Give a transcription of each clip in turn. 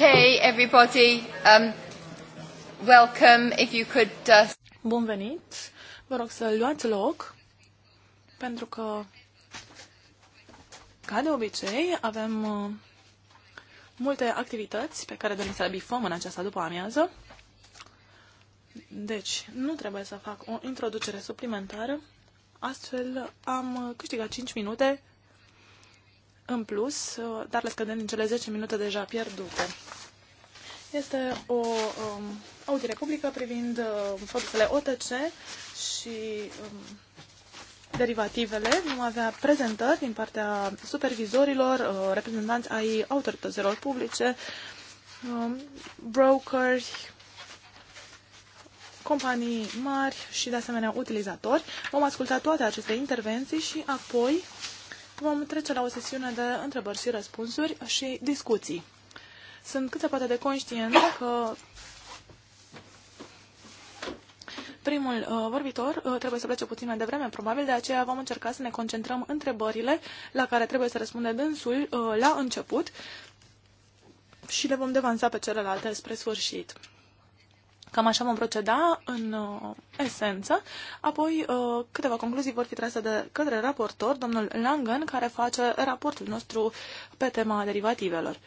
Okay, everybody, um, welcome, if you could... Uh... Bun venit! Vă rog să luați loc, pentru că, ca de obicei, avem uh, multe activități pe care dorim să le bifăm în această după-amiază. Deci, nu trebuie să fac o introducere suplimentară, astfel am câștigat 5 minute în plus, dar le scădem din cele 10 minute deja pierdute. Este o um, audiere publică privind um, produsele OTC și um, derivativele. Vom avea prezentări din partea supervizorilor, uh, reprezentanți ai autorităților publice, um, brokeri, companii mari și, de asemenea, utilizatori. Vom asculta toate aceste intervenții și apoi vom trece la o sesiune de întrebări și răspunsuri și discuții. Sunt cât se poate de conștient că primul uh, vorbitor uh, trebuie să plece puțin mai devreme, probabil, de aceea vom încerca să ne concentrăm întrebările la care trebuie să răspunde dânsul uh, la început și le vom devansa pe celelalte spre sfârșit. Cam așa vom proceda în uh, esență. Apoi uh, câteva concluzii vor fi trase de către raportor, domnul Langen, care face raportul nostru pe tema derivativelor.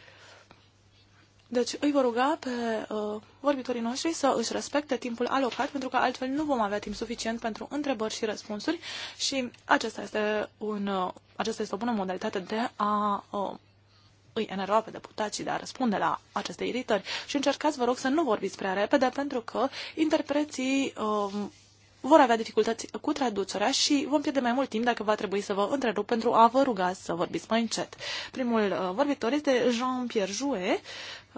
Deci îi vor ruga pe uh, vorbitorii noștri să își respecte timpul alocat, pentru că altfel nu vom avea timp suficient pentru întrebări și răspunsuri și acesta este un, uh, acesta este o bună modalitate de a uh, îi enerva pe deputații de a răspunde la aceste iritări și încercați, vă rog, să nu vorbiți prea repede pentru că interpreții um, vor avea dificultăți cu traducerea și vom pierde mai mult timp dacă va trebui să vă întrerup pentru a vă ruga să vorbiți mai încet. Primul uh, vorbitor este Jean-Pierre Jouet,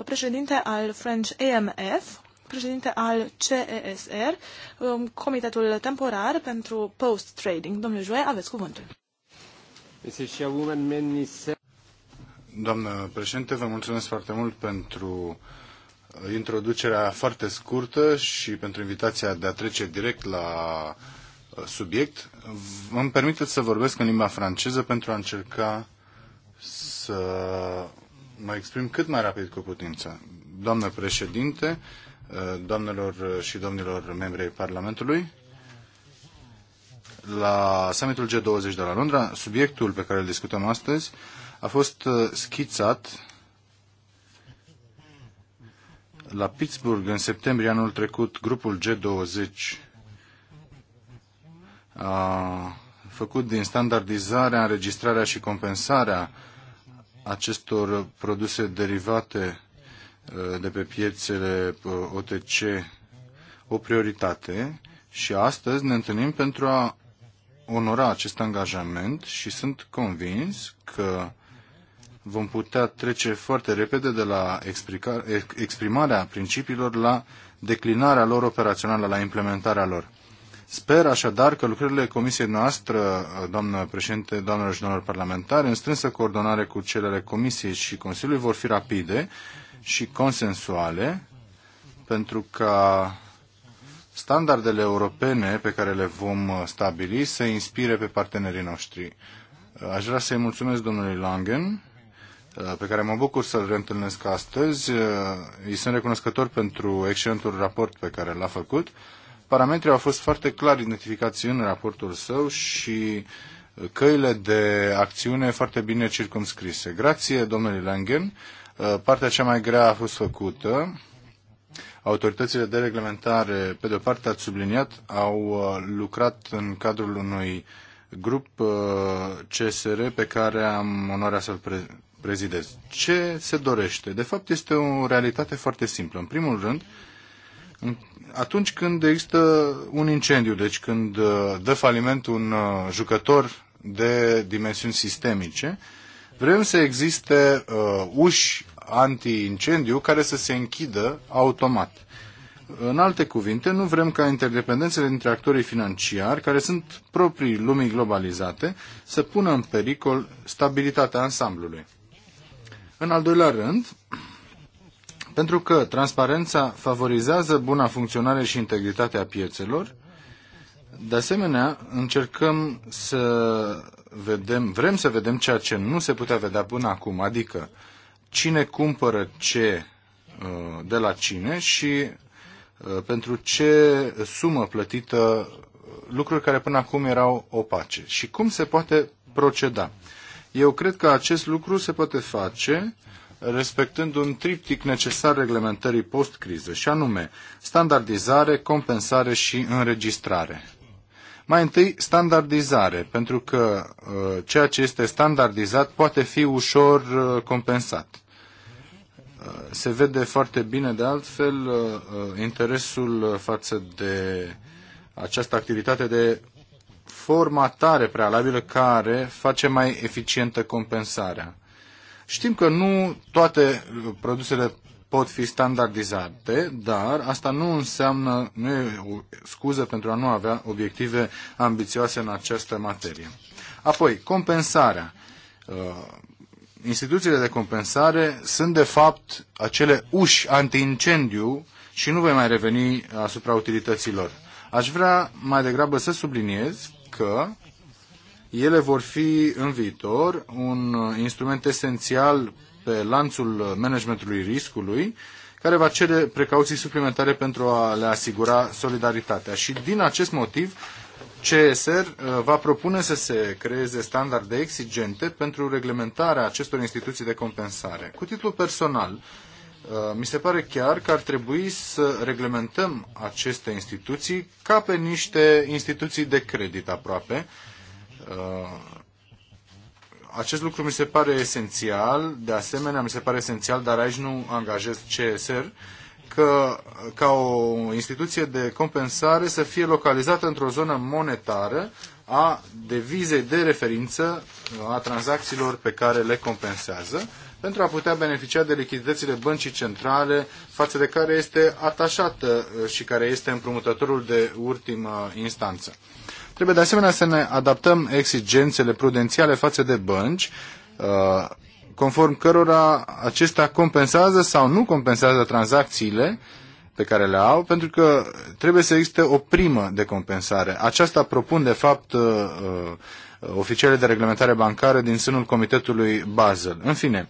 președinte al French AMF, președinte al CESR, um, Comitetul Temporar pentru Post-Trading. Domnule Jouet, aveți cuvântul. Doamnă președinte, vă mulțumesc foarte mult pentru uh, introducerea foarte scurtă și pentru invitația de a trece direct la uh, subiect. Îmi permiteți să vorbesc în limba franceză pentru a încerca să mă exprim cât mai rapid cu putință. Doamnă președinte, uh, doamnelor și domnilor membri ai Parlamentului, la summitul G20 de la Londra, subiectul pe care îl discutăm astăzi a fost uh, schițat la Pittsburgh în septembrie anul trecut. Grupul G20 a făcut din standardizarea, înregistrarea și compensarea acestor produse derivate uh, de pe piețele uh, OTC o prioritate și astăzi ne întâlnim pentru a onora acest angajament și sunt convins că vom putea trece foarte repede de la exprimarea principiilor la declinarea lor operațională, la implementarea lor. Sper așadar că lucrările comisiei noastre, doamnă președinte, doamnelor și domnilor parlamentari, în strânsă coordonare cu cele ale comisiei și Consiliului, vor fi rapide și consensuale pentru ca standardele europene pe care le vom stabili să inspire pe partenerii noștri. Aș vrea să-i mulțumesc domnului Langen Uh, pe care mă bucur să-l reîntâlnesc astăzi. Uh, îi sunt recunoscător pentru excelentul raport pe care l-a făcut. Parametrii au fost foarte clar identificați în raportul său și căile de acțiune foarte bine circumscrise. Grație domnului Langen, uh, partea cea mai grea a fost făcută. Autoritățile de reglementare, pe de-o parte, ați subliniat, au lucrat în cadrul unui grup CSR pe care am onoarea să-l pre- prezidez. Ce se dorește? De fapt, este o realitate foarte simplă. În primul rând, atunci când există un incendiu, deci când uh, dă faliment un uh, jucător de dimensiuni sistemice, vrem să existe uh, uși anti-incendiu care să se închidă automat. În alte cuvinte, nu vrem ca interdependențele dintre actorii financiari, care sunt proprii lumii globalizate, să pună în pericol stabilitatea ansamblului. În al doilea rând, pentru că transparența favorizează buna funcționare și integritatea piețelor, de asemenea, încercăm să vedem, vrem să vedem ceea ce nu se putea vedea până acum, adică cine cumpără ce uh, de la cine și uh, pentru ce sumă plătită uh, lucruri care până acum erau opace și cum se poate proceda. Eu cred că acest lucru se poate face respectând un triptic necesar reglementării post-criză, și anume standardizare, compensare și înregistrare. Mai întâi, standardizare, pentru că uh, ceea ce este standardizat poate fi ușor uh, compensat. Uh, se vede foarte bine, de altfel, interesul față de această activitate de formatare prealabilă care face mai eficientă compensarea. Știm că nu toate uh, produsele pot fi standardizate, dar asta nu înseamnă, nu e o scuză pentru a nu avea obiective ambițioase în această materie. Apoi, compensarea. Uh, instituțiile de compensare sunt de fapt acele uși antiincendiu și nu voi mai reveni asupra utilităților. Aș vrea mai degrabă să subliniez că ele vor fi în viitor un instrument esențial pe lanțul managementului riscului, care va cere precauții suplimentare pentru a le asigura solidaritatea. Și din acest motiv, CSR uh, va propune să se creeze standarde exigente pentru reglementarea acestor instituții de compensare. Cu titlu personal, Uh, mi se pare chiar că ar trebui să reglementăm aceste instituții ca pe niște instituții de credit aproape. Uh, acest lucru mi se pare esențial, de asemenea mi se pare esențial, dar aici nu angajez CSR, că ca o instituție de compensare să fie localizată într-o zonă monetară a devizei de referință a tranzacțiilor pe care le compensează pentru a putea beneficia de lichiditățile băncii centrale, față de care este atașată uh, și care este împrumutătorul de ultimă instanță. Trebuie de asemenea să ne adaptăm exigențele prudențiale față de bănci, uh, conform cărora acestea compensează sau nu compensează tranzacțiile pe care le au, pentru că trebuie să existe o primă de compensare. Aceasta propun, de fapt, uh, oficiale de reglementare bancară din sânul Comitetului Basel. În fine,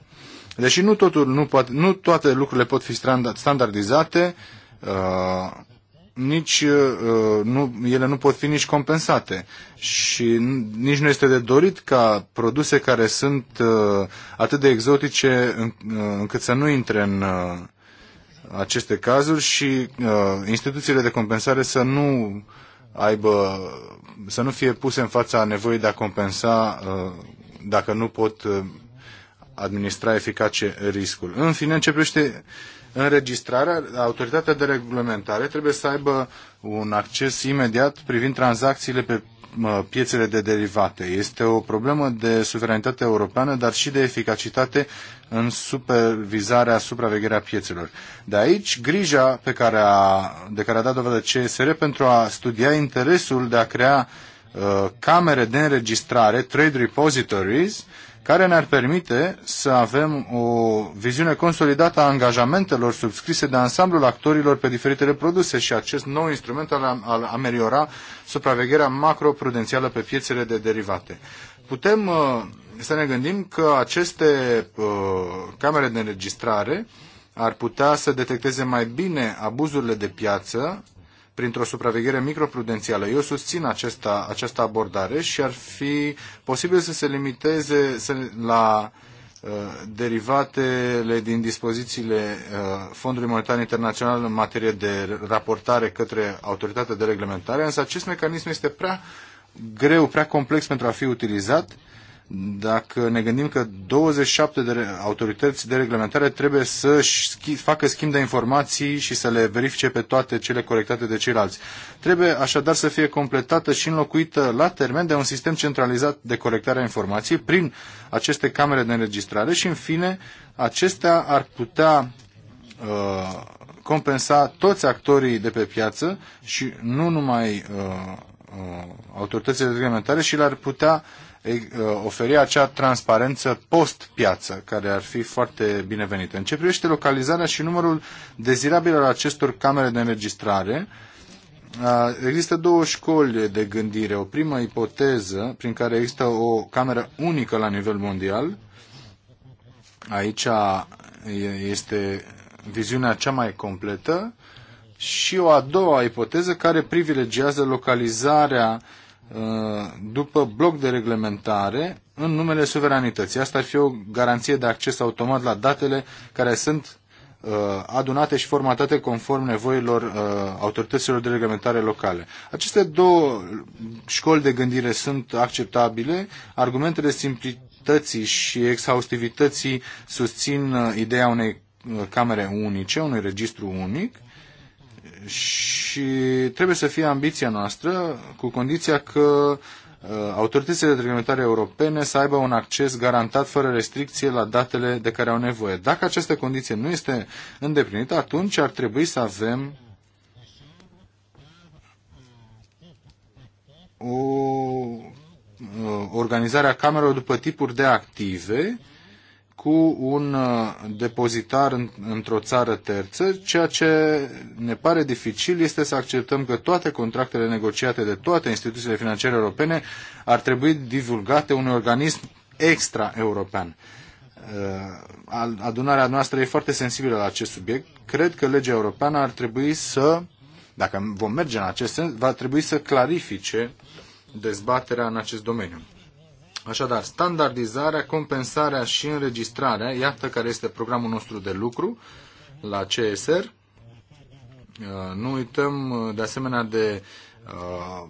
Deși nu, totul, nu, poate, nu toate lucrurile pot fi standardizate, uh, nici uh, nu, ele nu pot fi nici compensate și nici nu este de dorit ca produse care sunt uh, atât de exotice în, uh, încât să nu intre în uh, aceste cazuri și uh, instituțiile de compensare să nu aibă să nu fie puse în fața nevoii de a compensa uh, dacă nu pot uh, administra eficace riscul. În fine, în ce privește înregistrarea, autoritatea de reglementare trebuie să aibă un acces imediat privind tranzacțiile pe piețele de derivate. Este o problemă de suveranitate europeană, dar și de eficacitate în supervizarea, supravegherea piețelor. De aici, grija pe care a, de care a dat dovadă CSR pentru a studia interesul de a crea uh, camere de înregistrare, trade repositories, uh, care ne-ar permite să avem o viziune consolidată a angajamentelor subscrise de ansamblul actorilor pe diferitele produse și acest nou instrument al, al ameliora supravegherea macroprudențială pe piețele de derivate. Putem uh, să ne gândim că aceste uh, camere de înregistrare ar putea să detecteze mai bine abuzurile de piață printr-o supraveghere microprudențială. Eu susțin acesta, această abordare și ar fi posibil să se limiteze la uh, derivatele din dispozițiile uh, Fondului Monetar Internațional în materie de raportare către autoritatea de reglementare, însă acest mecanism este prea greu, prea complex pentru a fi utilizat dacă ne gândim că 27 de autorități de reglementare trebuie să schi facă schimb de informații și să le verifice pe toate cele colectate de ceilalți. Trebuie așadar să fie completată și înlocuită la termen de un sistem centralizat de colectare a informației prin aceste camere de înregistrare și, în fine, acestea ar putea uh, compensa toți actorii de pe piață și nu numai uh, uh, autoritățile reglementare și le-ar putea Uh, oferi acea transparență post-piață, care ar fi foarte binevenită. În ce privește localizarea și numărul al acestor camere de înregistrare, uh, Există două școli de gândire. O primă ipoteză prin care există o cameră unică la nivel mondial. Aici uh, este viziunea cea mai completă. Și o a doua ipoteză care privilegiază localizarea Uh, după bloc de reglementare în numele suveranității. Asta ar fi o garanție de acces automat la datele care sunt uh, adunate și formatate conform nevoilor uh, autorităților de reglementare locale. Aceste două școli de gândire sunt acceptabile. Argumentele simplității și exhaustivității susțin ideea unei camere unice, unui registru unic și trebuie să fie ambiția noastră, cu condiția că uh, autoritățile de reglementare europene să aibă un acces garantat fără restricție la datele de care au nevoie. Dacă această condiție nu este îndeplinită, atunci ar trebui să avem o uh, organizare a camerelor după tipuri de active cu un uh, depozitar într-o țară terță, ceea ce ne pare dificil este să acceptăm că toate contractele negociate de toate instituțiile financiare europene ar trebui divulgate unui organism extra-european. Uh, adunarea noastră e foarte sensibilă la acest subiect. Cred că legea europeană ar trebui să, dacă vom merge în acest sens, va trebui să clarifice dezbaterea în acest domeniu. Așadar, standardizarea, compensarea și înregistrarea, iată care este programul nostru de lucru la CSR. Uh, nu uităm uh, de asemenea de uh,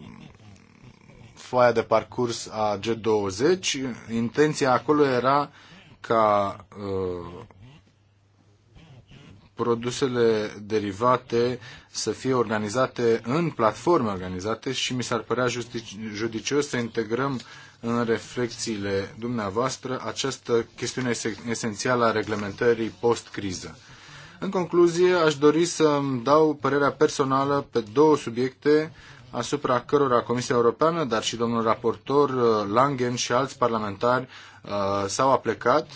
foaia de parcurs a G20. Intenția acolo era ca produsele derivate să fie organizate în platforme organizate și mi s-ar părea judicios să integrăm uh, în reflexiile dumneavoastră această chestiune esențială a reglementării post-criză. În concluzie, aș dori să îmi dau părerea personală pe două subiecte asupra cărora Comisia Europeană, dar și domnul raportor uh, Langen și alți parlamentari uh, s-au aplecat,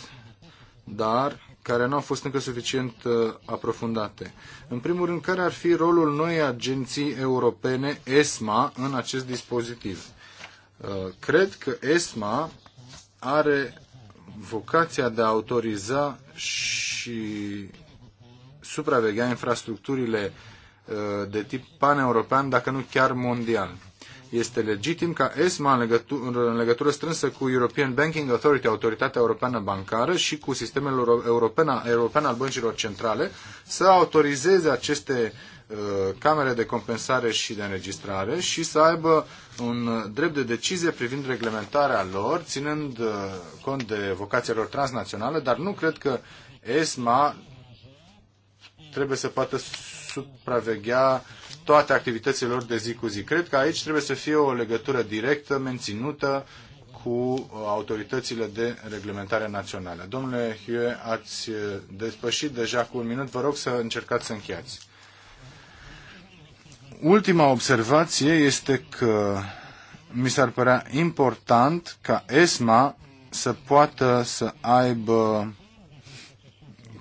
dar care nu au fost încă suficient uh, aprofundate. În primul rând, care ar fi rolul noii agenții europene ESMA în acest dispozitiv? Uh, cred că ESMA are vocația de a autoriza și supraveghea infrastructurile uh, de tip paneuropean, dacă nu chiar mondial. Este legitim ca ESMA, în legătură, în legătură strânsă cu European Banking Authority, Autoritatea Europeană Bancară și cu sistemul european, al băncilor centrale, să autorizeze aceste Uh, camere de compensare și de înregistrare și să aibă un drept de decizie privind reglementarea lor, ținând uh, cont de vocația lor transnaționale. dar nu cred că ESMA trebuie să poată supraveghea toate activitățile lor de zi cu zi. Cred că aici trebuie să fie o legătură directă, menținută cu uh, autoritățile de reglementare naționale. Domnule Hue, ați despășit deja cu un minut. Vă rog să încercați să încheiați ultima observație este că mi s-ar părea important ca ESMA să poată să aibă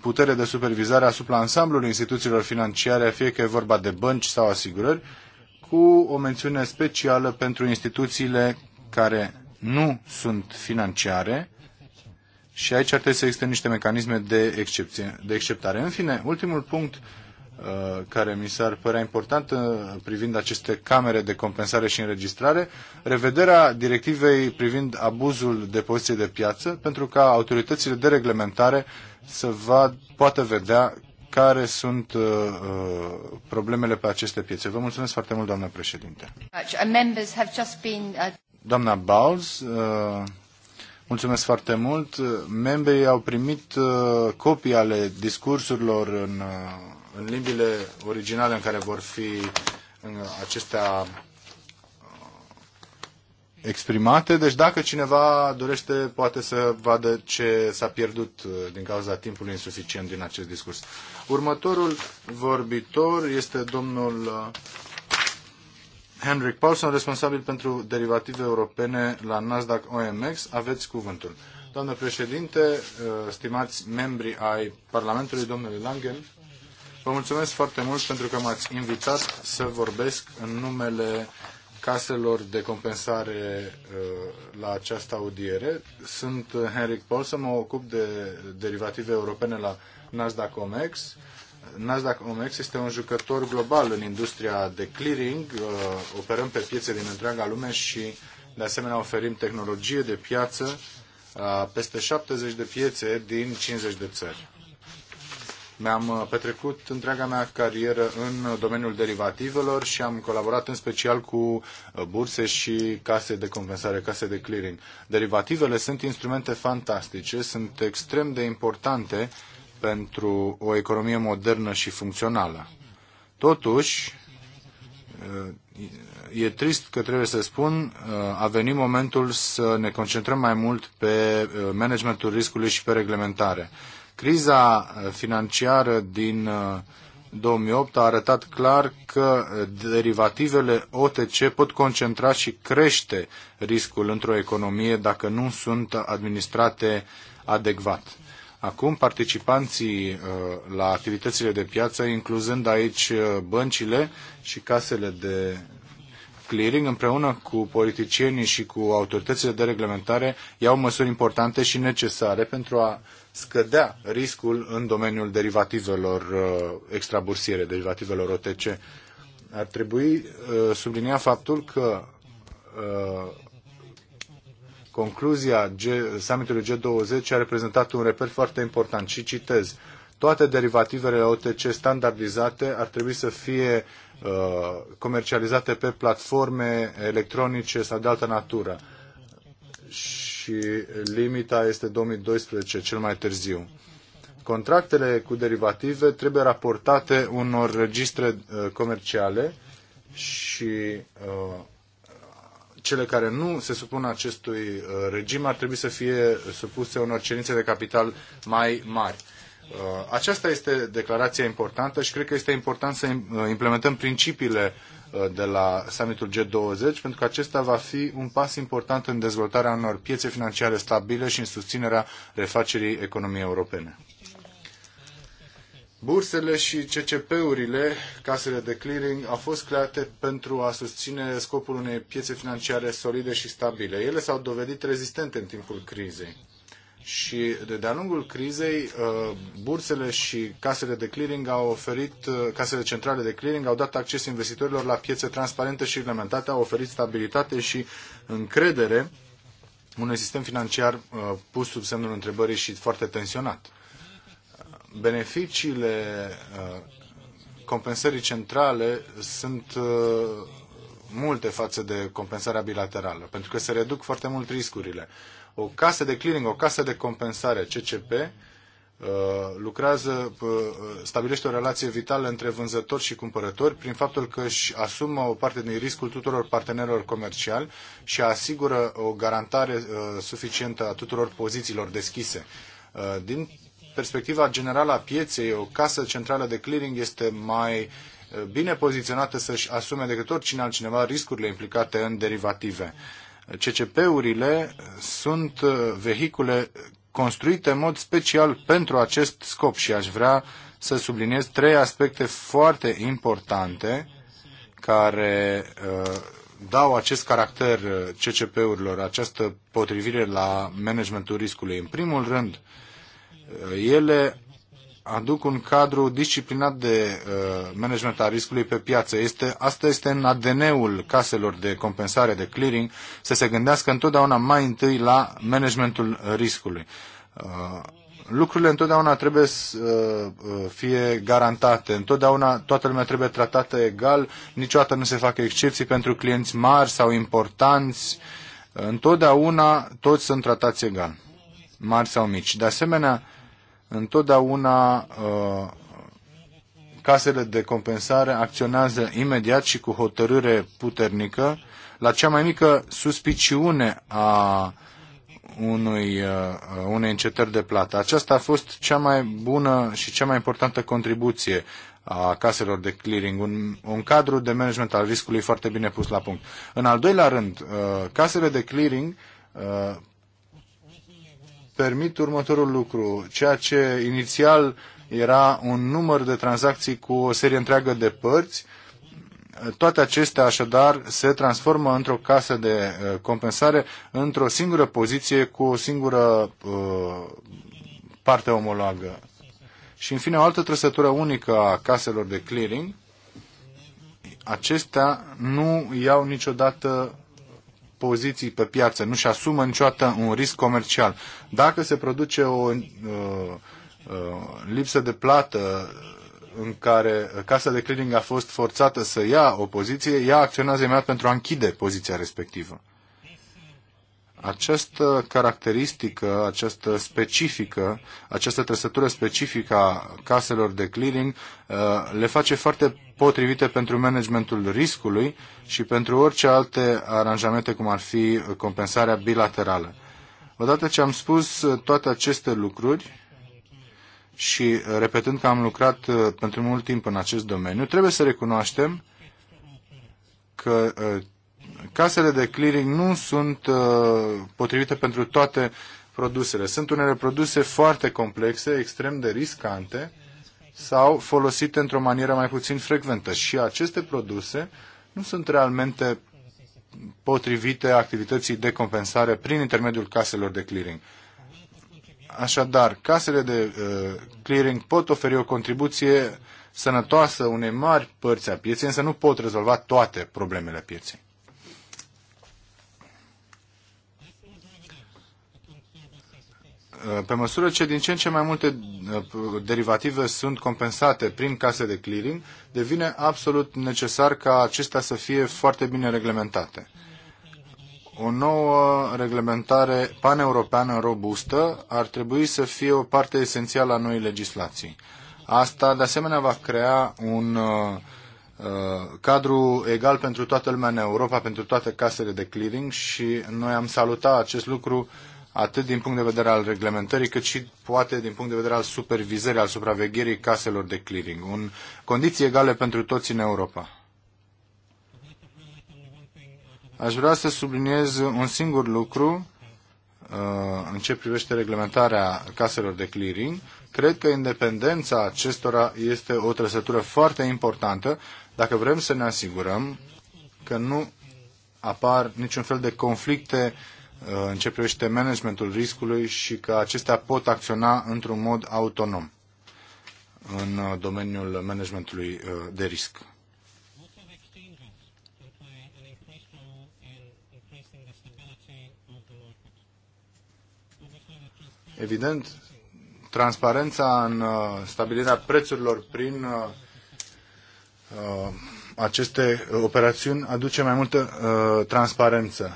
putere de supervizare asupra ansamblului instituțiilor financiare, fie că e vorba de bănci sau asigurări, cu o mențiune specială pentru instituțiile care nu sunt financiare și aici ar trebui să existe niște mecanisme de, excepție, de exceptare. În fine, ultimul punct Uh, care mi s-ar părea importantă uh, privind aceste camere de compensare și înregistrare, revederea directivei privind abuzul de poziție de piață, pentru ca autoritățile de reglementare să vad, poată vedea care sunt uh, uh, problemele pe aceste piețe. Vă mulțumesc foarte mult, doamnă președinte. Doamna Bowles, uh, mulțumesc foarte mult. Membrii au primit uh, copii ale discursurilor în uh, în limbile originale în care vor fi acestea uh, exprimate. Deci dacă cineva dorește, poate să vadă ce s-a pierdut uh, din cauza timpului insuficient din acest discurs. Următorul vorbitor este domnul uh, Henrik Paulson, responsabil pentru derivative europene la Nasdaq OMX. Aveți cuvântul. Doamnă președinte, stimați membri ai Parlamentului, domnule Langen, Vă mulțumesc foarte mult pentru că m-ați invitat să vorbesc în numele caselor de compensare uh, la această audiere. Sunt Henrik Paulson, mă ocup de derivative europene la Nasdaq OMEX. Nasdaq OMEX este un jucător global în industria de clearing. Uh, operăm pe piețe din întreaga lume și de asemenea oferim tehnologie de piață uh, peste 70 de piețe din 50 de țări. Mi-am uh, petrecut întreaga mea carieră în domeniul derivativelor și am colaborat în special cu uh, burse și case de compensare, case de clearing. Derivativele sunt instrumente fantastice, sunt extrem de importante pentru o economie modernă și funcțională. Totuși, uh, e trist că trebuie să spun, a venit momentul să ne concentrăm mai mult pe managementul riscului și pe reglementare. Criza uh, financiară din 2008 uh, a arătat clar că uh, derivativele OTC pot concentra și crește riscul într-o economie dacă nu sunt administrate adecvat. Acum participanții la activitățile de piață, incluzând aici băncile și casele de clearing, împreună cu politicienii și cu autoritățile de reglementare, iau măsuri importante și necesare pentru a scădea riscul în domeniul derivativelor uh, extrabursiere, derivativelor OTC. Ar trebui uh, sublinia faptul că uh, concluzia summitului G20 a reprezentat un reper foarte important și citez toate derivativele OTC standardizate ar trebui să fie uh, comercializate pe platforme electronice sau de altă natură și limita este 2012 cel mai târziu. Contractele cu derivative trebuie raportate unor registre uh, comerciale și uh, cele care nu se supun acestui uh, regim ar trebui să fie supuse unor cerințe de capital mai mari. Aceasta este declarația importantă și cred că este important să implementăm principiile uh, Uh, de la summitul G20, pentru că acesta va fi un pas important în dezvoltarea unor piețe financiare stabile și în susținerea refacerii economiei europene. Bursele și CCP-urile, casele de clearing, au fost create pentru a susține scopul unei piețe financiare solide și stabile. Ele s-au dovedit rezistente în timpul crizei și de-a lungul crizei uh, bursele și casele de clearing au oferit, uh, casele centrale de clearing au dat acces investitorilor la piețe transparente și reglementate, au oferit stabilitate și încredere unui sistem financiar uh, pus sub semnul întrebării și foarte tensionat. Beneficiile compensării centrale sunt multe față de compensarea bilaterală, pentru că se reduc foarte mult riscurile o casă de clearing, o casă de compensare, CCP, uh, lucrează, uh, stabilește o relație vitală între vânzători și cumpărători prin faptul că își asumă o parte din riscul tuturor partenerilor comerciali și asigură o garantare uh, suficientă a tuturor pozițiilor deschise. Din perspectiva generală a pieței, o casă centrală de clearing este mai bine poziționată să-și asume decât oricine altcineva riscurile implicate în derivative. CCP-urile sunt uh, vehicule construite în mod special pentru acest scop și aș vrea să subliniez trei aspecte foarte importante care uh, dau acest caracter uh, CCP-urilor, această potrivire la managementul riscului. În primul rând, ele aduc un cadru disciplinat de uh, management a riscului pe piață. Este, asta este în ADN-ul caselor de compensare, de clearing, să se gândească întotdeauna mai întâi la managementul riscului. Uh, lucrurile întotdeauna trebuie să uh, fie garantate, întotdeauna toată lumea trebuie tratată egal, niciodată nu se fac excepții pentru clienți mari sau importanți, întotdeauna toți sunt tratați egal, mari sau mici. De asemenea, întotdeauna uh, casele de compensare acționează imediat și cu hotărâre puternică la cea mai mică suspiciune a unui, uh, unei încetări de plată. Aceasta a fost cea mai bună și cea mai importantă contribuție a caselor de clearing, un, un cadru de management al riscului foarte bine pus la punct. În al doilea rând, uh, casele de clearing permit următorul lucru. Ceea ce inițial era un număr de tranzacții cu o serie întreagă de părți, toate acestea așadar se transformă într-o casă de uh, compensare, într-o singură poziție cu o singură uh, parte omologă. Și în fine o altă trăsătură unică a caselor de clearing, acestea nu iau niciodată poziții pe piață, nu-și asumă niciodată un risc comercial. Dacă se produce o uh, uh, lipsă de plată în care casa de clearing a fost forțată să ia o poziție, ea acționează imediat pentru a închide poziția respectivă. Această caracteristică, această specifică, această trăsătură specifică a caselor de clearing uh, le face foarte potrivite pentru managementul riscului și pentru orice alte aranjamente, cum ar fi compensarea bilaterală. Odată ce am spus toate aceste lucruri și repetând că am lucrat uh, pentru mult timp în acest domeniu, trebuie să recunoaștem că uh, casele de clearing nu sunt uh, potrivite pentru toate produsele. Sunt unele produse foarte complexe, extrem de riscante sau folosite într-o manieră mai puțin frecventă. Și aceste produse nu sunt realmente potrivite activității de compensare prin intermediul caselor de clearing. Așadar, casele de uh, clearing pot oferi o contribuție sănătoasă unei mari părți a pieței, însă nu pot rezolva toate problemele pieței. Uh, pe măsură ce din ce în ce mai multe uh, derivative sunt compensate prin case de clearing, devine absolut necesar ca acestea să fie foarte bine reglementate. O nouă reglementare paneuropeană robustă ar trebui să fie o parte esențială a noii legislații. Asta, de asemenea, va crea un uh, uh cadru egal pentru toată lumea în Europa, pentru toate casele de clearing și noi am salutat acest lucru uh, atât din punct de vedere al reglementării, cât și poate din punct de vedere al supervizării, al supravegherii caselor de clearing. Un condiții egale pentru toți în Europa. Aș vrea să subliniez un singur lucru uh, în ce privește reglementarea caselor de clearing. Cred că independența acestora este o trăsătură foarte importantă dacă vrem să ne asigurăm că nu apar niciun fel de conflicte uh, în ce privește managementul riscului și că acestea pot acționa într-un mod autonom în uh, domeniul managementului uh, de risc. Evident, transparența în uh, stabilirea prețurilor prin aceste operațiuni aduce mai multă transparență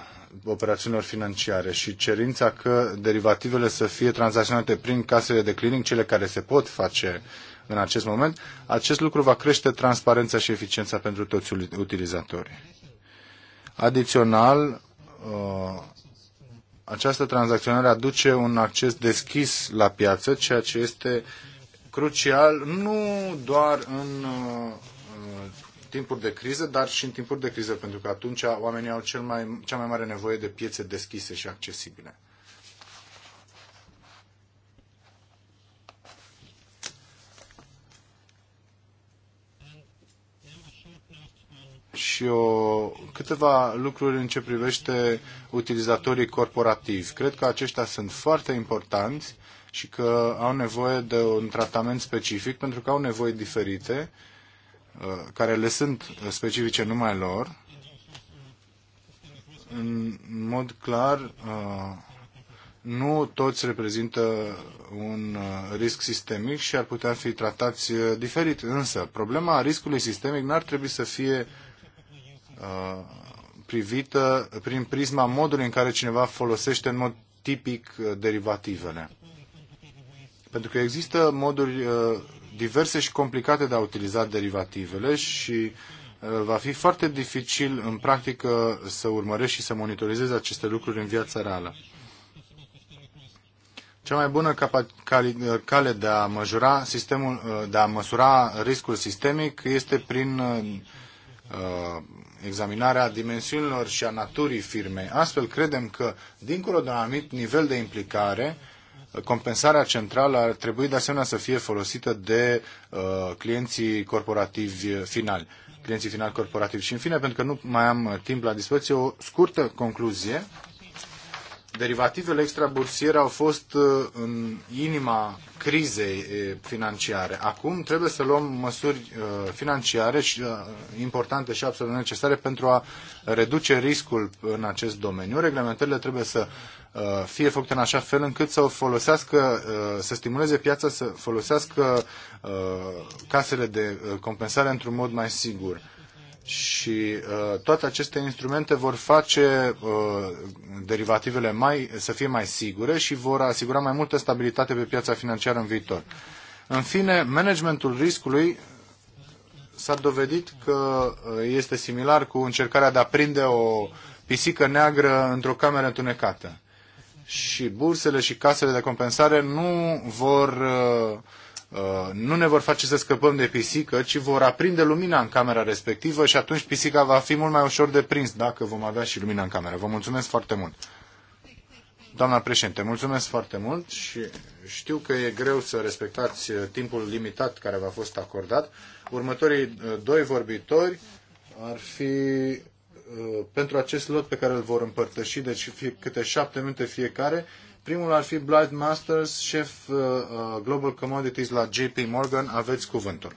operațiunilor financiare și cerința că derivativele să fie tranzacționate prin casele de clearing, cele care se pot face în acest moment, acest lucru va crește transparența și eficiența pentru toți utilizatorii. Adițional, uh, această tranzacționare aduce un acces deschis la piață, ceea ce este crucial nu doar în uh, timpuri de criză, dar și în timpuri de criză, pentru că atunci oamenii au cel mai, cea mai mare nevoie de piețe deschise și accesibile. și o, câteva lucruri în ce privește utilizatorii corporativi. Cred că aceștia sunt foarte importanți și că au nevoie de un tratament specific pentru că au nevoi diferite Uh, care le sunt uh, specifice numai lor, în mod clar, uh, nu toți reprezintă un risc sistemic și ar putea fi tratați diferit. Însă, problema riscului sistemic n-ar trebui să fie privită prin prisma modului în care cineva folosește în mod tipic derivativele. Pentru că există moduri diverse și complicate de a utiliza derivativele și uh, va fi foarte dificil în practică să urmărești și să monitorizezi aceste lucruri în viața reală. Cea mai bună cale de a, măsura sistemul, uh, de a măsura riscul sistemic este prin uh, examinarea dimensiunilor și a naturii firmei. Astfel, credem că, dincolo de un anumit nivel de implicare, Compensarea centrală ar trebui de asemenea să fie folosită de uh, clienții corporativi finali, clienții finali corporativi. Și în fine, pentru că nu mai am uh, timp la dispoziție, o scurtă concluzie. Derivativele extrabursiere au fost uh, în inima crizei financiare. Acum trebuie să luăm măsuri uh, financiare și importante și absolut necesare pentru a reduce riscul în acest domeniu. Reglementările trebuie să Uh, fie făcute în așa fel încât să o folosească, uh, să stimuleze piața să folosească uh, casele de compensare într-un mod mai sigur. Și toate aceste instrumente vor face derivativele mai, să fie mai sigure și vor asigura mai multă stabilitate pe piața financiară în viitor. În fine, managementul riscului s-a dovedit că este similar cu încercarea de a prinde o pisică neagră într-o cameră întunecată și bursele și casele de compensare nu vor uh, uh, nu ne vor face să scăpăm de pisică, ci vor aprinde lumina în camera respectivă și atunci pisica va fi mult mai ușor de prins dacă vom avea și lumina în cameră. Vă mulțumesc foarte mult. Doamna președinte, mulțumesc foarte mult și știu că e greu să respectați uh, timpul limitat care v-a fost acordat. Următorii doi vorbitori ar fi Uh, pentru acest lot pe care îl vor împărtăși, deci fie, câte șapte minute fiecare. Primul ar fi Blight Masters, șef uh, uh, Global Commodities la JP Morgan. Aveți cuvântul.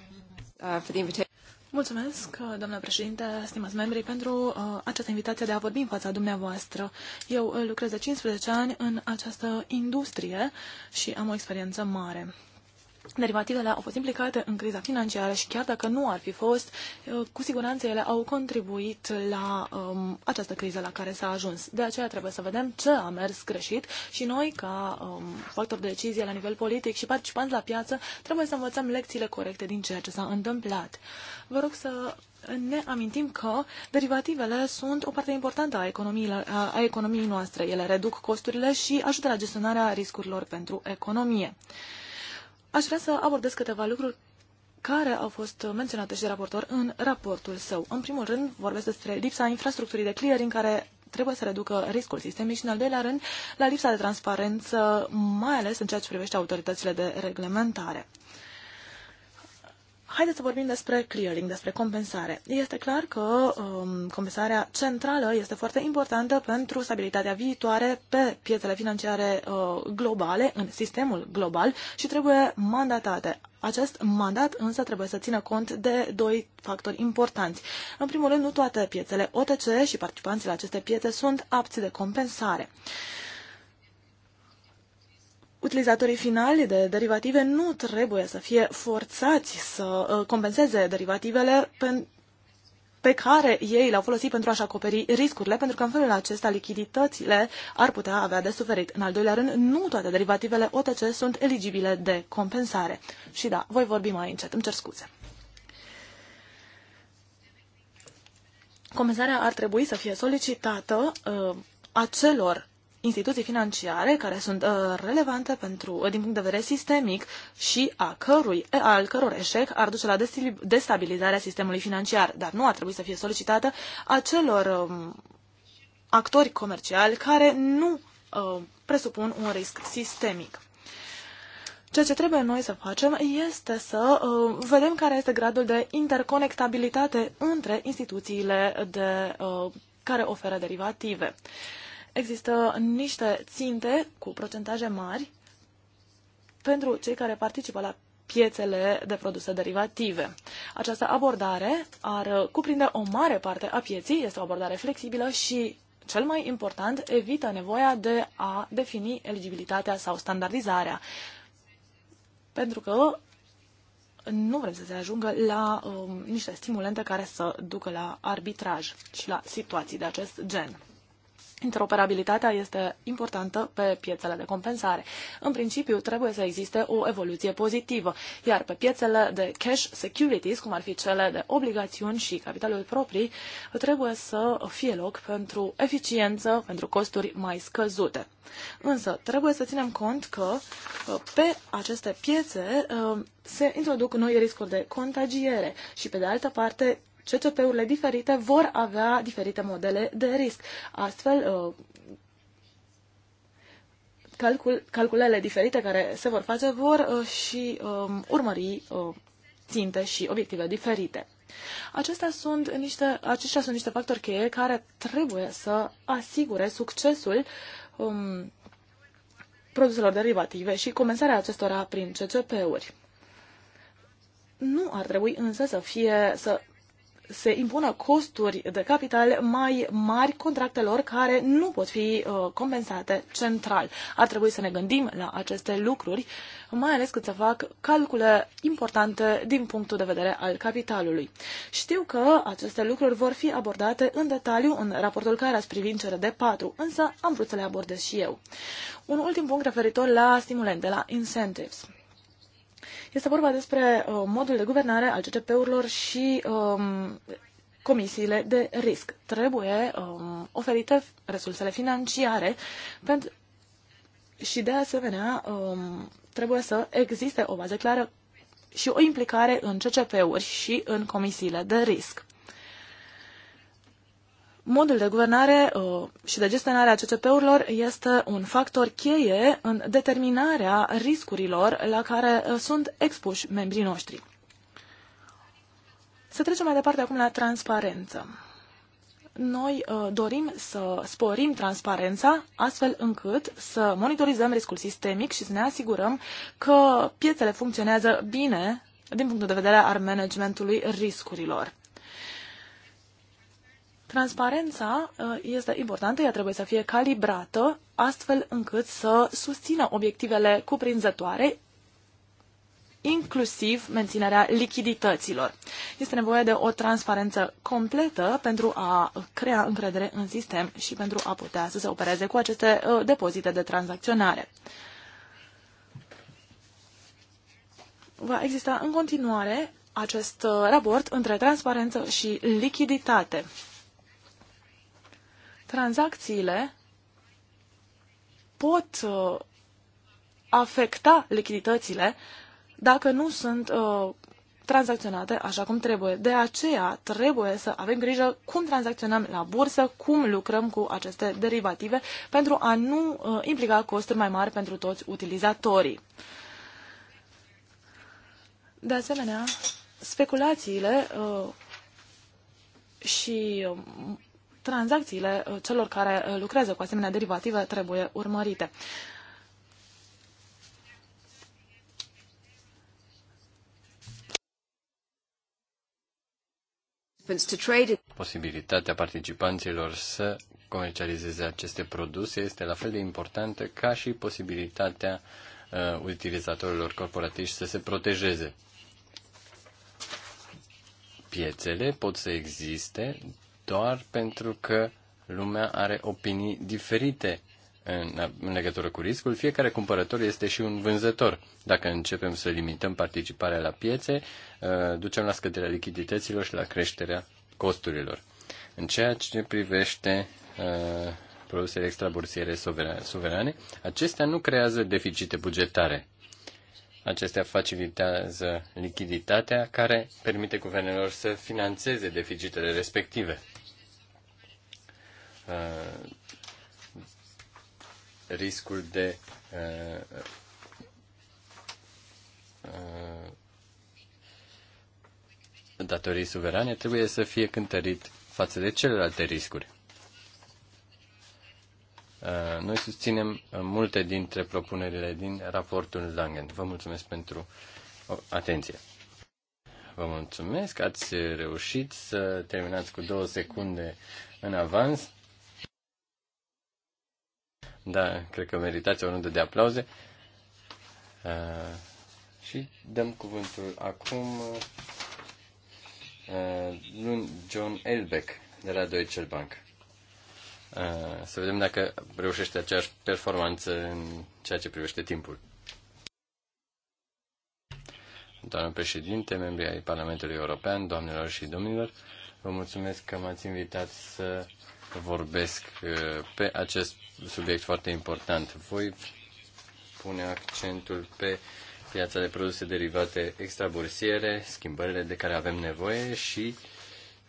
Uh, Mulțumesc, doamnă președinte, stimați membri, pentru uh, această invitație de a vorbi în fața dumneavoastră. Eu lucrez de 15 ani în această industrie și am o experiență mare. Derivativele au fost implicate în criza financiară și chiar dacă nu ar fi fost, eh, cu siguranță ele au contribuit la um, această criză la care s-a ajuns. De aceea trebuie să vedem ce a mers greșit și noi, ca um, factor de decizie la nivel politic și participanți la piață, trebuie să învățăm lecțiile corecte din ceea ce s-a întâmplat. Vă rog să ne amintim că derivativele sunt o parte importantă a economiei, a economiei noastre. Ele reduc costurile și ajută la gestionarea riscurilor pentru economie. Aș vrea să abordez câteva lucruri care au fost menționate și de raportor în raportul său. În primul rând, vorbesc despre lipsa infrastructurii de clearing care trebuie să reducă riscul sistemic și, în al doilea rând, la lipsa de transparență, mai ales în ceea ce privește autoritățile de reglementare. Haideți să vorbim despre clearing, despre compensare. Este clar că um, compensarea centrală este foarte importantă pentru stabilitatea viitoare pe piețele financiare uh, globale, în sistemul global și trebuie mandatate. Acest mandat însă trebuie să țină cont de doi factori importanți. În primul rând, nu toate piețele OTC și participanții la aceste piețe sunt apți de compensare. Uh, utilizatorii finali de derivative nu trebuie să fie forțați să uh, compenseze derivativele pe care ei le-au folosit pentru a-și acoperi riscurile, pentru că în felul acesta lichiditățile ar putea avea de suferit. În al doilea rând, nu toate derivativele OTC sunt eligibile de compensare. Și da, voi vorbi mai încet, îmi cer scuze. Compensarea ar trebui să fie solicitată uh, acelor instituții financiare care sunt uh, relevante pentru, uh, din punct de vedere sistemic și a cărui, al căror eșec ar duce la destabilizarea sistemului financiar, dar nu ar trebui să fie solicitată acelor uh, actori comerciali care nu uh, presupun un risc sistemic. Ceea ce trebuie noi să facem este să uh, vedem care este gradul de interconectabilitate între instituțiile de, uh, care oferă derivative. Uh, există niște ținte cu procentaje mari pentru cei care participă la piețele de produse derivative. Această abordare ar cuprinde o mare parte a pieții, este o abordare flexibilă și cel mai important, evită nevoia de a defini eligibilitatea sau standardizarea. Pentru că nu vrem să se ajungă la um, niște stimulente care să ducă la arbitraj și la situații de acest gen. Interoperabilitatea este importantă pe piețele de compensare. În principiu, trebuie să existe o evoluție pozitivă, iar pe piețele de cash securities, cum ar fi cele de obligațiuni și capitalul proprii, trebuie să fie loc pentru eficiență, pentru costuri mai scăzute. Însă, trebuie să ținem cont că pe aceste piețe se introduc noi riscuri de contagiere și, pe de altă parte, CCP-urile diferite vor avea diferite modele de risc. Astfel, uh, calcul, calculele diferite care se vor face vor uh, și um, urmări uh, ținte și obiective diferite. Acestea sunt niște, aceștia sunt niște factori cheie care trebuie să asigure succesul um, produselor derivative și comensarea acestora prin CCP-uri. Nu ar trebui însă să fie să se impună costuri de capital mai mari contractelor care nu pot fi uh, compensate central. Ar trebui să ne gândim la aceste lucruri, mai ales când se fac calcule importante din punctul de vedere al capitalului. Știu că aceste lucruri vor fi abordate în detaliu în raportul care ați privit cele de 4, însă am vrut să le abordez și eu. Un ultim punct referitor la stimulente, la incentives. Este vorba despre uh, modul de guvernare al CCP-urilor și um, comisiile de risc. Trebuie um, oferite resursele financiare pentru și de asemenea um, trebuie să existe o bază clară și o implicare în CCP-uri și în comisiile de risc modul de guvernare uh, și de gestionare a CCP-urilor este un factor cheie în determinarea riscurilor la care uh, sunt expuși membrii noștri. Să trecem mai departe acum la transparență. Noi uh, dorim să sporim transparența astfel încât să monitorizăm riscul sistemic și să ne asigurăm că piețele funcționează bine din punctul de vedere al managementului riscurilor. Transparența uh, este importantă, ea trebuie să fie calibrată astfel încât să susțină obiectivele cuprinzătoare, inclusiv menținerea lichidităților. Este nevoie de o transparență completă pentru a crea încredere în sistem și pentru a putea să se opereze cu aceste uh, depozite de tranzacționare. Va exista în continuare acest uh, raport între transparență și lichiditate tranzacțiile pot uh, afecta lichiditățile dacă nu sunt uh, tranzacționate așa cum trebuie. De aceea trebuie să avem grijă cum tranzacționăm la bursă, cum lucrăm cu aceste derivative pentru a nu uh, implica costuri mai mari pentru toți utilizatorii. De asemenea, speculațiile uh, și uh, tranzacțiile uh, celor care uh, lucrează cu asemenea derivative trebuie urmărite. Posibilitatea participanților să comercializeze aceste produse este la fel de importantă ca și posibilitatea uh, utilizatorilor corporatiști să se protejeze. Piețele pot să existe doar pentru că lumea are opinii diferite în, în legătură cu riscul. Fiecare cumpărător este și un vânzător. Dacă începem să limităm participarea la piețe, uh, ducem la scăderea lichidităților și la creșterea costurilor. În ceea ce privește uh, produsele extrabursiere suverane, acestea nu creează deficite bugetare. Acestea facilitează lichiditatea care permite guvernelor să financeze deficitele respective. Uh, riscul de uh, uh, datorii suverane trebuie să fie cântărit față de celelalte riscuri. Noi susținem multe dintre propunerile din raportul Langen. Vă mulțumesc pentru atenție. Vă mulțumesc, ați reușit să terminați cu două secunde în avans. Da, cred că meritați o rundă de aplauze. Uh, și dăm cuvântul acum uh, lui uh, John Elbeck de la Deutsche Bank. Uh, să vedem dacă reușește aceeași performanță în ceea ce privește timpul. Doamnă președinte, membri ai Parlamentului European, doamnelor și domnilor, vă mulțumesc că m-ați invitat să vorbesc uh, pe acest subiect foarte important. Voi pune accentul pe piața de produse derivate extrabursiere, schimbările de care avem nevoie și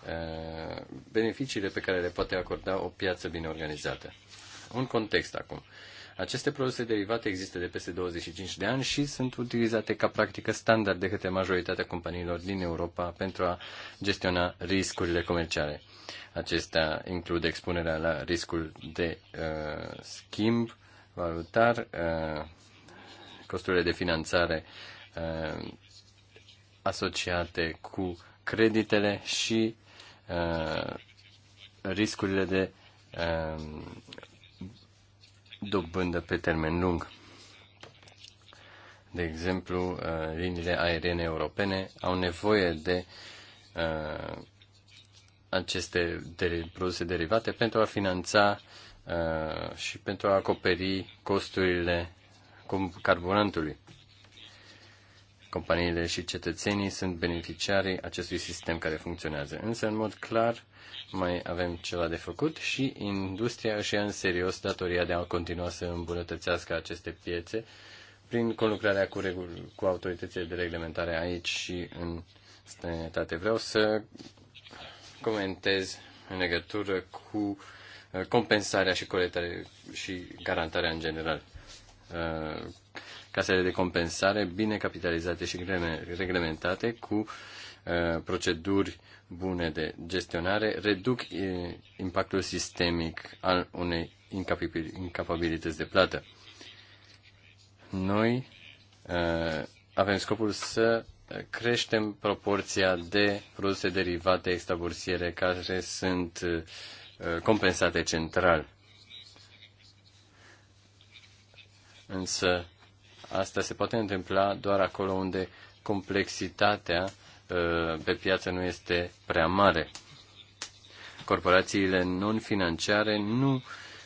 uh, beneficiile pe care le poate acorda o piață bine organizată. Un context acum. Uh, aceste produse derivate există de peste 25 de ani și sunt utilizate ca practică standard de către majoritatea companiilor din Europa pentru a gestiona riscurile comerciale. Acestea includ expunerea la riscul de uh, schimb valutar, uh, costurile de finanțare uh, asociate cu creditele și uh, riscurile de uh, dobândă pe termen lung. De exemplu, uh, liniile aeriene europene au nevoie de uh, aceste de, produse derivate pentru a finanța uh, și pentru a acoperi costurile carburantului. Companiile și cetățenii sunt beneficiarii acestui sistem care funcționează. Însă, în mod clar, mai avem ceva de făcut și industria își ia în serios datoria de a continua să îmbunătățească aceste piețe prin conlucrarea cu, regul- cu autoritățile de reglementare aici și în străinătate. Vreau să comentez în legătură cu uh, compensarea și colectarea și garantarea în general. Uh, casele de compensare bine capitalizate și reglementate cu uh, proceduri bune de gestionare reduc impactul sistemic al unei incapabilități de plată. Noi avem scopul să creștem proporția de produse derivate extrabursiere care sunt compensate central. Însă asta se poate întâmpla doar acolo unde complexitatea Uh, pe piață nu este prea mare. Corporațiile non-financiare nu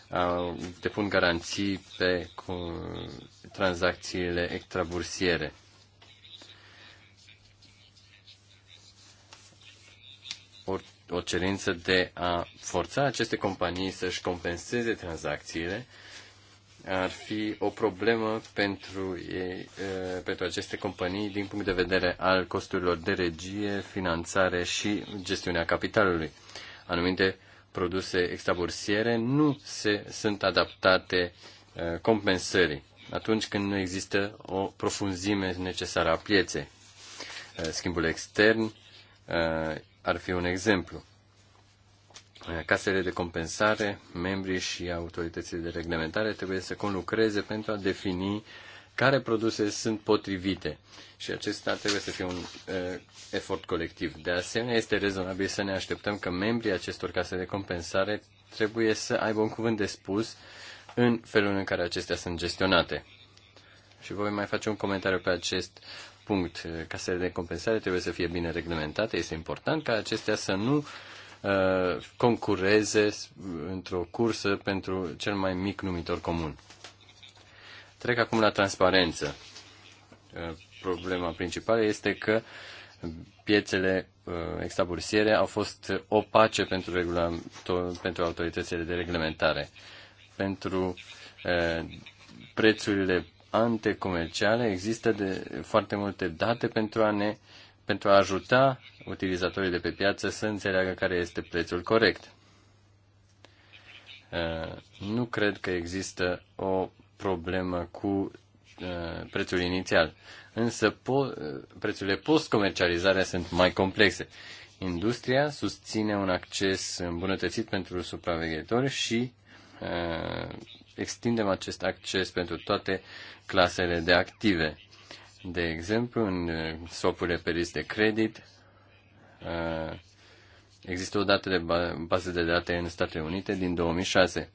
uh, depun garanții pe tranzacțiile extrabursiere. o cerință de a forța aceste companii să-și compenseze tranzacțiile ar fi o problemă pentru, ei, pentru aceste companii din punct de vedere al costurilor de regie, finanțare și gestiunea capitalului. Anumite produse extrabursiere nu se, sunt adaptate compensării atunci când nu există o profunzime necesară a pieței. Schimbul extern ar fi un exemplu casele de compensare, membrii și autoritățile de reglementare trebuie să conlucreze pentru a defini care produse sunt potrivite. Și acesta trebuie să fie un uh, efort colectiv. De asemenea, este rezonabil să ne așteptăm că membrii acestor case de compensare trebuie să aibă un cuvânt de spus în felul în care acestea sunt gestionate. Și voi mai face un comentariu pe acest punct. Casele de compensare trebuie să fie bine reglementate. Este important ca acestea să nu uh, Uh, concureze într-o cursă pentru cel mai mic numitor comun. Trec acum la transparență. Uh, problema principală este că piețele uh, extrabursiere au fost opace pentru, pentru autoritățile de reglementare. Pentru prețurile antecomerciale există de foarte multe date pentru a ne uh, pentru a ajuta utilizatorii de pe piață să înțeleagă care este prețul corect. Uh, nu cred că există o problemă cu uh, prețul inițial, însă po- uh, prețurile post-comercializare sunt mai complexe. Industria susține un acces îmbunătățit pentru supraveghetori și extindem acest acces pentru toate clasele de active. De exemplu, în uh, sopurile pe risc de credit, uh, există o dată de bază de date în Statele Unite din 2006.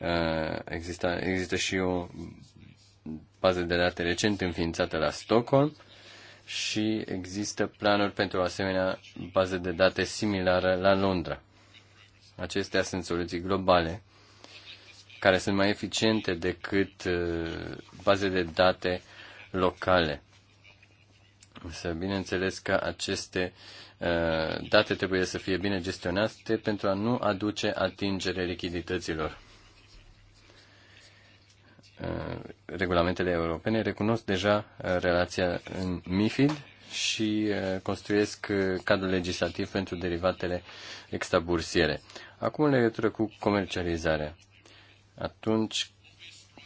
Uh, există, există și o bază de date recent înființată la Stockholm și există planuri pentru o asemenea bază de date similară la Londra. Acestea sunt soluții globale care sunt mai eficiente decât baze de date locale. Însă, bineînțeles că aceste uh, date trebuie să fie bine gestionate pentru a nu aduce atingere lichidităților. Uh, regulamentele europene recunosc deja relația în MIFID și uh, construiesc cadrul legislativ pentru derivatele extrabursiere. Acum, în legătură cu comercializarea. Atunci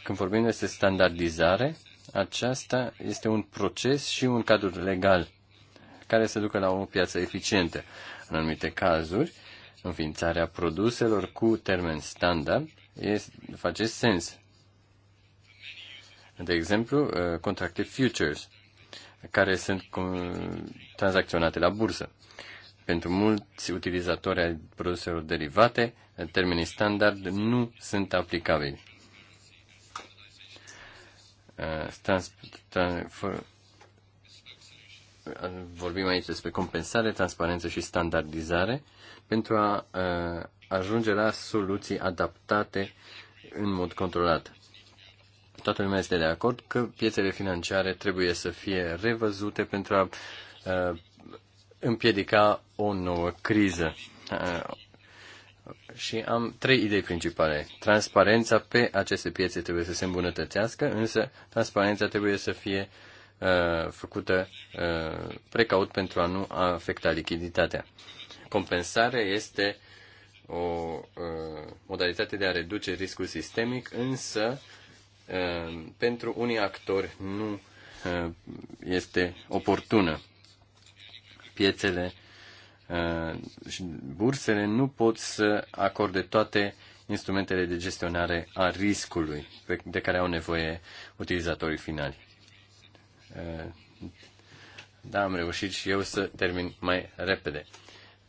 când vorbim despre standardizare, aceasta este un proces și un cadru legal care să ducă la o piață eficientă. În anumite cazuri, înființarea produselor cu termen standard este, face sens. De exemplu, uh, contracte futures, care sunt tranzacționate la bursă. Pentru mulți utilizatori ai produselor derivate, termenii standard nu sunt aplicabili. Uh, trans, trans, uh, vorbim aici despre compensare, transparență și standardizare pentru a uh, ajunge la soluții adaptate în mod controlat. Toată lumea este de acord că piețele financiare trebuie să fie revăzute pentru a împiedica o nouă criză și am trei idei principale. Transparența pe aceste piețe trebuie să se îmbunătățească, însă transparența trebuie să fie uh, făcută uh, precaut pentru a nu afecta lichiditatea. Compensarea este o uh, modalitate de a reduce riscul sistemic, însă uh, pentru unii actori nu uh, este oportună. Piețele uh, Uh, bursele nu pot să acorde toate instrumentele de gestionare a riscului de care au nevoie utilizatorii finali. Uh, da, am reușit și eu să termin mai repede.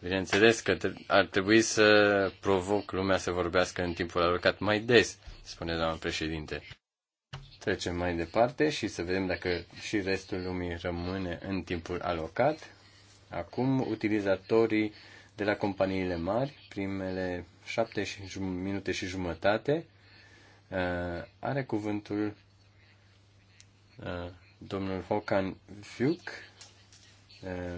Bineînțeles că ar trebui să provoc lumea să vorbească în timpul alocat mai des, spune doamna președinte. Trecem mai departe și să vedem dacă și restul lumii rămâne în timpul alocat. Acum, utilizatorii de la companiile mari, primele șapte și minute și jumătate, uh, are cuvântul uh, domnul Hokan Fiuc, uh,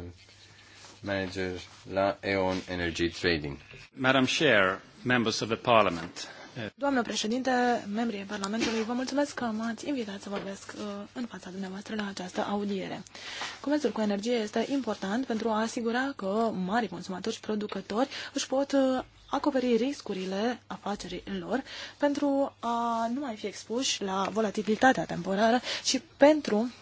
manager la E.ON Energy Trading. Madam Chair, members of the Parliament, Doamnă președinte, membrii Parlamentului, vă mulțumesc că m-ați invitat să vorbesc uh, în fața dumneavoastră la această audiere. Comerțul cu energie este important pentru a asigura că mari consumatori și producători își pot uh, acoperi riscurile afacerii lor pentru a nu mai fi expuși la volatilitatea temporară și pentru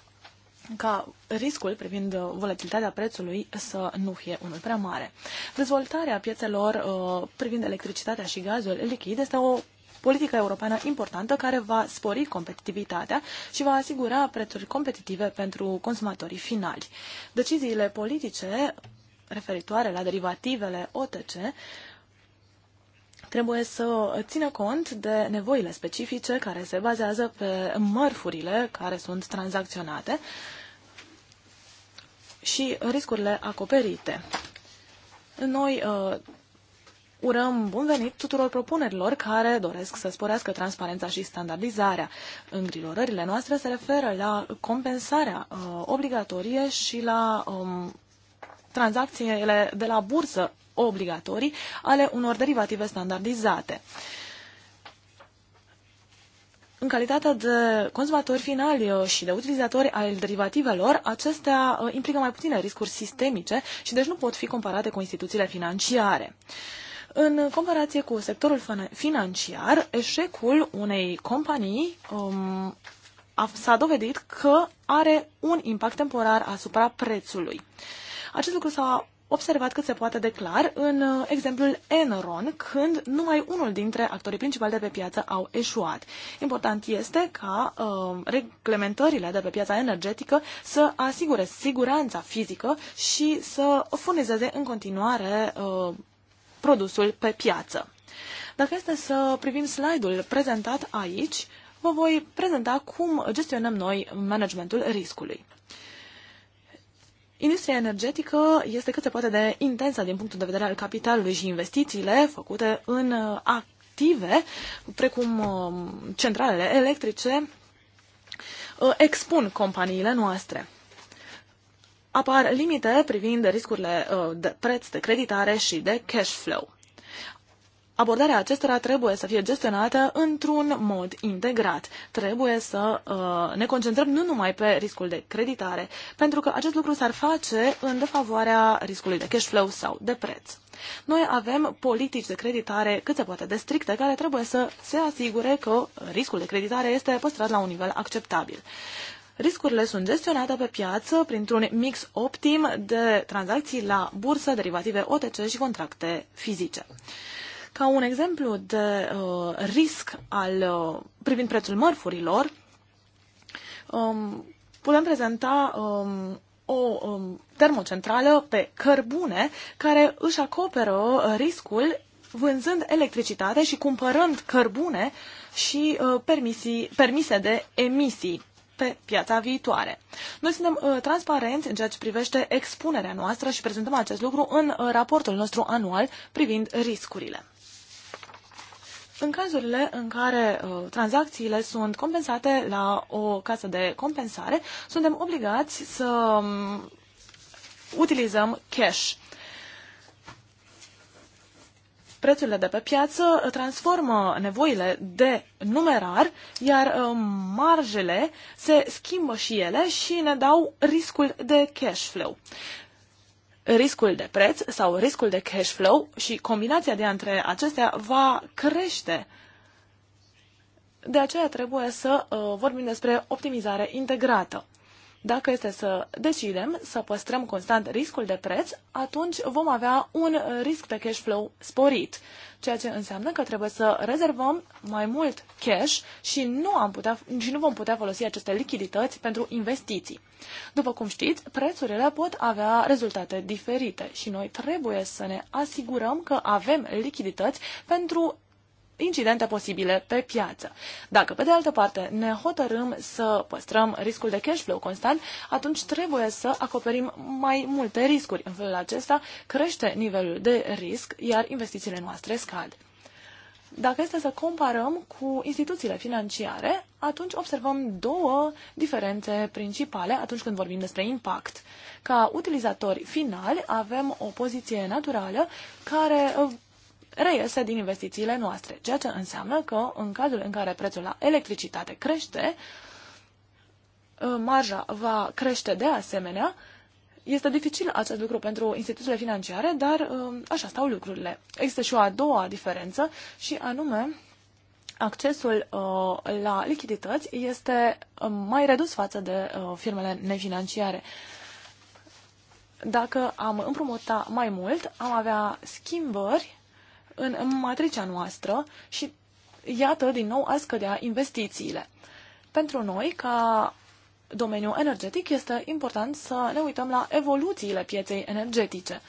ca riscul privind uh, volatilitatea prețului să nu fie unul prea mare. Dezvoltarea piețelor uh, privind electricitatea și gazul lichid este o politică europeană importantă care va spori competitivitatea și va asigura prețuri competitive pentru consumatorii finali. Deciziile politice referitoare la derivativele OTC trebuie să țină cont de nevoile specifice care se bazează pe mărfurile care sunt tranzacționate și riscurile acoperite. Noi uh, urăm bun venit tuturor propunerilor care doresc să sporească transparența și standardizarea. Îngrilorările noastre se referă la compensarea uh, obligatorie și la um, tranzacțiile de la bursă obligatorii ale unor derivative standardizate. Uh, în calitate de consumatori finali uh, și de utilizatori al derivativelor, acestea uh, implică mai puține riscuri sistemice și deci nu pot fi comparate cu instituțiile financiare. În comparație cu sectorul financiar, eșecul unei companii um, s-a dovedit că are un impact temporar asupra prețului. Acest lucru s-a observat cât se poate de clar în uh, exemplul Enron, când numai unul dintre actorii principali de pe piață au eșuat. Important este ca uh, reglementările de pe piața energetică să asigure siguranța fizică și să furnizeze în continuare uh, produsul pe piață. Dacă este să privim slide-ul prezentat aici, vă voi prezenta cum gestionăm noi managementul riscului. Industria energetică este cât se poate de intensă din punctul de vedere al capitalului și investițiile făcute în uh, active, precum uh, centralele electrice, uh, expun companiile noastre. Apar limite privind riscurile de preț de creditare și de cash flow abordarea acestora trebuie să fie gestionată într-un mod integrat. Trebuie să uh, ne concentrăm nu numai pe riscul de creditare, pentru că acest lucru s-ar face în defavoarea riscului de cash flow sau de preț. Noi avem politici de creditare cât se poate de stricte, care trebuie să se asigure că riscul de creditare este păstrat la un nivel acceptabil. Riscurile sunt gestionate pe piață printr-un mix optim de tranzacții la bursă, derivative OTC și contracte fizice. Ca un exemplu de uh, risc al, uh, privind prețul mărfurilor, um, putem prezenta um, o um, termocentrală pe cărbune care își acoperă uh, riscul vânzând electricitate și cumpărând cărbune și uh, permisii, permise de emisii pe piața viitoare. Noi suntem uh, transparenți în ceea ce privește expunerea noastră și prezentăm acest lucru în uh, raportul nostru anual privind riscurile. În cazurile în care uh, tranzacțiile sunt compensate la o casă de compensare, suntem obligați să um, utilizăm cash. Prețurile de pe piață uh, transformă nevoile de numerar, iar uh, marjele se schimbă și ele și ne dau riscul de cash flow riscul de preț sau riscul de cash flow și combinația de între acestea va crește. De aceea trebuie să uh, vorbim despre optimizare integrată. Dacă este să decidem să păstrăm constant riscul de preț, atunci vom avea un risc de cash flow sporit, ceea ce înseamnă că trebuie să rezervăm mai mult cash și nu, am putea, și nu vom putea folosi aceste lichidități pentru investiții. După cum știți, prețurile pot avea rezultate diferite și noi trebuie să ne asigurăm că avem lichidități pentru incidente posibile pe piață. Dacă, pe de altă parte, ne hotărâm să păstrăm riscul de cash flow constant, atunci trebuie să acoperim mai multe riscuri. În felul acesta crește nivelul de risc, iar investițiile noastre scad. Dacă este să comparăm cu instituțiile financiare, atunci observăm două diferențe principale atunci când vorbim despre impact. Ca utilizatori finali avem o poziție naturală care reiese din investițiile noastre, ceea ce înseamnă că în cazul în care prețul la electricitate crește, uh, marja va crește de asemenea. Este dificil acest lucru pentru instituțiile financiare, dar uh, așa stau lucrurile. Există și o a doua diferență și anume accesul uh, la lichidități este uh, mai redus față de uh, firmele nefinanciare. Dacă am împrumuta mai mult, am avea schimbări în matricea noastră și iată, din nou, a scădea investițiile. Pentru noi, ca domeniu energetic, este important să ne uităm la evoluțiile pieței energetice.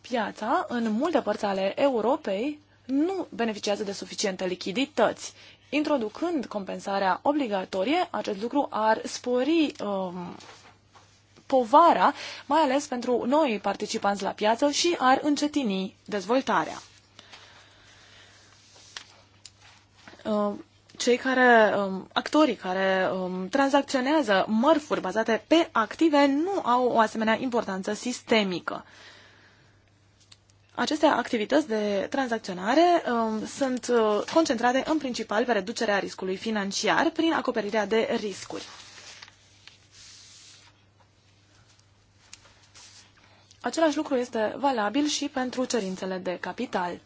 Piața, în multe părți ale Europei, nu beneficiază de suficiente lichidități. Introducând compensarea obligatorie, acest lucru ar spori um, povara, mai ales pentru noi participanți la piață și ar încetini dezvoltarea. Uh, cei care, um, actorii care um, tranzacționează mărfuri bazate pe active nu au o asemenea importanță sistemică. Aceste activități de tranzacționare um, sunt uh, concentrate în principal pe reducerea riscului financiar prin acoperirea de riscuri. Același lucru este valabil și pentru cerințele de capital.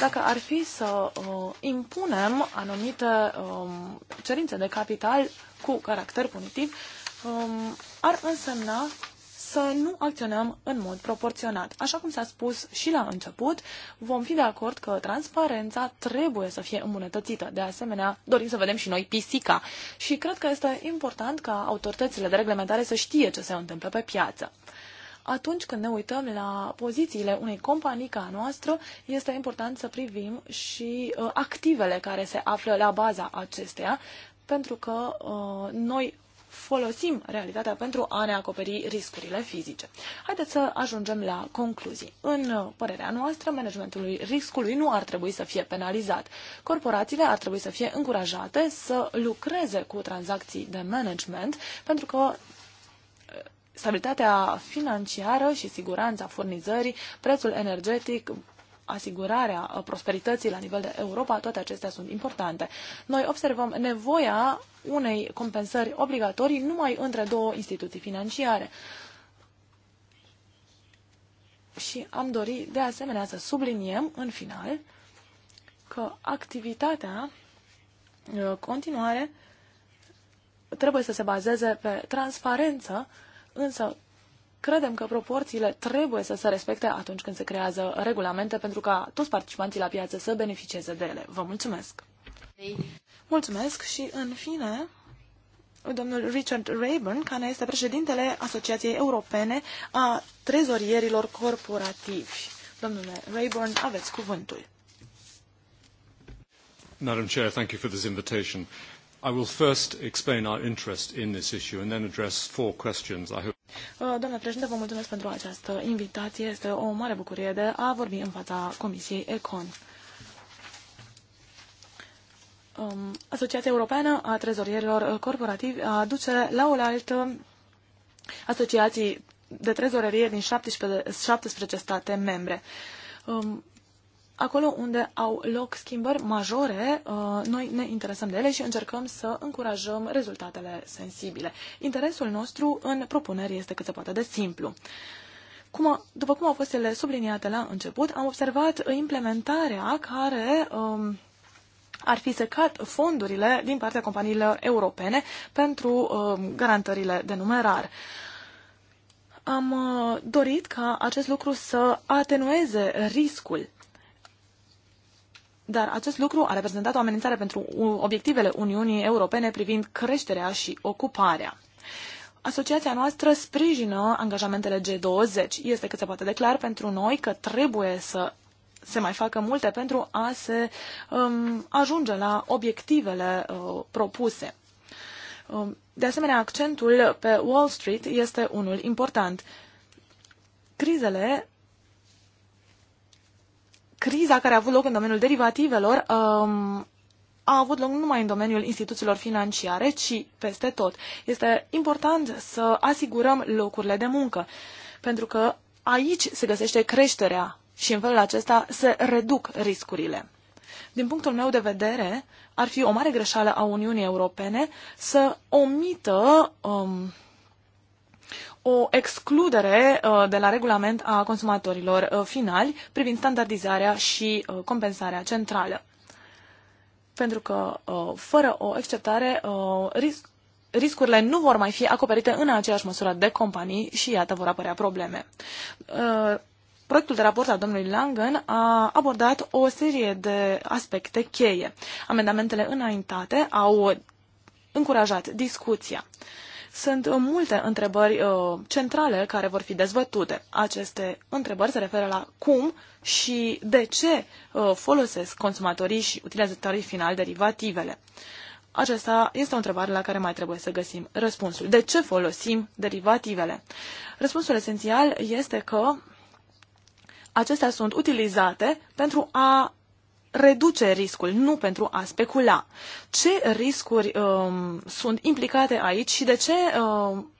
Dacă ar fi să uh, impunem anumite um, cerințe de capital cu caracter punitiv, um, ar însemna să nu acționăm în mod proporționat. Așa cum s-a spus și la început, vom fi de acord că transparența trebuie să fie îmbunătățită. De asemenea, dorim să vedem și noi pisica și cred că este important ca autoritățile de reglementare să știe ce se întâmplă pe piață atunci când ne uităm la pozițiile unei companii ca a noastră, este important să privim și uh, activele care se află la baza acesteia, pentru că uh, noi folosim realitatea pentru a ne acoperi riscurile fizice. Haideți să ajungem la concluzii. În părerea noastră, managementul riscului nu ar trebui să fie penalizat. Corporațiile ar trebui să fie încurajate să lucreze cu tranzacții de management pentru că uh, stabilitatea financiară și siguranța furnizării, prețul energetic, asigurarea uh, prosperității la nivel de Europa, toate acestea sunt importante. Noi observăm nevoia unei compensări obligatorii numai între două instituții financiare. Și am dorit de asemenea să subliniem în final că activitatea uh, continuare trebuie să se bazeze pe transparență, însă Credem că proporțiile trebuie să se respecte atunci când se creează regulamente pentru ca toți participanții la piață să beneficieze de ele. Vă mulțumesc! Mulțumesc și, în fine, domnul Richard Rayburn, care este președintele Asociației Europene a Trezorierilor Corporativi. Domnule Rayburn, aveți cuvântul. Madam Chair, thank you for this invitation. I will first explain our interest in this issue and then address four questions I hope Uh, doamna președinte, vă mulțumesc pentru această invitație. Este o mare bucurie de a vorbi în fața Comisiei Econ. Um, Asociația Europeană a Trezorierilor Corporativi aduce la oaltă asociații de trezorerie din 17, 17 state membre. Um, acolo unde au loc schimbări majore, uh, noi ne interesăm de ele și încercăm să încurajăm rezultatele sensibile. Interesul nostru în propuneri este cât se poate de simplu. Cum, după cum au fost ele subliniate la început, am observat implementarea care um, ar fi secat fondurile din partea companiilor europene pentru um, garantările de numerar am uh, dorit ca acest lucru să atenueze riscul dar acest lucru a reprezentat o amenințare pentru obiectivele Uniunii Europene privind creșterea și ocuparea. Asociația noastră sprijină angajamentele G20. Este cât se poate de clar pentru noi că trebuie să se mai facă multe pentru a se um, ajunge la obiectivele uh, propuse. Um, de asemenea, accentul pe Wall Street este unul important. Crizele criza care a avut loc în domeniul derivativelor um, a avut loc nu numai în domeniul instituțiilor financiare, ci peste tot. Este important să asigurăm locurile de muncă, pentru că aici se găsește creșterea și în felul acesta se reduc riscurile. Din punctul meu de vedere, ar fi o mare greșeală a Uniunii Europene să omită um, o excludere uh, de la regulament a consumatorilor uh, finali privind standardizarea și uh, compensarea centrală. Pentru că, fără o acceptare, riscurile nu vor mai fi acoperite în aceeași măsură de companii și, iată, vor apărea probleme. Proiectul de raport al domnului Langen a abordat o serie de aspecte cheie. Amendamentele înaintate au încurajat discuția. Uh, sunt multe întrebări uh, centrale care vor fi dezbătute. Aceste întrebări se referă la cum și de ce uh, folosesc consumatorii și utilizatorii final derivativele. Aceasta este o întrebare la care mai trebuie să găsim răspunsul. De ce folosim derivativele? Răspunsul esențial este că acestea sunt utilizate pentru a reduce riscul, nu pentru a specula. Ce riscuri um, sunt implicate aici și de ce um,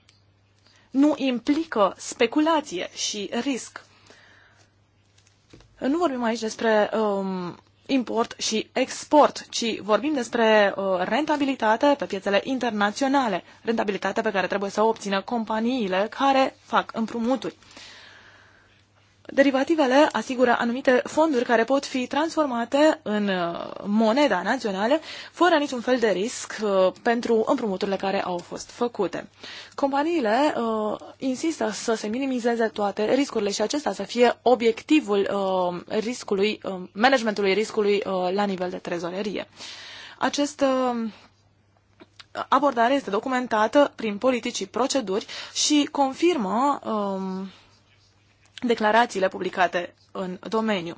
nu implică speculație și risc? Nu vorbim aici despre um, import și export, ci vorbim despre uh, rentabilitate pe piețele internaționale, rentabilitatea pe care trebuie să o obțină companiile care fac împrumuturi. Uh, Derivativele asigură anumite fonduri care pot fi transformate în uh, moneda națională fără niciun fel de risc uh, pentru împrumuturile care au fost făcute. Companiile uh, insistă să se minimizeze toate riscurile și acesta să fie obiectivul uh, riscului, uh, managementului riscului uh, la nivel de trezorerie. Acest uh, abordare este documentată prin politici și proceduri și confirmă um, declarațiile publicate în domeniu.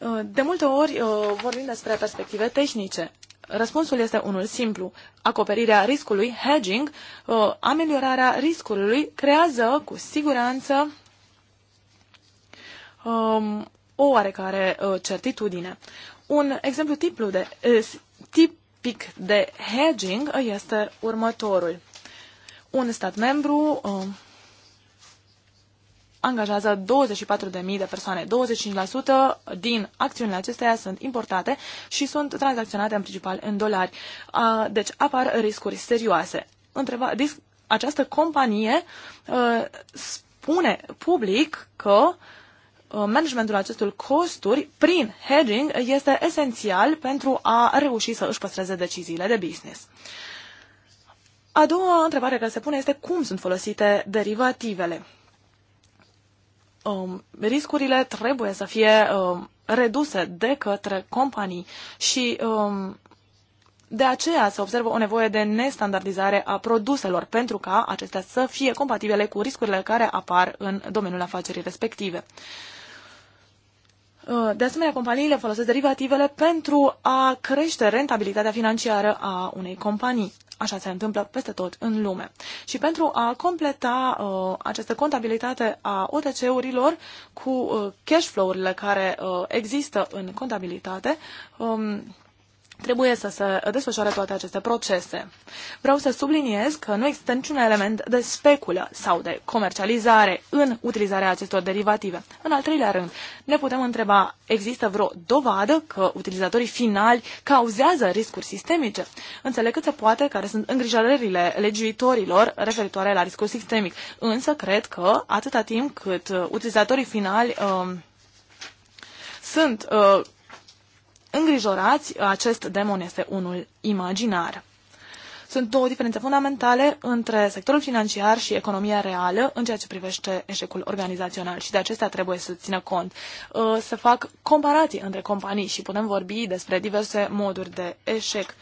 Uh, de multe ori uh, vorbim despre perspective tehnice. Răspunsul este unul simplu. Acoperirea riscului, hedging, uh, ameliorarea riscului, creează cu siguranță um, o oarecare certitudine. Un exemplu tiplu de, tipic de hedging este următorul. Un stat membru angajează 24.000 de persoane. 25% din acțiunile acesteia sunt importate și sunt tranzacționate în principal în dolari. Deci apar riscuri serioase. Întreba, această companie spune public că managementul acestor costuri prin hedging este esențial pentru a reuși să își păstreze deciziile de business. A doua întrebare care se pune este cum sunt folosite derivativele um, riscurile trebuie să fie um, reduse de către companii și um, de aceea se observă o nevoie de nestandardizare a produselor pentru ca acestea să fie compatibile cu riscurile care apar în domeniul afacerii respective. Uh, de asemenea, companiile folosesc derivativele pentru a crește rentabilitatea financiară a unei companii. Așa se întâmplă peste tot în lume. Și pentru a completa uh, această contabilitate a OTC-urilor cu uh, cash flow-urile care uh, există în contabilitate, um, trebuie să se desfășoare toate aceste procese. Vreau să subliniez că nu există niciun element de speculă sau de comercializare în utilizarea acestor derivative. În al treilea rând, ne putem întreba, există vreo dovadă că utilizatorii finali cauzează riscuri sistemice? Înțeleg cât se poate care sunt îngrijorările legiuitorilor referitoare la riscul sistemic, însă cred că atâta timp cât uh, utilizatorii finali um, sunt uh, îngrijorați, acest demon este unul imaginar. Sunt două diferențe fundamentale între sectorul financiar și economia reală în ceea ce privește eșecul organizațional și de acestea trebuie să țină cont. Uh, să fac comparații între companii și putem vorbi despre diverse moduri de eșec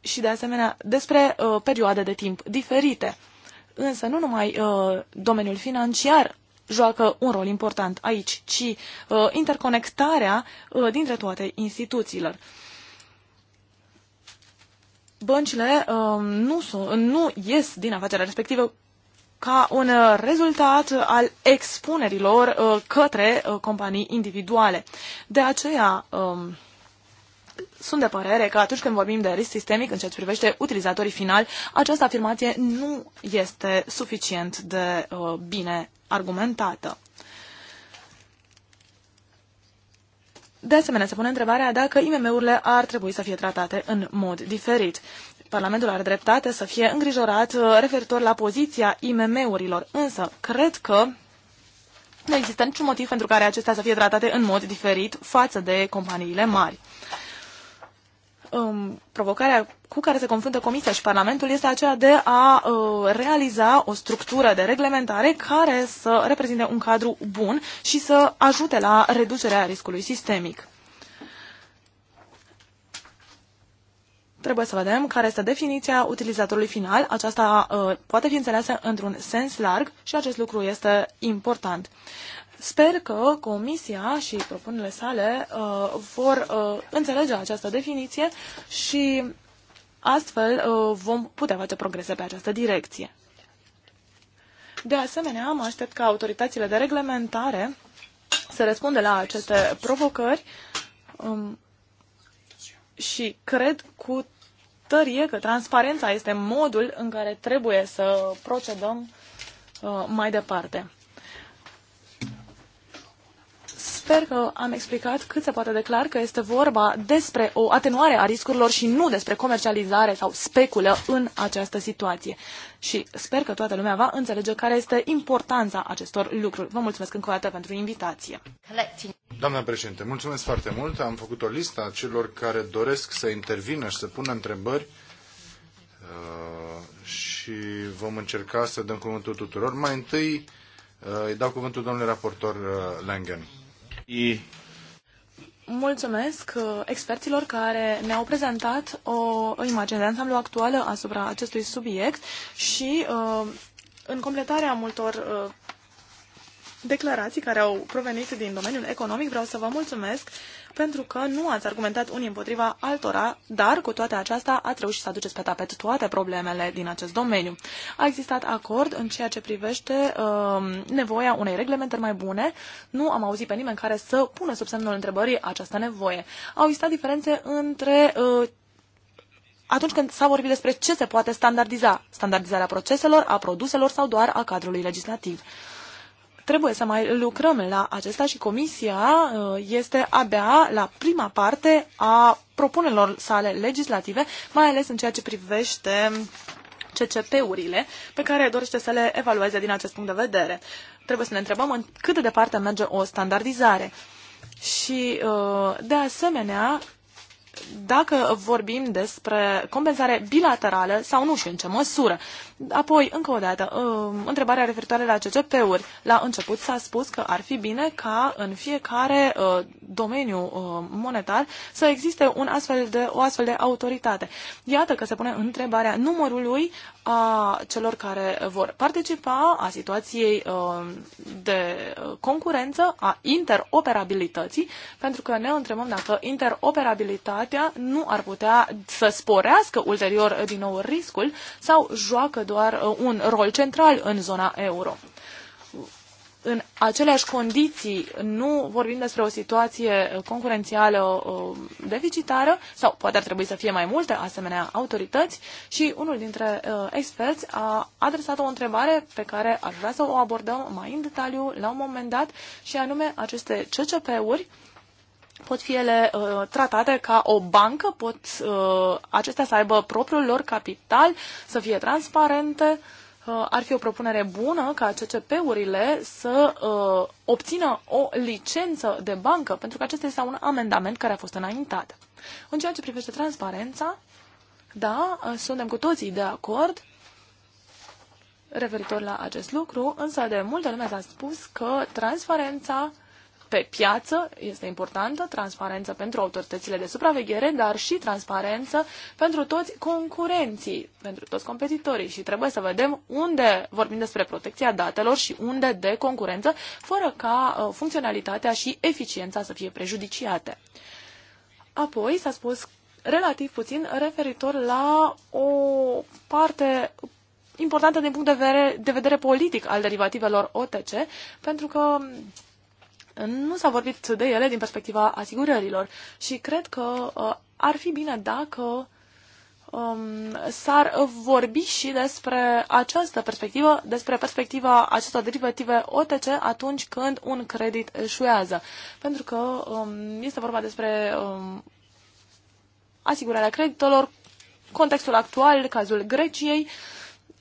și de asemenea despre uh, perioade de timp diferite. Însă nu numai uh, domeniul financiar joacă un rol important aici, ci uh, interconectarea uh, dintre toate instituțiilor. Băncile uh, nu, so- nu ies din afacerea respectivă ca un uh, rezultat al expunerilor uh, către uh, companii individuale. De aceea, uh, sunt de părere că atunci când vorbim de risc sistemic în ceea ce privește utilizatorii finali, această afirmație nu este suficient de uh, bine argumentată. De asemenea, se pune întrebarea dacă IMM-urile ar trebui să fie tratate în mod diferit. Parlamentul are dreptate să fie îngrijorat uh, referitor la poziția IMM-urilor, însă cred că nu există niciun motiv pentru care acestea să fie tratate în mod diferit față de companiile mari um, provocarea cu care se confruntă Comisia și Parlamentul este aceea de a uh, realiza o structură de reglementare care să reprezinte un cadru bun și să ajute la reducerea riscului sistemic. Trebuie să vedem care este definiția utilizatorului final. Aceasta uh, poate fi înțeleasă într-un sens larg și acest lucru este important. Uh, Sper că Comisia și propunerile sale uh, vor uh, înțelege această definiție și astfel uh, vom putea face progrese pe această direcție. De asemenea, mă aștept ca autoritățile de reglementare să răspundă la aceste provocări um, și cred cu tărie că transparența este modul în care trebuie să procedăm uh, mai departe. Sper că am explicat cât se poate declar că este vorba despre o atenuare a riscurilor și nu despre comercializare sau speculă în această situație. Și sper că toată lumea va înțelege care este importanța acestor lucruri. Vă mulțumesc încă o dată pentru invitație. Doamna președinte, mulțumesc foarte mult. Am făcut o listă a celor care doresc să intervină și să pună întrebări uh, și vom încerca să dăm cuvântul tuturor. Mai întâi uh, îi dau cuvântul domnului raportor uh, Langen. Mulțumesc uh, experților care ne-au prezentat o imagine de ansamblu actuală asupra acestui subiect și uh, în completarea multor uh, declarații care au provenit din domeniul economic, vreau să vă mulțumesc pentru că nu ați argumentat unii împotriva altora, dar cu toate aceasta ați reușit să aduceți pe tapet toate problemele din acest domeniu. A existat acord în ceea ce privește uh, nevoia unei reglementări mai bune. Nu am auzit pe nimeni care să pună sub semnul întrebării această nevoie. Au existat diferențe între uh, atunci când s-a vorbit despre ce se poate standardiza, standardizarea proceselor, a produselor sau doar a cadrului legislativ. Trebuie să mai lucrăm la acesta și Comisia uh, este abia la prima parte a propunerilor sale legislative, mai ales în ceea ce privește CCP-urile pe care dorește să le evalueze din acest punct de vedere. Trebuie să ne întrebăm în cât de departe merge o standardizare. Și, uh, de asemenea, dacă vorbim despre compensare bilaterală sau nu și în ce măsură. Apoi, încă o dată, ă, întrebarea referitoare la CCP-uri. La început s-a spus că ar fi bine ca în fiecare ă, domeniu ă, monetar să existe un astfel de, o astfel de autoritate. Iată că se pune întrebarea numărului a celor care vor participa, a situației de concurență, a interoperabilității, pentru că ne întrebăm dacă interoperabilitatea activitatea nu ar putea să sporească ulterior din nou riscul sau joacă doar uh, un rol central în zona euro în aceleași condiții nu vorbim despre o situație uh, concurențială uh, deficitară sau poate ar trebui să fie mai multe asemenea autorități și unul dintre experți a adresat o întrebare pe care ar vrea să o abordăm mai în detaliu la un moment dat și anume aceste CCP-uri pot fi ele uh, tratate ca o bancă, pot uh, acestea să aibă propriul lor capital, să fie transparente. Uh, ar fi o propunere bună ca CCP-urile să uh, obțină o licență de bancă, pentru că acesta este un amendament care a fost înaintat. În ceea ce privește transparența, da, uh, suntem cu toții de acord referitor la acest lucru, însă de multe lume s-a spus că transparența pe piață este importantă, transparență pentru autoritățile de supraveghere, dar și transparență pentru toți concurenții, pentru toți competitorii și trebuie să vedem unde vorbim despre protecția datelor și unde de concurență, fără ca uh, funcționalitatea și eficiența să fie prejudiciate. Apoi s-a spus relativ puțin referitor la o parte importantă din punct de vedere, de vedere politic al derivativelor OTC, pentru că nu s-a vorbit de ele din perspectiva asigurărilor și cred că uh, ar fi bine dacă um, s-ar vorbi și despre această perspectivă, despre perspectiva acestor derivative OTC atunci când un credit eșuează. Pentru că um, este vorba despre um, asigurarea creditelor, contextul actual, cazul Greciei.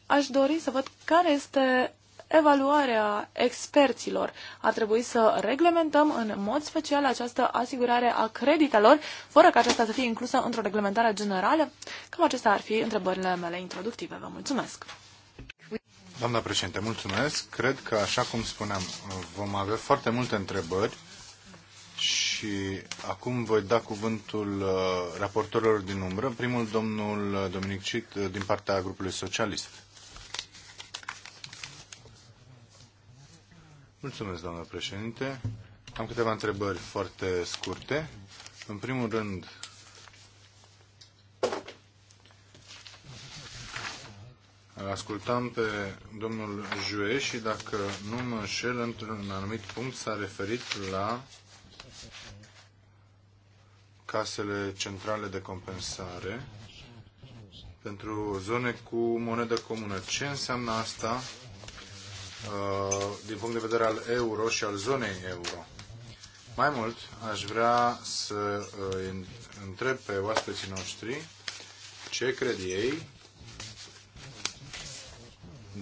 Aș dori să văd care este evaluarea experților. Ar trebui să reglementăm în mod special această asigurare a creditelor, fără ca aceasta să fie inclusă într-o reglementare generală. Cam acestea ar fi întrebările mele introductive. Vă mulțumesc! Doamna președinte, mulțumesc. Cred că, așa cum spuneam, vom avea foarte multe întrebări și acum voi da cuvântul uh, raportorilor din umbră. Primul, domnul Dominic Cit, uh, din partea grupului socialist. Mulțumesc, doamnă președinte. Am câteva întrebări foarte scurte. În primul rând, ascultam pe domnul Jue și dacă nu mă înșel, într-un anumit punct s-a referit la casele centrale de compensare pentru zone cu monedă comună. Ce înseamnă asta Uh, din punct de vedere al euro și al zonei euro. Mai mult, aș vrea să uh, întreb pe oaspeții noștri ce cred ei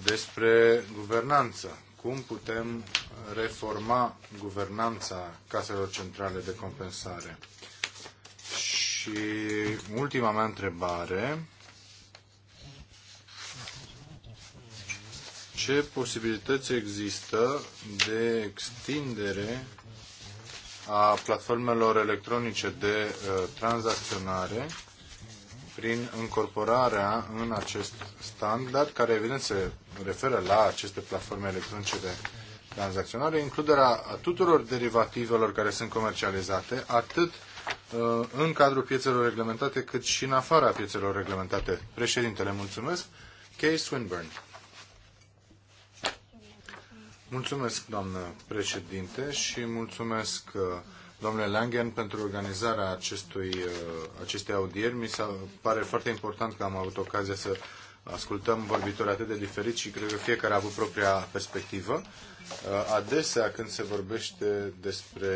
despre guvernanță. Cum putem reforma guvernanța caselor centrale de compensare? Și ultima mea întrebare ce posibilități există de extindere a platformelor electronice de uh, tranzacționare prin incorporarea în acest standard, care evident se referă la aceste platforme electronice de tranzacționare, includerea a tuturor derivativelor care sunt comercializate, atât uh, în cadrul piețelor reglementate, cât și în afara piețelor reglementate. Președintele, mulțumesc. Case Swinburne. Mulțumesc, doamnă președinte, și mulțumesc, uh, domnule Langen, pentru organizarea acestui, uh, acestei audieri. Mi se pare foarte important că am avut ocazia să ascultăm vorbitori atât de diferiți și cred că fiecare a avut propria perspectivă. Uh, adesea, când se vorbește despre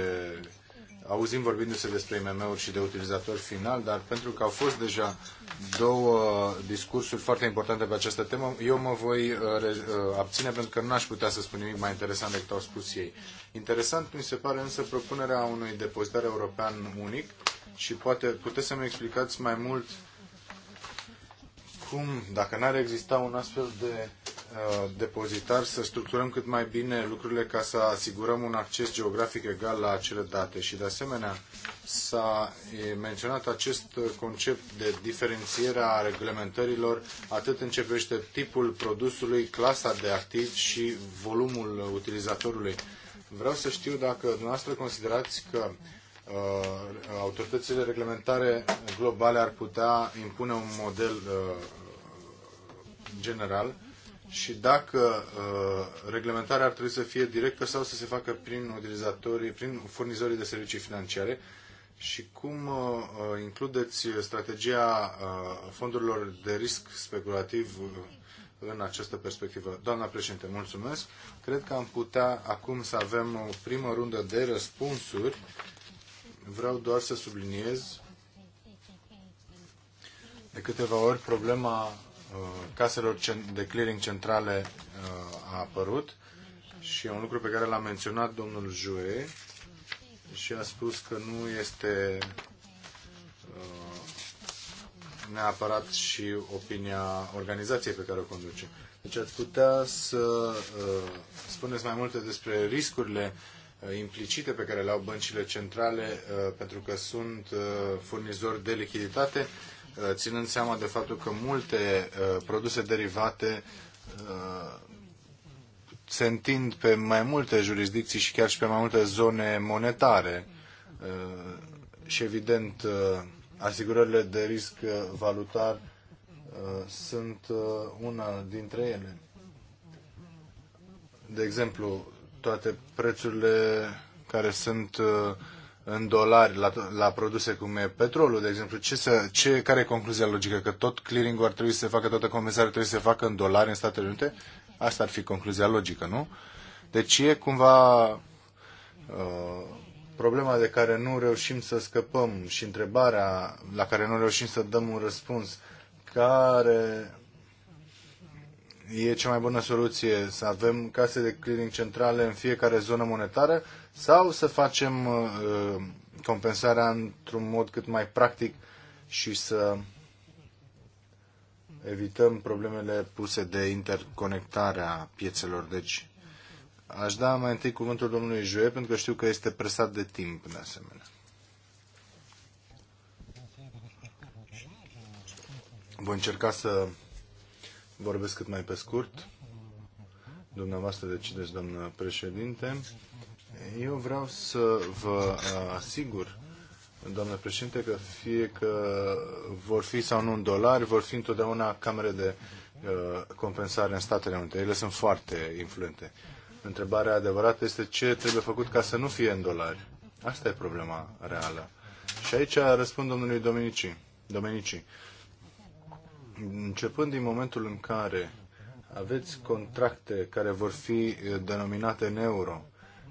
auzim vorbindu-se despre IMM-uri și de utilizator final, dar pentru că au fost deja două discursuri foarte importante pe această temă, eu mă voi uh, uh, abține pentru că nu aș putea să spun nimic mai interesant decât au spus ei. Interesant mi se pare însă propunerea unui depozitar european unic și poate puteți să-mi explicați mai mult uh, cum, dacă n-ar exista un astfel de uh, depozitar, să structurăm cât mai bine lucrurile ca să asigurăm un acces geografic egal la acele date. Și de asemenea s-a menționat acest concept de diferențiere a reglementărilor atât în ce privește tipul produsului, clasa de activ și volumul utilizatorului. Vreau să știu dacă dumneavoastră considerați că uh, autoritățile reglementare globale ar putea impune un model uh, general și dacă uh, reglementarea ar trebui să fie directă sau să se facă prin utilizatorii, prin furnizorii de servicii financiare și cum uh, uh includeți strategia uh, fondurilor de risc speculativ uh, în această perspectivă. Doamna președinte, mulțumesc. Cred că am putea acum să avem o primă rundă de răspunsuri. Vreau doar să subliniez de câteva ori problema Uh, caselor de clearing centrale uh, a apărut și e un lucru pe care l-a menționat domnul Jue și a spus că nu este uh, neapărat și opinia organizației pe care o conduce. Deci ați putea să spuneți mai multe despre riscurile implicite pe care le au băncile centrale pentru că sunt furnizori de lichiditate Uh, ținând seama de faptul că multe uh, produse derivate uh, se întind pe mai multe jurisdicții și chiar și pe mai multe zone monetare. Și evident, asigurările de risc valutar sunt una dintre ele. De exemplu, toate prețurile care sunt uh, în dolari la, la produse cum e petrolul, de exemplu, ce să, ce, care e concluzia logică? Că tot clearing-ul ar trebui să se facă, toată compensarea trebuie să se facă în dolari în Statele Unite? Asta ar fi concluzia logică, nu? Deci e cumva uh, problema de care nu reușim să scăpăm și întrebarea la care nu reușim să dăm un răspuns care e cea mai bună soluție, să avem case de clearing centrale în fiecare zonă monetară sau să facem uh, compensarea într-un mod cât mai practic și să evităm problemele puse de interconectarea piețelor. Deci aș da mai întâi cuvântul domnului Joe pentru că știu că este presat de timp de asemenea. Voi încerca să vorbesc cât mai pe scurt. Dumneavoastră decideți, doamnă președinte. Eu vreau să vă uh, asigur, doamnă președinte, că fie că vor fi sau nu în dolari, vor fi întotdeauna camere de uh, compensare în Statele Unite. Ele sunt foarte influente. Întrebarea adevărată este ce trebuie făcut ca să nu fie în dolari. Asta e problema reală. Și aici răspund domnului Domenici. Domenici începând din momentul în care aveți contracte care vor fi eh, denominate în euro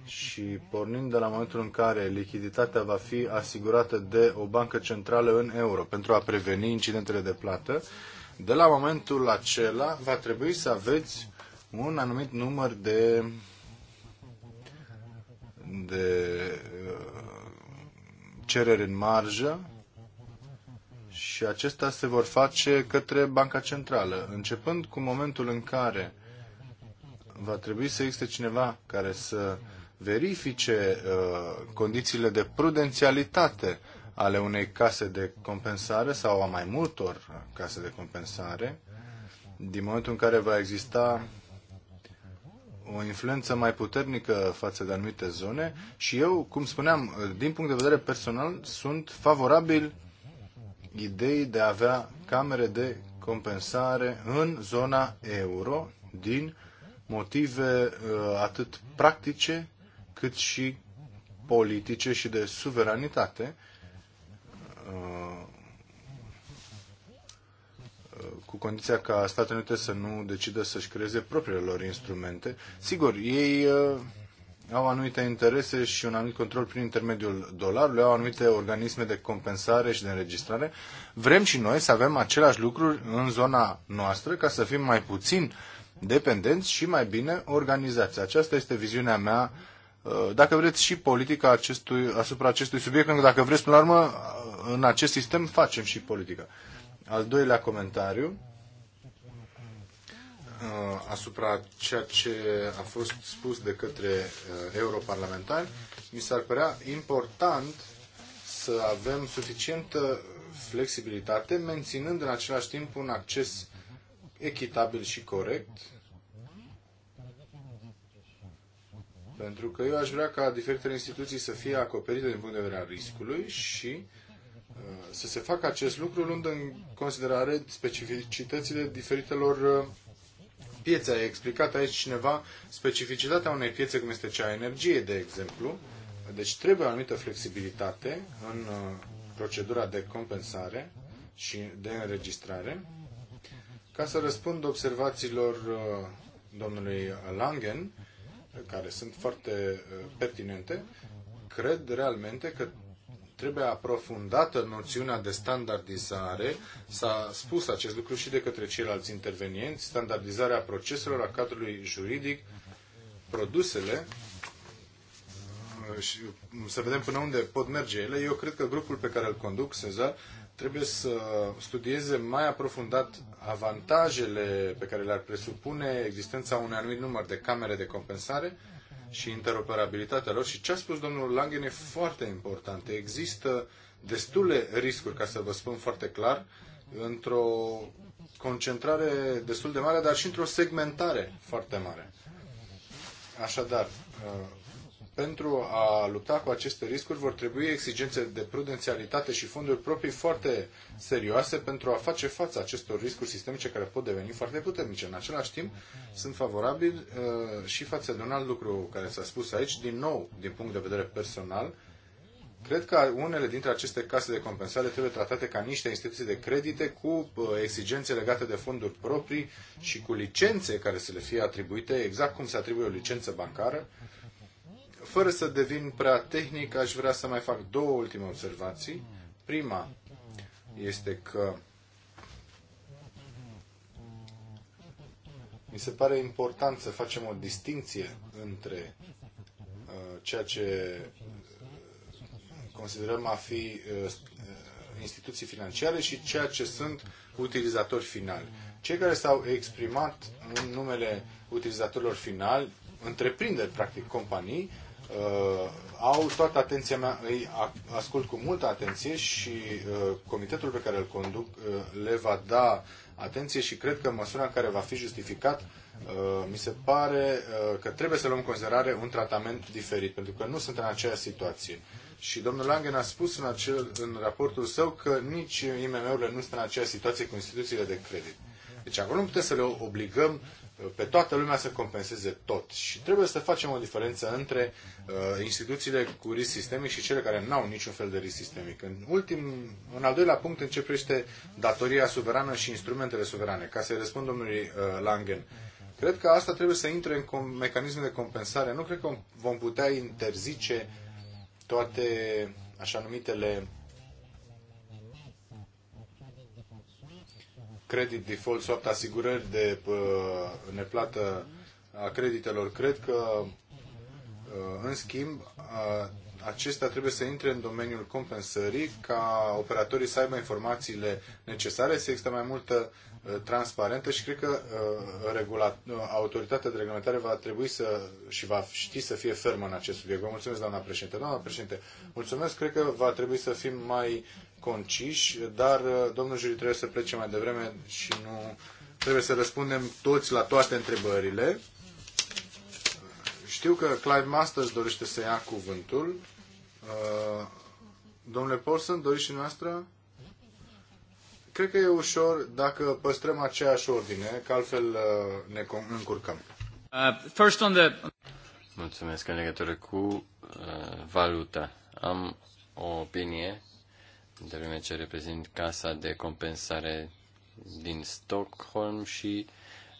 și pornind de la momentul în care lichiditatea va fi asigurată de o bancă centrală în euro pentru a preveni incidentele de plată, de la momentul acela va trebui să aveți un anumit număr de de eh, cereri în marjă și acestea se vor face către Banca Centrală, începând cu momentul în care va trebui să existe cineva care să verifice uh, condițiile de prudențialitate ale unei case de compensare sau a mai multor case de compensare, din momentul în care va exista o influență mai puternică față de anumite zone și eu, cum spuneam, uh, din punct de vedere personal, sunt favorabil idei de a avea camere de compensare în zona euro din motive uh, atât practice cât și politice și de suveranitate uh, cu condiția ca Statele Unite să nu decidă să-și creeze propriile lor instrumente. Sigur, ei uh, au anumite interese și un anumit control prin intermediul dolarului, au anumite organisme de compensare și de înregistrare. Vrem și noi să avem același lucru în zona noastră ca să fim mai puțin dependenți și mai bine organizați. Aceasta este viziunea mea, uh, dacă vreți, și politica acestui, asupra acestui subiect, pentru că dacă vreți, până la urmă, uh, în acest sistem facem și politica. Al doilea comentariu Uh, asupra ceea ce a fost spus de către uh, europarlamentari, mi s-ar părea important să avem suficientă flexibilitate, menținând în același timp un acces echitabil și corect. Pentru că eu aș vrea ca diferitele instituții să fie acoperite din punct de vedere al riscului și uh, să se facă acest lucru luând în considerare specificitățile diferitelor piețe. A explicat aici cineva specificitatea unei piețe cum este cea a energiei, de exemplu. Deci trebuie o anumită flexibilitate în uh, procedura de compensare și de înregistrare. Ca să răspund observațiilor uh, domnului Langen, care sunt foarte uh, pertinente, cred realmente că trebuie aprofundată noțiunea de standardizare. S-a spus acest lucru și de către ceilalți intervenienți, standardizarea proceselor, a cadrului juridic, produsele, și să vedem până unde pot merge ele. Eu cred că grupul pe care îl conduc, Sezar, trebuie să studieze mai aprofundat avantajele pe care le-ar presupune existența unui anumit număr de camere de compensare și interoperabilitatea lor. Și ce a spus domnul Langen e foarte important. Există destule riscuri, ca să vă spun foarte clar, într-o concentrare destul de mare, dar și într-o segmentare foarte mare. Așadar, uh, pentru a lupta cu aceste riscuri vor trebui exigențe de prudențialitate și fonduri proprii foarte serioase pentru a face față acestor riscuri sistemice care pot deveni foarte puternice. În același timp, sunt favorabil uh, și față de un alt lucru care s-a spus aici, din nou, din punct de vedere personal, Cred că unele dintre aceste case de compensare trebuie tratate ca niște instituții de credite cu uh, exigențe legate de fonduri proprii și cu licențe care să le fie atribuite, exact cum se atribuie o licență bancară, fără să devin prea tehnic, aș vrea să mai fac două ultime observații. Prima este că mi se pare important să facem o distinție între uh, ceea ce uh, considerăm a fi uh, instituții financiare și ceea ce sunt utilizatori finali. Cei care s-au exprimat în numele utilizatorilor finali, întreprinderi, practic, companii, Uh, au toată atenția mea, îi ascult cu multă atenție și uh, comitetul pe care îl conduc uh, le va da atenție și cred că în măsura în care va fi justificat, uh, mi se pare uh, că trebuie să luăm în considerare un tratament diferit, pentru că nu sunt în aceeași situație. Și domnul Langen a spus în, acel, în raportul său că nici IMM-urile nu sunt în aceeași situație cu instituțiile de credit. Deci acolo nu putem să le obligăm pe toată lumea să compenseze tot. Și trebuie să facem o diferență între uh, instituțiile cu risc sistemic și cele care nu au niciun fel de risc sistemic. În, ultim, în al doilea punct începește datoria suverană și instrumentele suverane. Ca să-i răspund domnului uh, Langen, cred că asta trebuie să intre în mecanisme de compensare. Nu cred că vom putea interzice toate așa numitele credit default swap, asigurări de neplată a creditelor, cred că, ă, în schimb, acestea trebuie să intre în domeniul compensării ca operatorii să aibă informațiile necesare, să există mai multă ă, transparentă și cred că ă, autoritatea de reglementare va trebui să și va ști să fie fermă în acest subiect. Vă mulțumesc, doamna președinte. Doamna președinte, mulțumesc. Cred că va trebui să fim mai conciși, dar uh, domnul juri trebuie să plece mai devreme și nu trebuie să răspundem toți la toate întrebările. Știu că Clive Masters dorește să ia cuvântul. Uh, domnule Paulson, doriți și noastră? Cred că e ușor dacă păstrăm aceeași ordine, că altfel uh, ne încurcăm. Uh, first on the... Mulțumesc în legătură cu uh, valuta. Am o opinie de vreme ce reprezint Casa de Compensare din Stockholm și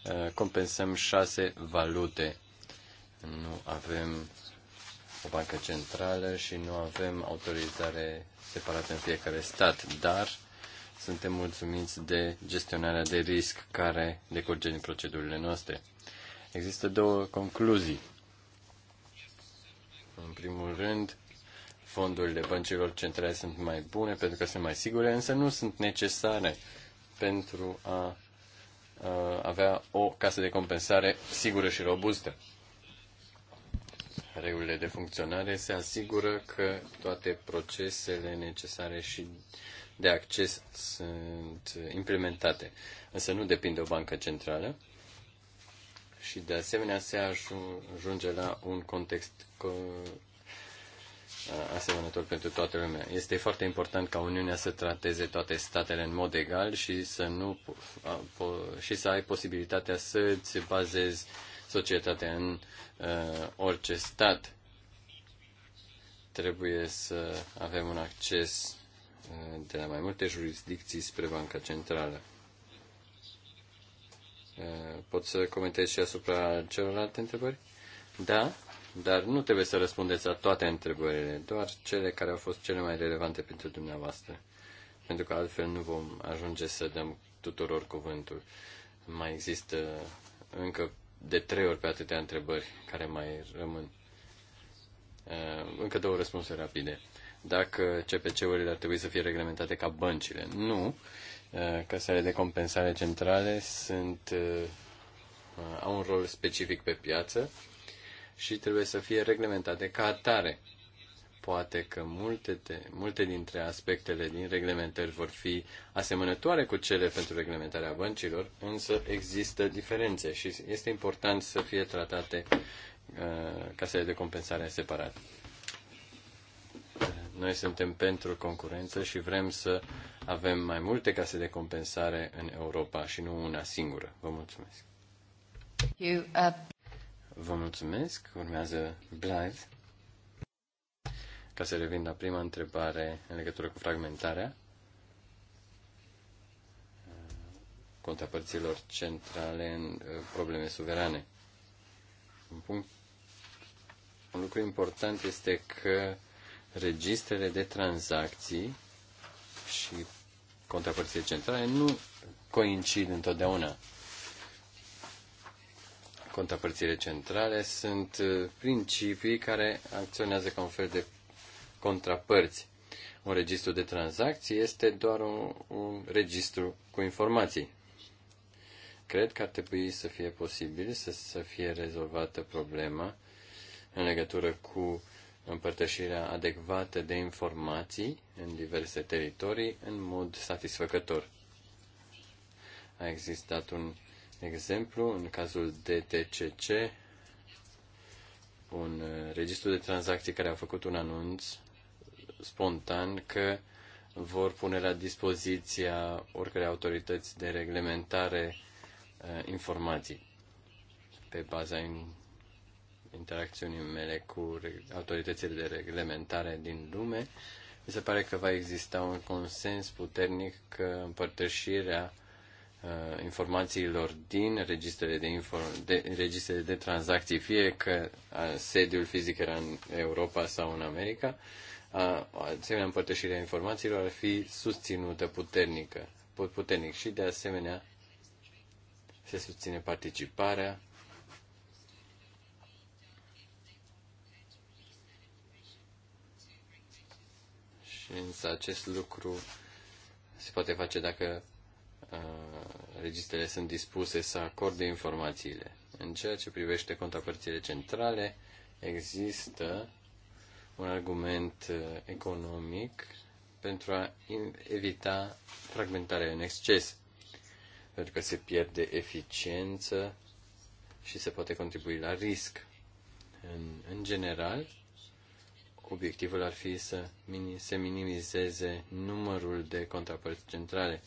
uh, compensăm șase valute. Nu avem o bancă centrală și nu avem autorizare separată în fiecare stat, dar suntem mulțumiți de gestionarea de risc care decurge din procedurile noastre. Există două concluzii. În primul rând, fondurile băncilor centrale sunt mai bune pentru că sunt mai sigure, însă nu sunt necesare pentru a, avea o casă de compensare sigură și robustă. Regulile de funcționare se asigură că toate procesele necesare și de acces sunt implementate, însă nu depinde o bancă centrală și de asemenea se ajunge la un context asemănător pentru toată lumea. Este foarte important ca Uniunea să trateze toate statele în mod egal și să, nu, și să ai posibilitatea să îți bazezi societatea în uh, orice stat. Trebuie să avem un acces uh, de la mai multe jurisdicții spre Banca Centrală. Uh, pot să comentez și asupra celorlalte întrebări? Da, dar nu trebuie să răspundeți la toate întrebările, doar cele care au fost cele mai relevante pentru dumneavoastră, pentru că altfel nu vom ajunge să dăm tuturor cuvântul. Mai există încă de trei ori pe atâtea întrebări care mai rămân. Uh, încă două răspunsuri rapide. Dacă CPC-urile ar trebui să fie reglementate ca băncile? Nu. Uh, Casele de compensare centrale sunt, uh, au un rol specific pe piață și trebuie să fie reglementate ca atare. Poate că multe, de, multe dintre aspectele din reglementări vor fi asemănătoare cu cele pentru reglementarea băncilor, însă există diferențe și este important să fie tratate uh, casele de compensare separat. Noi suntem pentru concurență și vrem să avem mai multe case de compensare în Europa și nu una singură. Vă mulțumesc. Vă mulțumesc. Urmează Blythe. Ca să revin la prima întrebare în legătură cu fragmentarea contrapărților centrale în uh, probleme suverane. Un, punct, un lucru important este că registrele de tranzacții și contrapărțile centrale nu coincid întotdeauna contrapărțile centrale sunt uh, principii care acționează ca un fel de contrapărți. Un registru de tranzacții este doar un, un registru cu informații. Cred că ar trebui să fie posibil să, să fie rezolvată problema în legătură cu împărtășirea adecvată de informații în diverse teritorii în mod satisfăcător. A existat un exemplu, în cazul DTCC, un uh, registru de tranzacții care a făcut un anunț spontan că vor pune la dispoziția oricărei autorități de reglementare uh, informații pe baza interacțiunii mele cu autoritățile de reglementare din lume. Mi se pare că va exista un consens puternic că împărtășirea uh, Uh, informațiilor din registrele de, inform- de, registrele de tranzacții, fie că uh, sediul fizic era în Europa sau în America, o uh, asemenea împărtășire a informațiilor ar fi susținută puternică, puternic și de asemenea se susține participarea și însă acest lucru se poate face dacă registrele sunt dispuse să acorde informațiile. În ceea ce privește contrapărțile centrale, există un argument economic pentru a evita fragmentarea în exces, pentru că se pierde eficiență și se poate contribui la risc. În, în general, obiectivul ar fi să se minimizeze numărul de contrapărți centrale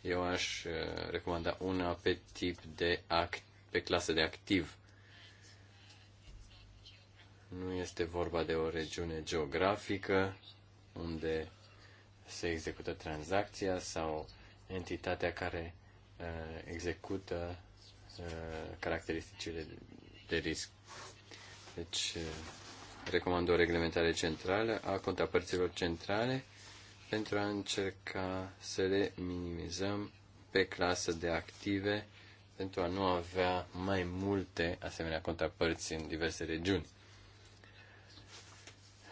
eu aș uh, recomanda una pe tip de act, pe clasă de activ. Nu este vorba de o regiune geografică unde se execută tranzacția sau entitatea care uh, execută uh, caracteristicile de risc. Deci, uh, recomand o reglementare centrală a contrapărților centrale pentru a încerca să le minimizăm pe clasă de active pentru a nu avea mai multe asemenea contrapărți în diverse regiuni.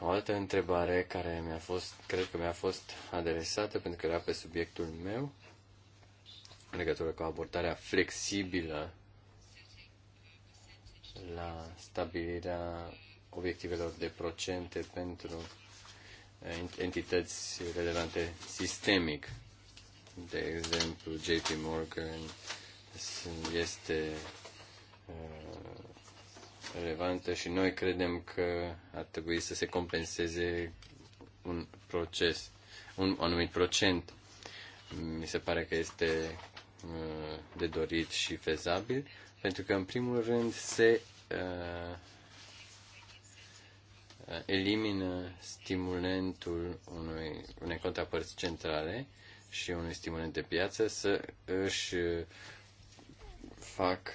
O altă întrebare care mi-a fost, cred că mi-a fost adresată pentru că era pe subiectul meu, în legătură cu abordarea flexibilă la stabilirea obiectivelor de procente pentru entități relevante sistemic. De exemplu, JP Morgan este uh, relevantă și noi credem că ar trebui să se compenseze un proces, un anumit procent. Mi se pare că este uh, de dorit și fezabil, pentru că, în primul rând, se uh, elimină stimulentul unui, unei contrapărți centrale și unui stimulent de piață să își fac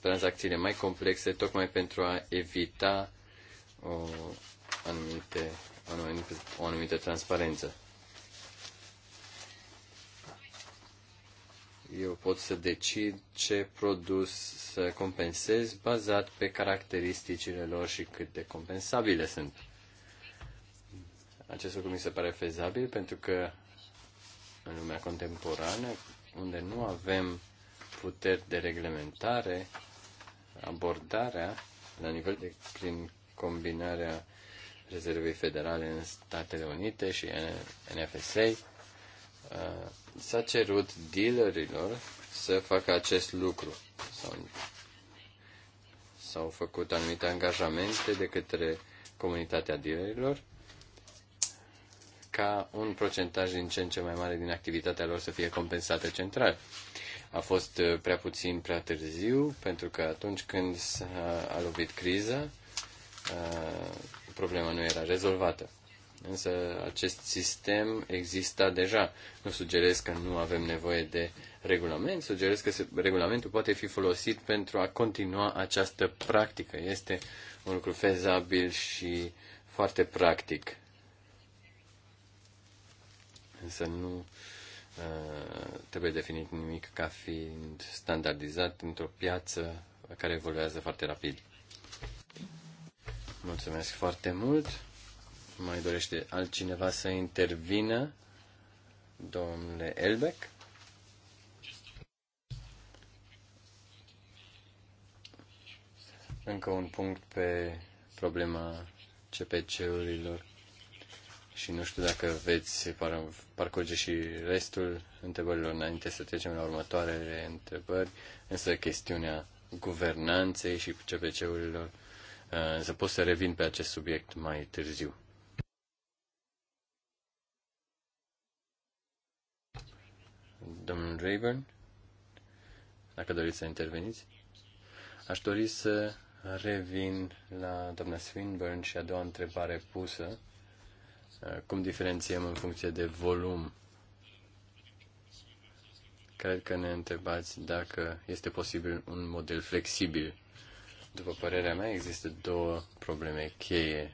tranzacțiile mai complexe tocmai pentru a evita o anumite, o anumită, o anumită transparență. eu pot să decid ce produs să compensez bazat pe caracteristicile lor și cât de compensabile sunt. Acest lucru mi se pare fezabil pentru că în lumea contemporană, unde nu avem puteri de reglementare, abordarea la nivel de prin combinarea Rezervei Federale în Statele Unite și NFSA uh, s-a cerut dealerilor să facă acest lucru. Sau s-au făcut anumite angajamente de către comunitatea dealerilor ca un procentaj din ce în ce mai mare din activitatea lor să fie compensată central. A fost uh, prea puțin, prea târziu, pentru că atunci când s-a lovit criza, uh, problema nu era rezolvată. Însă acest sistem exista deja. Nu sugerez că nu avem nevoie de regulament, sugerez că regulamentul poate fi folosit pentru a continua această practică. Este un lucru fezabil și foarte practic. Însă nu uh, trebuie definit nimic ca fiind standardizat într-o piață care evoluează foarte rapid. Mulțumesc foarte mult! Mai dorește altcineva să intervină? Domnule Elbeck? Încă un punct pe problema CPC-urilor și nu știu dacă veți parcurge și restul întrebărilor înainte să trecem la următoarele întrebări, însă chestiunea guvernanței și CPC-urilor, uh, să pot să revin pe acest subiect mai târziu. Domnul Rayburn, dacă doriți să interveniți, aș dori să revin la doamna Swinburne și a doua întrebare pusă. Cum diferențiem în funcție de volum? Cred că ne întrebați dacă este posibil un model flexibil. După părerea mea, există două probleme cheie.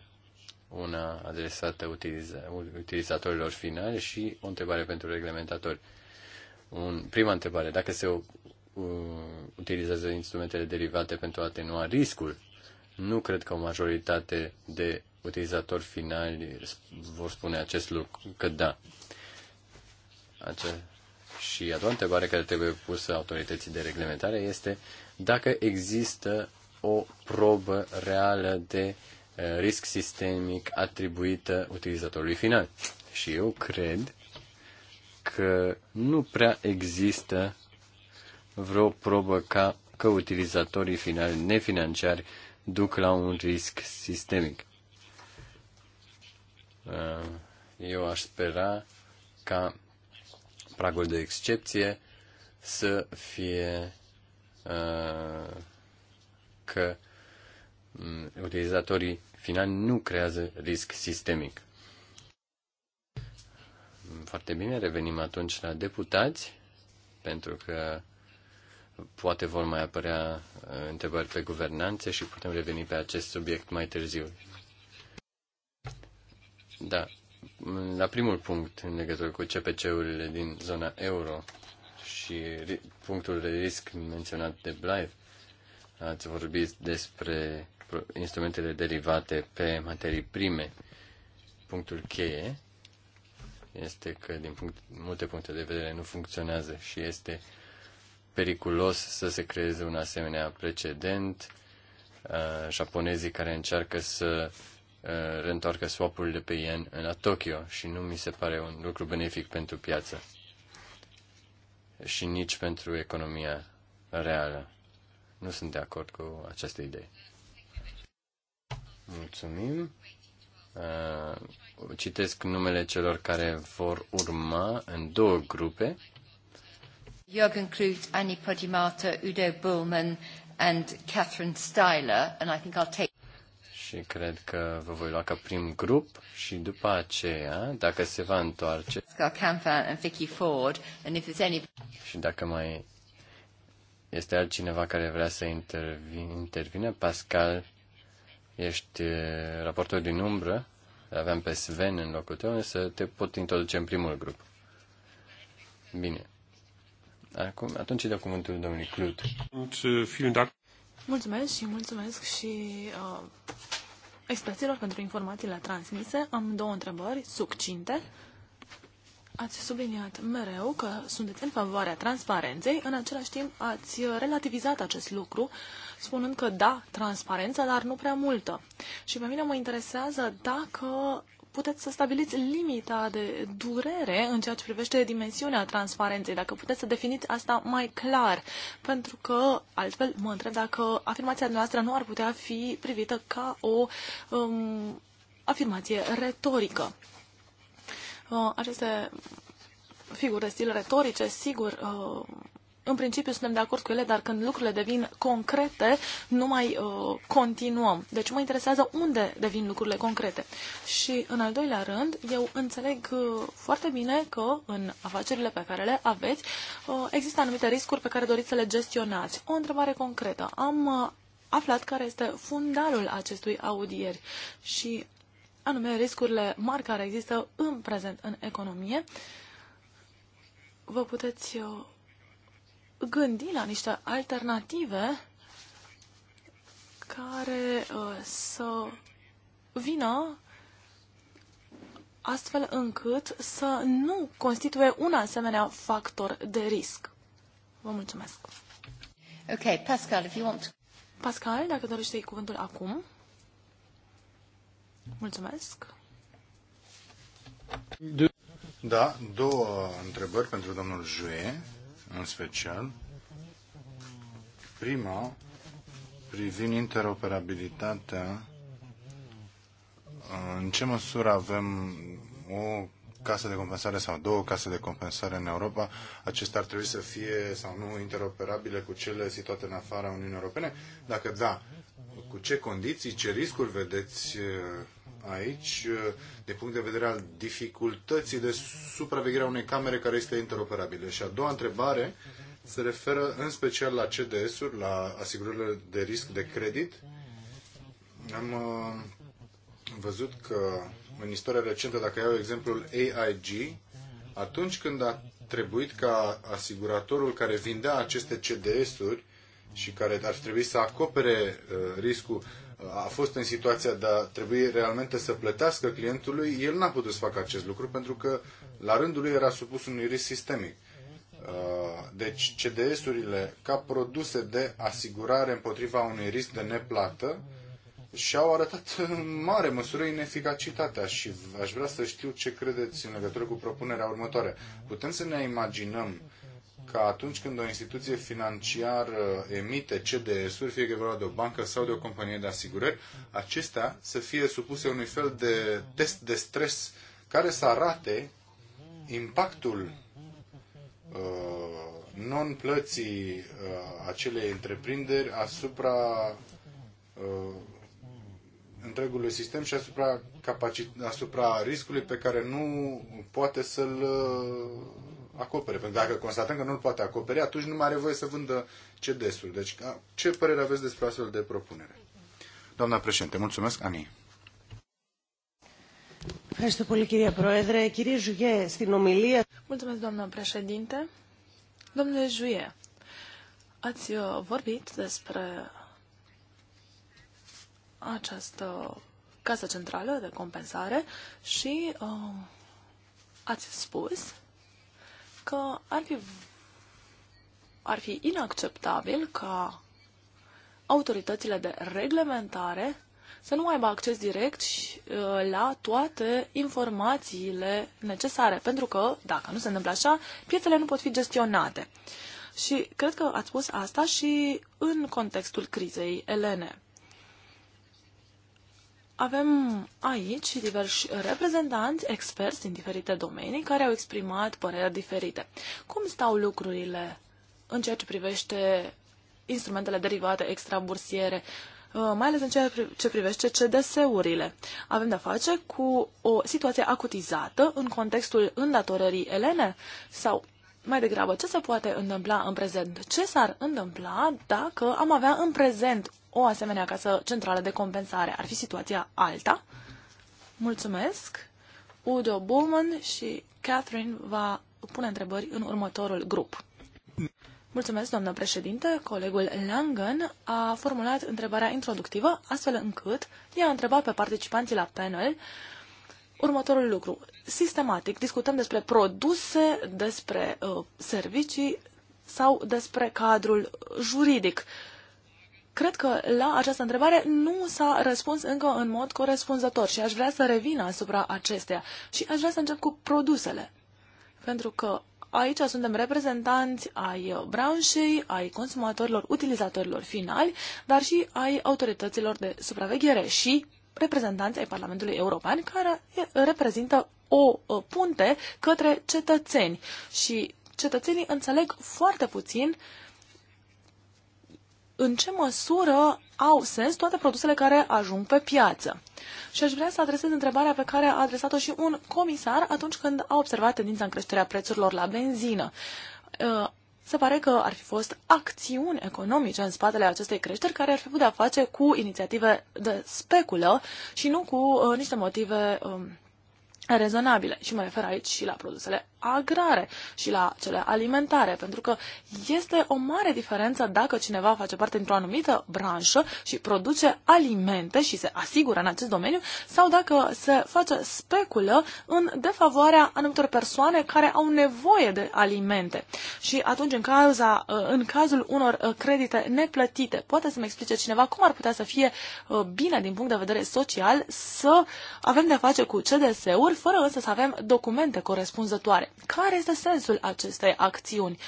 Una adresată utiliza- utilizatorilor finali și o întrebare pentru reglementatori. Uh, un, prima întrebare, dacă se uh, utilizează instrumentele derivate pentru a atenua riscul, nu cred că o majoritate de utilizatori finali vor spune acest lucru, că da. Ace- și a doua întrebare care trebuie pusă autorității de reglementare este dacă există o probă reală de uh, risc sistemic atribuită utilizatorului final. Și eu cred că nu prea există vreo probă ca că utilizatorii finali nefinanciari duc la un risc sistemic. Uh, eu aș spera ca pragul de excepție să fie uh, că mm, utilizatorii finali nu creează risc sistemic. Foarte bine, revenim atunci la deputați, pentru că poate vor mai apărea uh, întrebări pe guvernanțe și putem reveni pe acest subiect mai târziu. Da, la primul punct în legătură cu CPC-urile din zona euro și punctul de risc menționat de Blair, ați vorbit despre instrumentele derivate pe materii prime, punctul cheie este că, din punct, multe puncte de vedere, nu funcționează și este periculos să se creeze un asemenea precedent. Japonezii care încearcă să reîntoarcă swap-urile pe yen la Tokyo și nu mi se pare un lucru benefic pentru piață și nici pentru economia reală. Nu sunt de acord cu această idee. Mulțumim. Uh, citesc numele celor care vor urma în două grupe. Jürgen Kruth, Annie Podimata, Udo Bullman and Catherine Styler, and I think I'll take și cred că vă voi lua ca prim grup și după aceea, dacă se va întoarce și dacă mai este altcineva care vrea să intervine, Pascal Ești eh, raportor din umbră, aveam pe Sven în locul tău, însă te pot introduce în primul grup. Bine. Acum, atunci îi dau cuvântul domnului Clut. Mulțumesc și mulțumesc și uh, experților pentru informațiile transmise. Am două întrebări succinte. Ați subliniat mereu că sunteți în favoarea transparenței, în același timp ați uh, relativizat acest lucru uh, spunând că da, transparență, dar nu prea multă. Și pe mine mă interesează dacă puteți să stabiliți limita de durere în ceea ce privește dimensiunea transparenței, dacă puteți să definiți asta mai clar, pentru că altfel mă întreb dacă afirmația noastră nu ar putea fi privită ca o um, afirmație retorică. Uh, aceste figuri de stil retorice, sigur, uh, în principiu suntem de acord cu ele, dar când lucrurile devin concrete, nu mai uh, continuăm. Deci mă interesează unde devin lucrurile concrete. Și în al doilea rând, eu înțeleg uh, foarte bine că în afacerile pe care le aveți uh, există anumite riscuri pe care doriți să le gestionați. O întrebare concretă. Am uh, aflat care este fundalul acestui audieri și anume riscurile mari care există în prezent în economie. Vă puteți... Uh, gândi la niște alternative care uh, să vină astfel încât să nu constituie un asemenea factor de risc. Vă mulțumesc. Ok, Pascal, if you want to... Pascal, dacă dorești cuvântul acum. Mulțumesc. Da, două întrebări pentru domnul Jue în special. Prima, privind interoperabilitatea, în ce măsură avem o casă de compensare sau două case de compensare în Europa, acestea ar trebui să fie sau nu interoperabile cu cele situate în afara Uniunii Europene? Dacă da, cu ce condiții, ce riscuri vedeți aici uh, de punct de vedere al dificultății de supraveghere a unei camere care este interoperabilă. Și a doua întrebare se referă în special la CDS-uri, la asigurările de risc de credit. Am uh, văzut că în istoria recentă, dacă iau exemplul AIG, atunci când a trebuit ca asiguratorul care vindea aceste CDS-uri și care ar trebui să acopere uh, riscul, a fost în situația de a trebui realmente să plătească clientului, el n-a putut să facă acest lucru pentru că la rândul lui era supus unui risc sistemic. Uh, deci CDS-urile ca produse de asigurare împotriva unui risc de neplată și-au arătat în mare măsură ineficacitatea și aș vrea să știu ce credeți în legătură cu propunerea următoare. Putem să ne imaginăm că atunci când o instituție financiară uh, emite CDS-uri, fie că e vorba de o bancă sau de o companie de asigurări, acestea să fie supuse unui fel de test de stres care să arate impactul uh, non-plății uh, acelei întreprinderi asupra uh, întregului sistem și asupra, capacit- asupra riscului pe care nu poate să-l uh, acopere. Pentru că dacă constatăm că nu îl poate acoperi, atunci nu mai are voie să vândă CDS-uri. Deci, ce părere aveți despre astfel de propunere? Doamna președinte, mulțumesc, Ani. Mulțumesc, doamna președinte. Domnule Juie, ați uh, vorbit despre această casă centrală de compensare și uh, ați spus că ar fi, ar fi inacceptabil ca autoritățile de reglementare să nu aibă acces direct uh, la toate informațiile necesare, pentru că, dacă nu se întâmplă așa, piețele nu pot fi gestionate. Și cred că ați spus asta și în contextul crizei Elene avem aici diversi reprezentanți, experți din diferite domenii care au exprimat păreri diferite. Cum stau lucrurile în ceea ce privește instrumentele derivate extrabursiere, uh, mai ales în ceea ce privește CDS-urile? Avem de-a face cu o situație acutizată în contextul îndatorării elene sau mai degrabă, ce se poate întâmpla în prezent? Ce s-ar întâmpla dacă am avea în prezent o asemenea casă centrală de compensare. Ar fi situația alta. Mulțumesc! Udo Bowman și Catherine va pune întrebări în următorul grup. Mulțumesc, doamnă președinte. Colegul Langen a formulat întrebarea introductivă, astfel încât i-a întrebat pe participanții la panel următorul lucru. Sistematic discutăm despre produse, despre uh, servicii sau despre cadrul juridic. Cred că la această întrebare nu s-a răspuns încă în mod corespunzător și aș vrea să revin asupra acesteia și aș vrea să încep cu produsele. Pentru că aici suntem reprezentanți ai branșei, ai consumatorilor, utilizatorilor finali, dar și ai autorităților de supraveghere și reprezentanți ai Parlamentului European care reprezintă o punte către cetățeni și cetățenii înțeleg foarte puțin uh, în ce măsură au sens toate produsele care ajung pe piață. Și aș vrea să adresez întrebarea pe care a adresat-o și un comisar atunci când a observat tendința în creșterea prețurilor la benzină. Uh, se pare că ar fi fost acțiuni economice în spatele acestei creșteri care ar fi putea face cu inițiative de speculă și nu cu uh, niște motive um, rezonabile. Și mă refer aici și la produsele agrare și la cele alimentare, pentru că este o mare diferență dacă cineva face parte într-o anumită branșă și produce alimente și se asigură în acest domeniu, sau dacă se face speculă în defavoarea anumitor persoane care au nevoie de alimente. Și atunci, în, cauza, în cazul unor uh, credite neplătite, poate să-mi explice cineva cum ar putea să fie uh, bine din punct de vedere social să avem de-a face cu CDS-uri, fără însă să avem documente corespunzătoare care este sensul acestei acțiuni.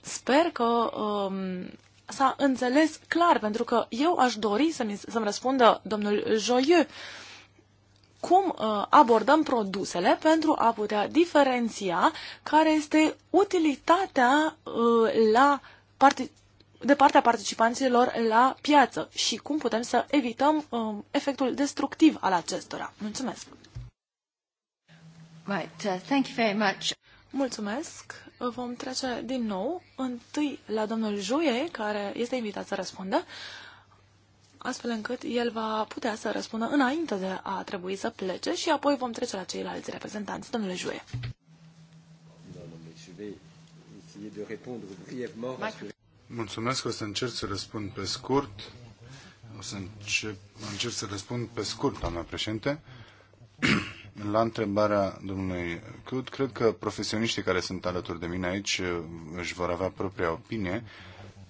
Sper că um, s-a înțeles clar, pentru că eu aș dori să-mi, să-mi răspundă domnul Joyeux cum uh, abordăm produsele pentru a putea diferenția care este utilitatea uh, la de partea participanților la piață și cum putem să evităm uh, efectul destructiv al acestora. Mulțumesc! Right, uh, thank you very much. Mulțumesc. Vom trece din nou întâi la domnul Juie, care este invitat să răspundă, astfel încât el va putea să răspundă înainte de a trebui să plece și apoi vom trece la ceilalți reprezentanți. Domnule Juie. Mulțumesc, o să încerc să răspund pe scurt. O să încerc să răspund pe scurt, doamna președinte. La întrebarea domnului Cud, cred că profesioniștii care sunt alături de mine aici uh, își vor avea propria opinie.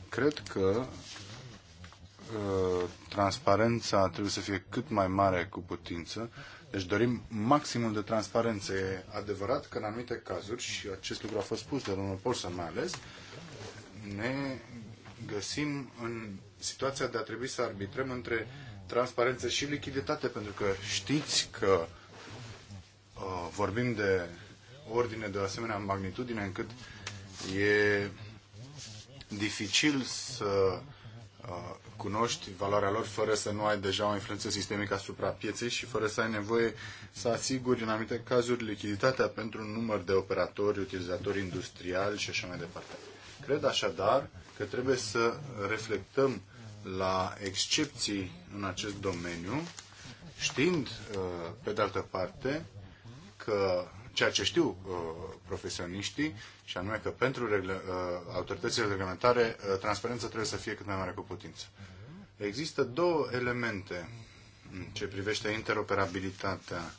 Cred că uh, transparența trebuie să fie cât mai mare cu putință. Deci dorim maximul de transparență. E adevărat că în anumite cazuri, și acest lucru a fost spus de domnul Polson mai ales, ne găsim în situația de a trebui să arbitrăm între transparență și lichiditate, pentru că știți că uh, Uh, vorbim de ordine de o asemenea magnitudine încât e dificil să uh, cunoști valoarea lor fără să nu ai deja o influență sistemică asupra pieței și fără să ai nevoie să asiguri în anumite cazuri lichiditatea pentru un număr de operatori, utilizatori industriali și așa mai departe. Cred așadar că trebuie să reflectăm la excepții în acest domeniu, știind, uh, pe de altă parte, că ceea ce știu uh, profesioniștii, și anume că pentru uh, autoritățile reglementare uh, transparența trebuie să fie cât mai mare cu putință. Există două elemente în ce privește interoperabilitatea.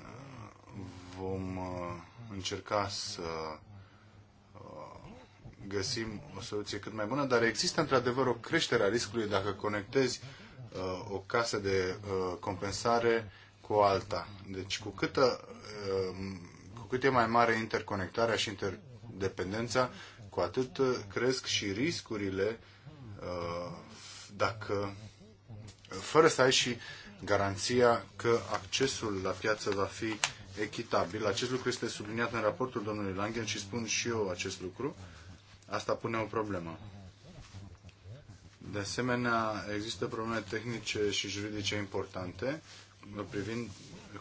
Uh, vom uh, încerca să uh, găsim o soluție cât mai bună, dar există într-adevăr o creștere a riscului dacă conectezi o casă de compensare cu alta. Deci cu, câtă, um, cu cât e mai mare interconectarea și interdependența, cu atât uh, cresc și riscurile uh, dacă fără să ai și garanția că accesul la piață va fi echitabil. Acest lucru este subliniat în raportul domnului Langen și spun și eu acest lucru. Asta pune o problemă. De asemenea, există probleme tehnice și juridice importante privind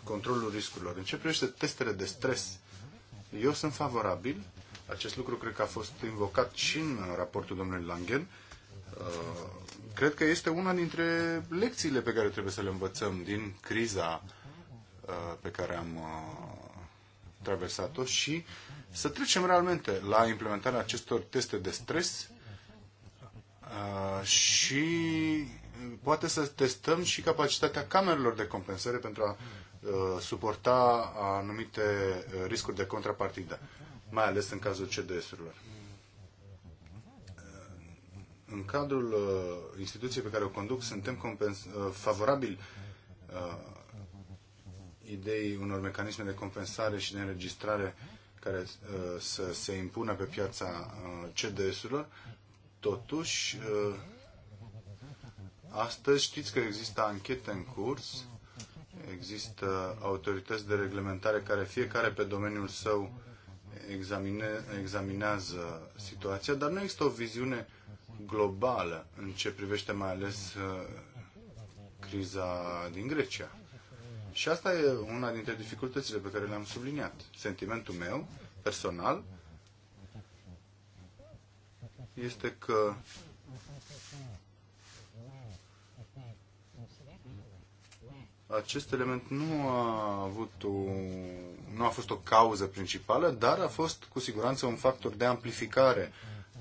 controlul riscurilor. În ce privește testele de stres, eu sunt favorabil. Acest lucru cred că a fost invocat și în raportul domnului Langen. Uh, cred că este una dintre lecțiile pe care trebuie să le învățăm din criza uh, pe care am uh, traversat-o și să trecem realmente la implementarea acestor teste de stres și poate să testăm și capacitatea camerelor de compensare pentru a uh, suporta anumite uh, riscuri de contrapartidă, mai ales în cazul CDS-urilor. Uh, în cadrul uh, instituției pe care o conduc, suntem favorabili uh, uh ideii unor mecanisme de compensare și de înregistrare care să se impună pe piața CDS-urilor. Totuși, Astăzi știți că există anchete în curs, există autorități de reglementare care fiecare pe domeniul său examine, examinează situația, dar nu există o viziune globală în ce privește mai ales uh, criza din Grecia. Și asta e una dintre dificultățile pe care le-am subliniat. Sentimentul meu, personal, este că acest element nu a, avut o, nu a fost o cauză principală, dar a fost cu siguranță un factor de amplificare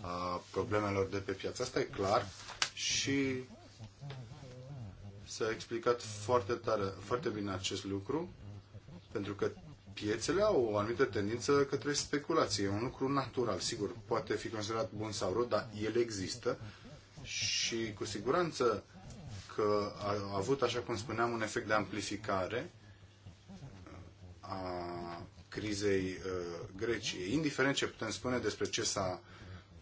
a problemelor de pe piață. Asta e clar și s-a explicat foarte, tare, foarte bine acest lucru, pentru că piețele au o anumită tendință către speculație. E un lucru natural, sigur, poate fi considerat bun sau rău, dar el există și cu siguranță că a avut, așa cum spuneam, un efect de amplificare a crizei uh, Greciei. Indiferent ce putem spune despre ce s-a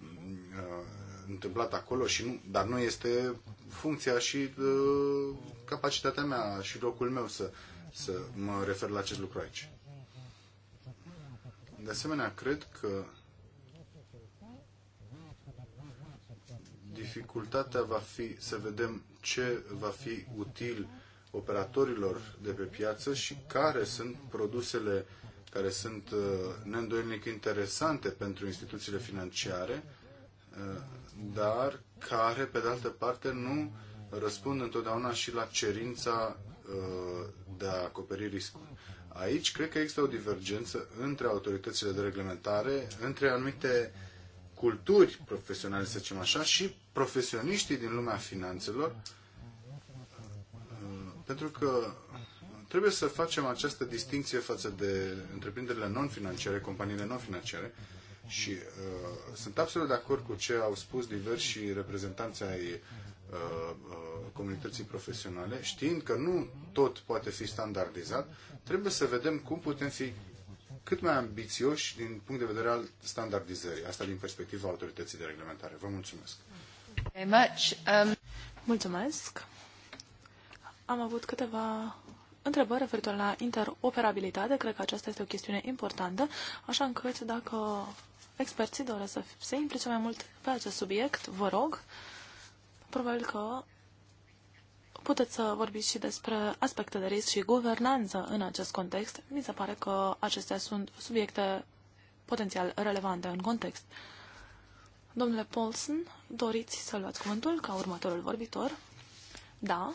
uh, întâmplat acolo, și nu, dar nu este funcția și uh, capacitatea mea și locul meu să, să mă refer la acest lucru aici. De asemenea, cred că dificultatea va fi să vedem ce va fi util operatorilor de pe piață și care sunt produsele care sunt uh, neîndoielnic interesante pentru instituțiile financiare, uh, dar care, pe de altă parte, nu răspund întotdeauna și la cerința uh, de a acoperi riscul. Aici cred că există o divergență între autoritățile de reglementare, între anumite uh, culturi profesionale, să zicem așa, și profesioniștii din lumea finanțelor, uh, pentru că trebuie să facem această distinție față de întreprinderile non-financiare, companiile non-financiare, și uh, sunt absolut de acord cu ce au spus diversi reprezentanți ai uh, uh, comunității profesionale, știind că nu tot poate fi standardizat, trebuie să vedem cum putem fi cât mai ambițioși din punct de vedere al standardizării. Asta din perspectiva autorității de reglementare. Vă mulțumesc. Very much. Um... Mulțumesc. Am avut câteva întrebări referitor la interoperabilitate. Cred că aceasta este o chestiune importantă, așa încât dacă experții doresc să se implice mai mult pe acest subiect, vă rog, probabil că Puteți să vorbiți și despre aspecte de risc și guvernanță în acest context. Mi se pare că acestea sunt subiecte potențial relevante în context. Domnule Paulson, doriți să luați cuvântul ca următorul vorbitor? Da.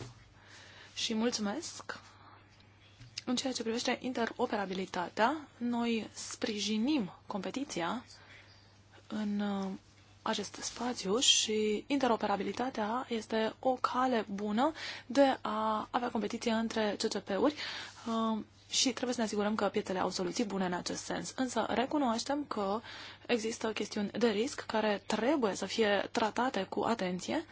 Și mulțumesc. În ceea ce privește interoperabilitatea, noi sprijinim competiția în acest spațiu și interoperabilitatea este o cale bună de a avea competiție între CCP-uri uh, și trebuie să ne asigurăm că piețele au soluții bune în acest sens. Însă recunoaștem că există chestiuni de risc care trebuie să fie tratate cu atenție.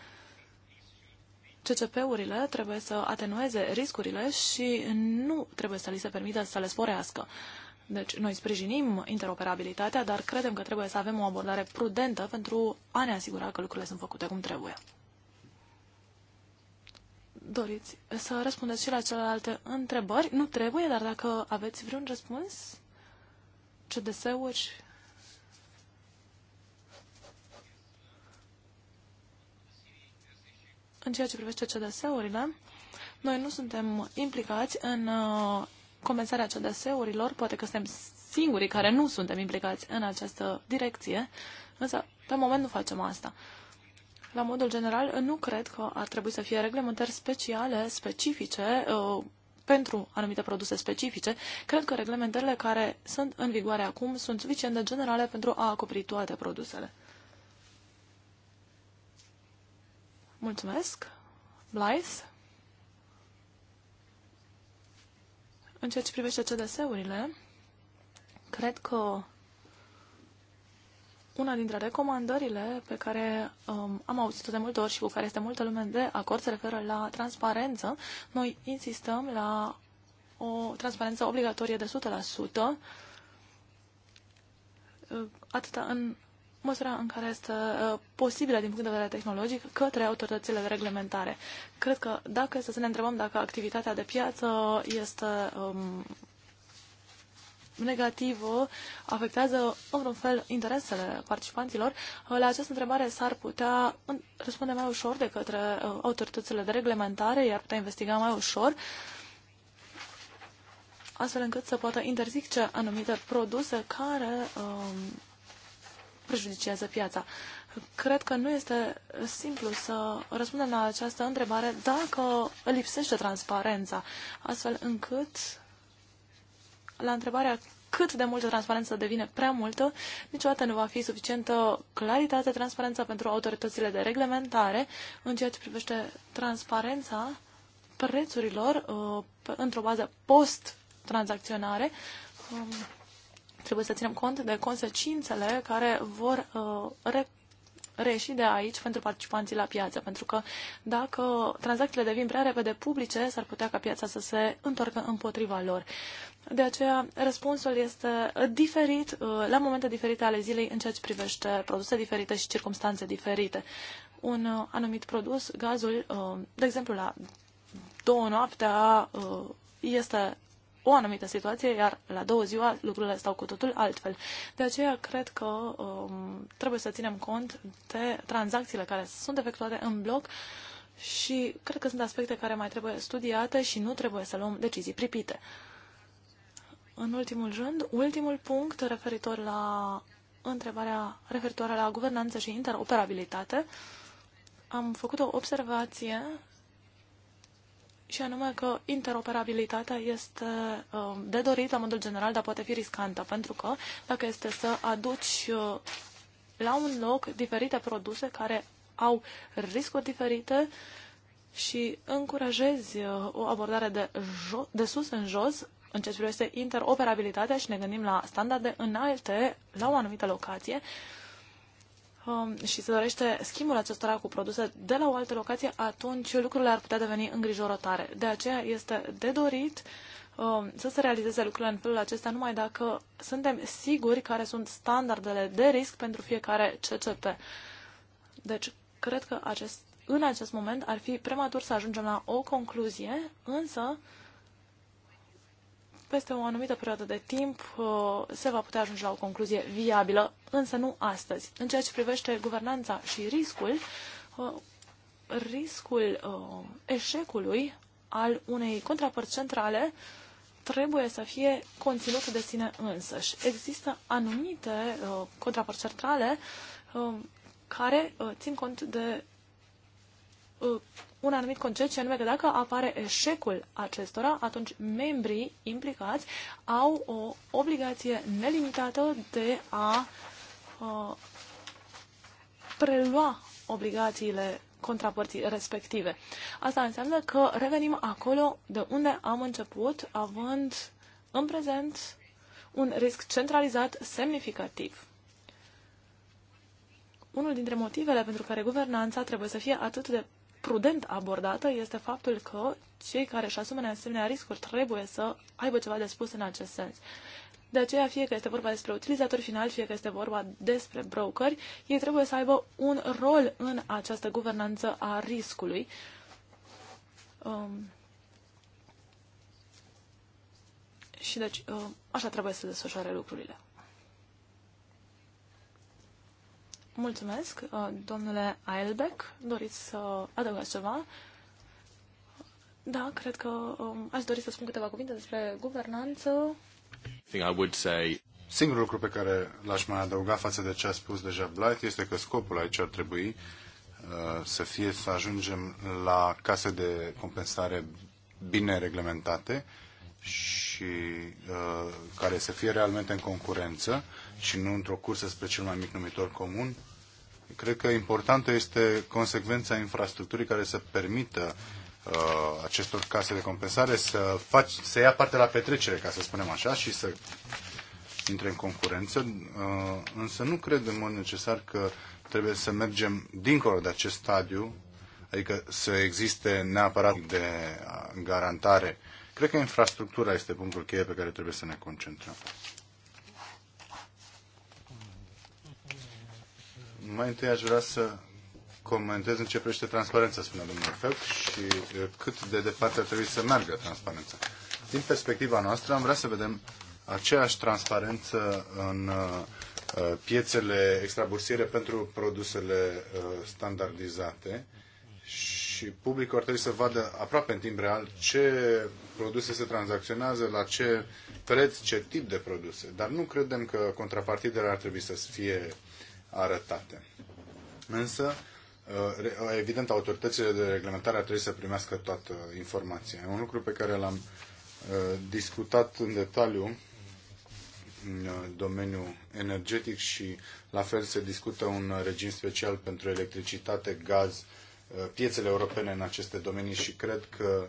CCP-urile trebuie să atenueze riscurile și nu trebuie să li se permită să le sporească. Deci, noi sprijinim interoperabilitatea, dar credem că trebuie să avem o abordare prudentă pentru a ne asigura că lucrurile sunt făcute cum trebuie. Doriți să răspundeți și la celelalte întrebări? Nu trebuie, dar dacă aveți vreun răspuns, ce deseuri... în ceea ce privește CDS-urile, noi nu suntem implicați în uh, compensarea CDS-urilor, poate că suntem singurii care nu suntem implicați în această direcție, însă pe moment nu facem asta. La modul general, nu cred că ar trebui să fie reglementări speciale, specifice, uh, pentru anumite produse specifice. Cred că reglementările care sunt în vigoare acum sunt suficient de generale pentru a acoperi toate produsele. Mulțumesc! Blythe? În ceea ce privește CDS-urile, cred că una dintre recomandările pe care um, am auzit-o de multe ori și cu care este multă lume de acord se referă la transparență. Noi insistăm la o transparență obligatorie de 100%, uh, atâta în măsura în care este uh, posibilă din punct de vedere tehnologic către autoritățile de reglementare. Cred că dacă este să ne întrebăm dacă activitatea de piață este um, negativă, afectează în vreun fel interesele participanților, uh, la această întrebare s-ar putea răspunde mai ușor de către uh, autoritățile de reglementare, iar putea investiga mai ușor astfel încât să poată interzice anumite produse care um, prejudicează piața. Cred că nu este simplu să răspundem la această întrebare dacă lipsește transparența, astfel încât la întrebarea cât de multă transparență devine prea multă, niciodată nu va fi suficientă claritate, transparența pentru autoritățile de reglementare în ceea ce privește transparența prețurilor uh, într-o bază post-tranzacționare. Um, Trebuie să ținem cont de consecințele care vor uh, reieși de aici pentru participanții la piață, pentru că dacă tranzacțiile devin prea repede publice, s-ar putea ca piața să se întoarcă împotriva lor. De aceea, răspunsul este diferit uh, la momente diferite ale zilei în ceea ce privește produse diferite și circunstanțe diferite. Un uh, anumit produs, gazul, uh, de exemplu, la două noaptea este o anumită situație, iar la două ziua lucrurile stau cu totul altfel. De aceea cred că um, trebuie să ținem cont de tranzacțiile care sunt efectuate în bloc și cred că sunt aspecte care mai trebuie studiate și nu trebuie să luăm decizii pripite. În ultimul rând, ultimul punct referitor la întrebarea referitoare la guvernanță și interoperabilitate, am făcut o observație și anume că interoperabilitatea este um, de dorit la modul general, dar poate fi riscantă, pentru că dacă este să aduci uh, la un loc diferite produse care au riscuri diferite și încurajezi uh, o abordare de, de sus în jos în ce privește interoperabilitatea și ne gândim la standarde înalte la o anumită locație, uh, Um, și se dorește schimbul acestora cu produse de la o altă locație, atunci lucrurile ar putea deveni îngrijorătoare. De aceea este de dorit um, să se realizeze lucrurile în felul acesta numai dacă suntem siguri care sunt standardele de risc pentru fiecare CCP. Deci, cred că acest, în acest moment ar fi prematur să ajungem la o concluzie, însă peste o anumită perioadă de timp uh, se va putea ajunge la o concluzie viabilă, însă nu astăzi. În ceea ce privește guvernanța și riscul, uh, riscul uh, eșecului al unei contrapărți centrale trebuie să fie conținut de sine însăși. Există anumite contrapărți centrale care țin cont de Uh, un anumit concept, și anume că dacă apare eșecul acestora, atunci membrii implicați au o obligație nelimitată de a uh, prelua obligațiile contrapărții respective. Asta înseamnă că revenim acolo de unde am început, având în prezent un risc centralizat semnificativ unul dintre motivele pentru care guvernanța trebuie să fie atât de prudent abordată este faptul că cei care își asume asemenea riscuri trebuie să aibă ceva de spus în acest sens. De aceea, fie că este vorba despre utilizatori final, fie că este vorba despre brokeri, ei trebuie să aibă un rol în această guvernanță a riscului. Um, și deci, um, așa trebuie să desfășoare lucrurile. Mulțumesc. Uh, domnule Eilbeck, doriți să adăugați ceva? Da, cred că um, aș dori să spun câteva cuvinte despre guvernanță. Singurul lucru pe care l-aș mai adăuga față de ce a spus deja Blight este că scopul aici ar trebui uh, să fie să ajungem la case de compensare bine reglementate și uh, care să fie realmente în concurență și nu într-o cursă spre cel mai mic numitor comun cred că importantă este consecvența infrastructurii care să permită uh, acestor case de compensare să, faci, să ia parte la petrecere, ca să spunem așa, și să intre în concurență, uh, însă nu cred în mod necesar că trebuie să mergem dincolo de acest stadiu, adică să existe neapărat de garantare. Cred că infrastructura este punctul cheie pe care trebuie să ne concentrăm. Mai întâi aș vrea să comentez în ce privește transparența, spune domnul Felt, și cât de departe ar trebui să meargă transparența. Din perspectiva noastră, am vrea să vedem aceeași transparență în piețele extrabursiere pentru produsele standardizate și publicul ar trebui să vadă aproape în timp real ce produse se tranzacționează, la ce preț, ce tip de produse. Dar nu credem că contrapartidele ar trebui să fie arătate. Însă, uh, evident, autoritățile de reglementare ar trebui să primească toată informația. E un lucru pe care l-am uh, discutat în detaliu în uh, domeniul energetic și la fel se discută un regim special pentru electricitate, gaz, piețele europene în aceste domenii și cred că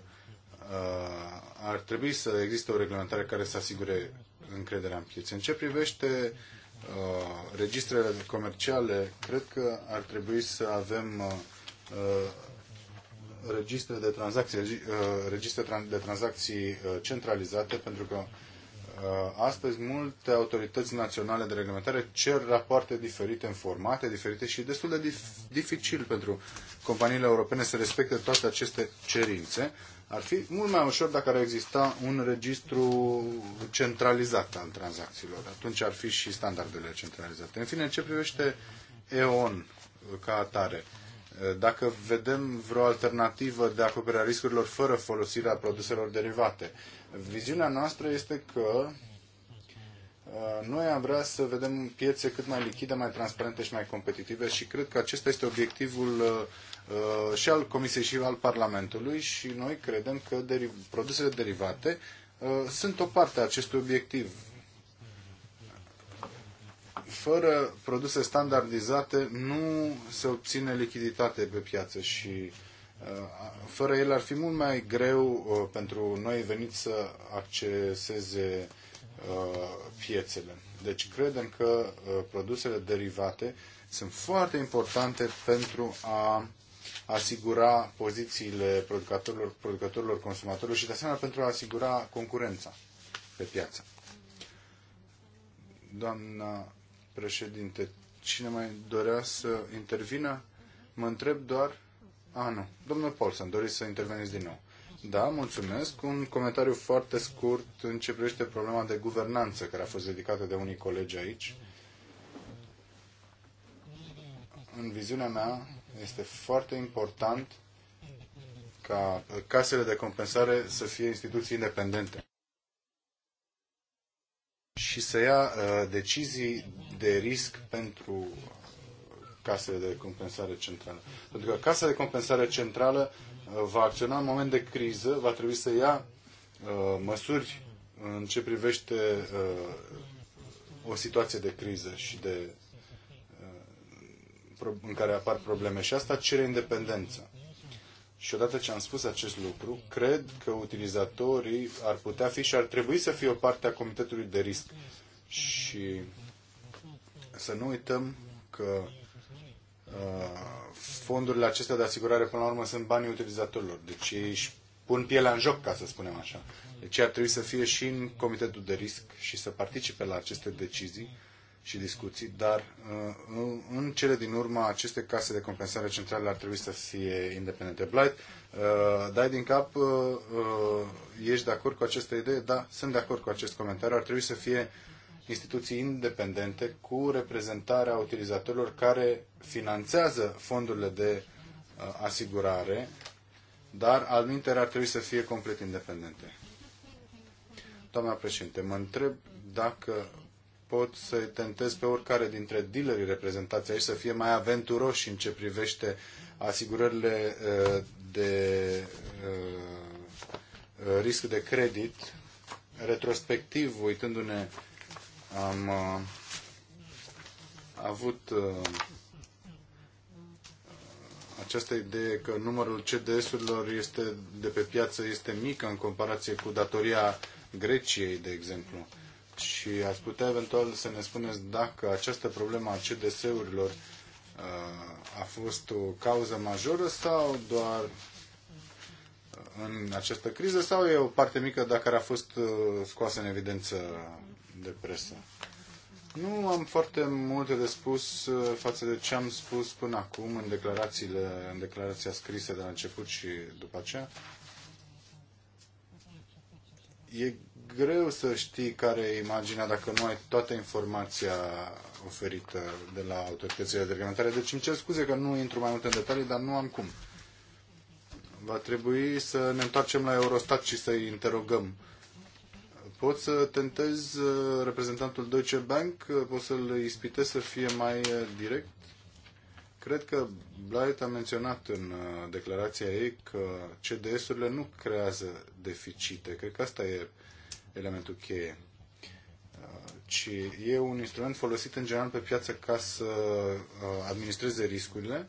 ar trebui să existe o reglementare care să asigure încrederea în piețe. În ce privește uh, Uh, registrele comerciale, cred că ar trebui să avem uh, uh, registre de tranzacții, registre de tranzacții centralizate, pentru că Uh, astăzi, multe autorități naționale de reglementare cer rapoarte diferite, în formate diferite și e destul de dif- dificil pentru companiile europene să respecte toate aceste cerințe. Ar fi mult mai ușor dacă ar exista un registru centralizat al tranzacțiilor. Atunci ar fi și standardele centralizate. În fine, în ce privește EON ca atare, uh, dacă vedem vreo alternativă de acoperire a riscurilor fără folosirea produselor derivate, Viziunea noastră este că uh, noi am vrea să vedem piețe cât mai lichide, mai transparente și mai competitive și cred că acesta este obiectivul uh, uh, și al Comisiei și al Parlamentului și noi credem că deriv- produsele derivate sunt o parte a acestui obiectiv. Fără produse standardizate nu se obține lichiditate pe piață și uh, Uh, fără el ar fi mult mai greu uh, pentru noi veniți să acceseze uh, piețele. Deci credem că produsele derivate sunt foarte importante pentru a asigura pozițiile producătorilor, producătorilor consumatorilor și de asemenea pentru a asigura concurența pe piață. Doamna președinte, cine mai dorea să intervină? Mă întreb doar a, nu. Domnule Paulson, doriți să interveniți din nou. Da, mulțumesc. Un comentariu foarte scurt în ce privește problema de guvernanță care a fost dedicată de unii colegi aici. În viziunea mea este foarte important ca casele de compensare să fie instituții independente și să ia uh, decizii de risc pentru casele de compensare centrală. Pentru că casa de compensare centrală uh, va acționa în moment de criză, va trebui să ia uh, măsuri în ce privește uh, o situație de criză și de în care apar probleme și asta cere independență. Și odată ce am spus acest lucru, cred că utilizatorii ar putea fi și ar trebui să fie o parte a comitetului de risc. Și să nu uităm că Uh, fondurile acestea de asigurare, până la urmă, sunt banii utilizatorilor. Deci ei își pun pielea în joc, ca să spunem așa. Deci ar trebui să fie și în comitetul de risc și să participe la aceste decizii și discuții, dar uh, în cele din urmă aceste case de compensare centrale ar trebui să fie independente. Blight, uh, dai din cap, ești de acord cu această idee? Da, sunt de acord cu acest comentariu. Ar trebui să fie instituții independente cu reprezentarea utilizatorilor care finanțează fondurile de uh, asigurare, dar al minter ar trebui să fie complet independente. Doamna președinte, mă întreb dacă pot să tentez pe oricare dintre dealerii reprezentați aici să fie mai aventuroși în ce privește asigurările uh, de uh, risc de credit, retrospectiv, uitându-ne am uh, avut uh, această idee că numărul CDS-urilor este de pe piață este mică în comparație cu datoria Greciei, de exemplu. Și ați putea eventual să ne spuneți dacă această problemă a CDS-urilor uh, a fost o cauză majoră sau doar uh, în această criză sau e o parte mică dacă ar a fost uh, scoasă în evidență de presă. Nu am foarte multe de spus uh, față de ce am spus până acum în, declarațiile, în declarația scrisă de la început și după aceea. E greu să știi care e imaginea dacă nu ai toată informația oferită de la autoritățile de reglementare. Deci îmi cer scuze că nu intru mai mult în detalii, dar nu am cum. Va trebui să ne întoarcem la Eurostat și să-i interogăm Poți să tentezi uh, reprezentantul Deutsche Bank, uh, poți să-l ispitezi să fie mai uh, direct? Cred că Blight a menționat în declarația ei că CDS-urile nu creează deficite. Cred că asta e elementul cheie. Ci e un instrument folosit în general pe piață ca să administreze riscurile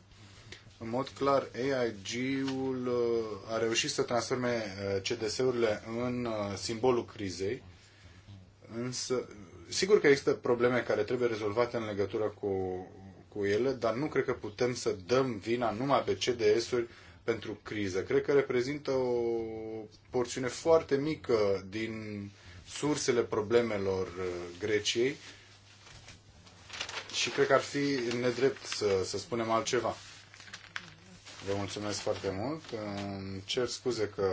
în mod clar, AIG-ul uh, a reușit să transforme uh, CDS-urile în uh, simbolul crizei, însă sigur că există probleme care trebuie rezolvate în legătură cu, cu ele, dar nu cred că putem să dăm vina numai pe CDS-uri pentru criză. Cred că reprezintă o porțiune foarte mică din sursele problemelor Greciei și cred că ar fi nedrept să, să spunem altceva. Vă mulțumesc foarte mult. Îmi cer scuze că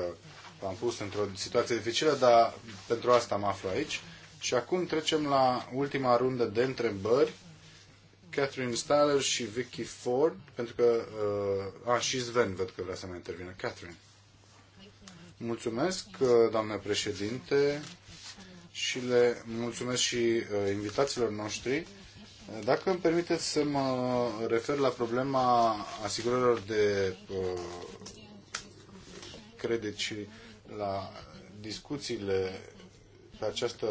v-am pus într-o situație dificilă, dar pentru asta mă aflu aici. Și acum trecem la ultima rundă de întrebări. Catherine Styler și Vicky Ford, pentru că... Uh, a, și Sven văd că vrea să mai intervină. Catherine. Mulțumesc, uh, doamnă președinte, și le mulțumesc și uh, invitațiilor noștri dacă îmi permiteți să mă refer la problema asigurărilor de uh, credit și la discuțiile pe această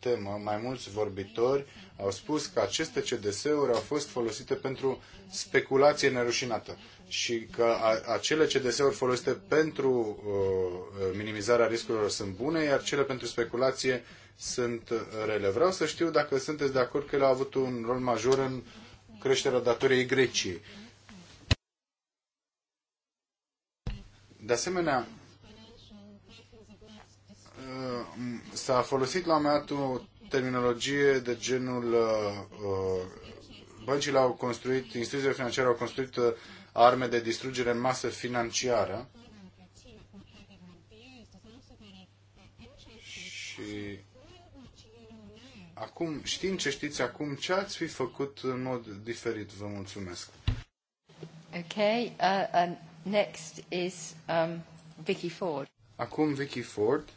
temă, mai mulți vorbitori au spus că aceste CDS-uri au fost folosite pentru speculație nerușinată și că acele CDS-uri folosite pentru uh, minimizarea riscurilor sunt bune, iar cele pentru speculație sunt uh, rele. Vreau să știu dacă sunteți de acord că el a avut un rol major în creșterea datoriei Greciei. De asemenea, uh, s-a folosit la un moment o terminologie de genul uh, băncile au construit, instituțiile financiare au construit arme de distrugere în masă financiară. Și acum, știind ce știți acum, ce ați fi făcut în mod diferit? Vă mulțumesc. Ok, uh, uh, next is um, Vicky Ford. Acum Vicky Ford.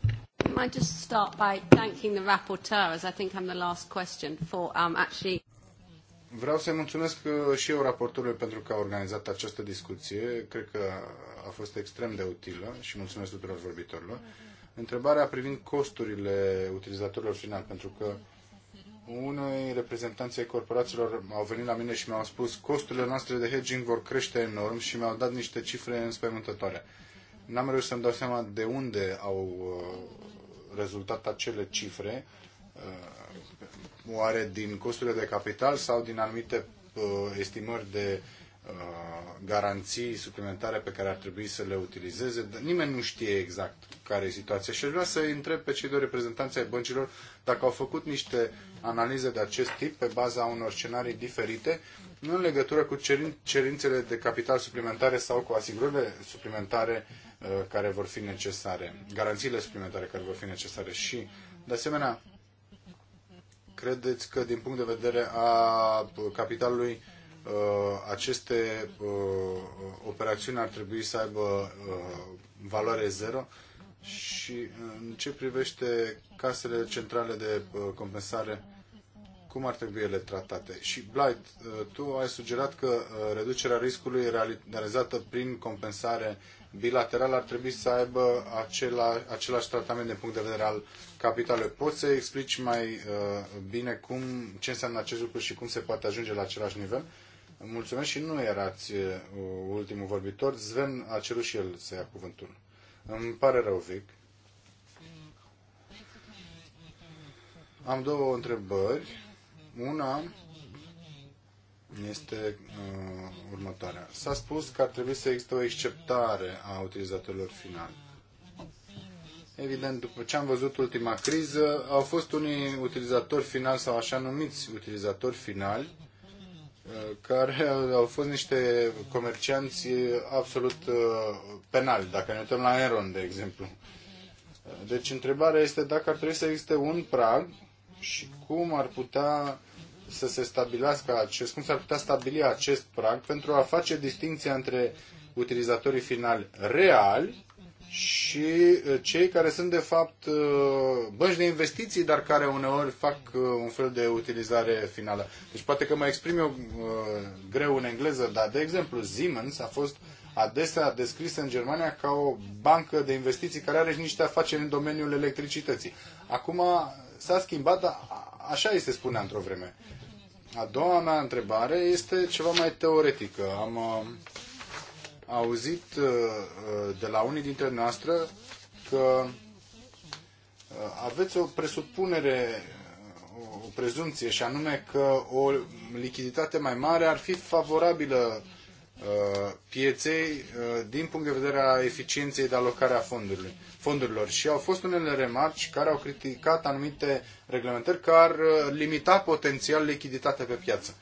I just start by thanking the rapporteur, as I think I'm the last question, for um, actually Vreau să-i mulțumesc uh, și eu raportorului pentru că a organizat această discuție. Cred că a fost extrem de utilă și mulțumesc tuturor vorbitorilor. Întrebarea privind costurile utilizatorilor final, pentru că unei reprezentanții corporațiilor au venit la mine și mi-au spus costurile noastre de hedging vor crește enorm și mi-au dat niște cifre înspăimântătoare. N-am reușit să-mi dau seama de unde au uh, rezultat acele cifre, uh, oare din costurile de capital sau din anumite uh, estimări de Uh, garanții suplimentare pe care ar trebui să le utilizeze. Nimeni nu știe exact care e situația și aș vrea să întreb pe cei doi reprezentanți ai băncilor dacă au făcut niște analize de acest tip pe baza unor scenarii diferite în legătură cu cerințele de capital suplimentare sau cu asigurările suplimentare uh, care vor fi necesare, garanțiile suplimentare care vor fi necesare și, de asemenea, credeți că din punct de vedere a capitalului Uh, aceste uh, operațiuni ar trebui să aibă uh, valoare zero și în ce privește casele centrale de compensare, cum ar trebui ele tratate? Și Blight, tu ai sugerat că reducerea riscului realizată prin compensare bilaterală ar trebui să aibă acela, același tratament din punct de vedere al capitalului. Poți să explici mai bine cum, ce înseamnă acest lucru și cum se poate ajunge la același nivel? Mulțumesc și nu erați ultimul vorbitor. Sven a cerut și el să ia cuvântul. Îmi pare rău, Vic. Am două întrebări. Una este uh, următoarea. S-a spus că ar trebui să existe o exceptare a utilizatorilor finali. Evident, după ce am văzut ultima criză, au fost unii utilizatori finali sau așa numiți utilizatori finali care au fost niște comercianți absolut uh, penali, dacă ne uităm la Enron, de exemplu. Deci întrebarea este dacă ar trebui să existe un prag și cum ar putea să se stabilească acest, cum s-ar putea stabili acest prag pentru a face distinția între utilizatorii finali reali și eh, cei care sunt de fapt eh, bănci de investiții, dar care uneori fac eh, un fel de utilizare finală. Deci poate că mă exprim eu greu în engleză, dar de exemplu Siemens a fost adesea descrisă în Germania ca o bancă de investiții care are și niște afaceri în domeniul electricității. Acum s-a schimbat, dar așa este se spunea într-o vreme. A doua mea întrebare este ceva mai teoretică. Am auzit uh, uh, de la unii dintre noastre că uh, aveți o presupunere, o prezumție, și anume că o lichiditate mai mare ar fi favorabilă pieței din punct de vedere a eficienței de alocare a fondurilor. fondurilor. Și au fost unele remarci care au criticat anumite reglementări care ar limita potențial lichiditatea pe piață.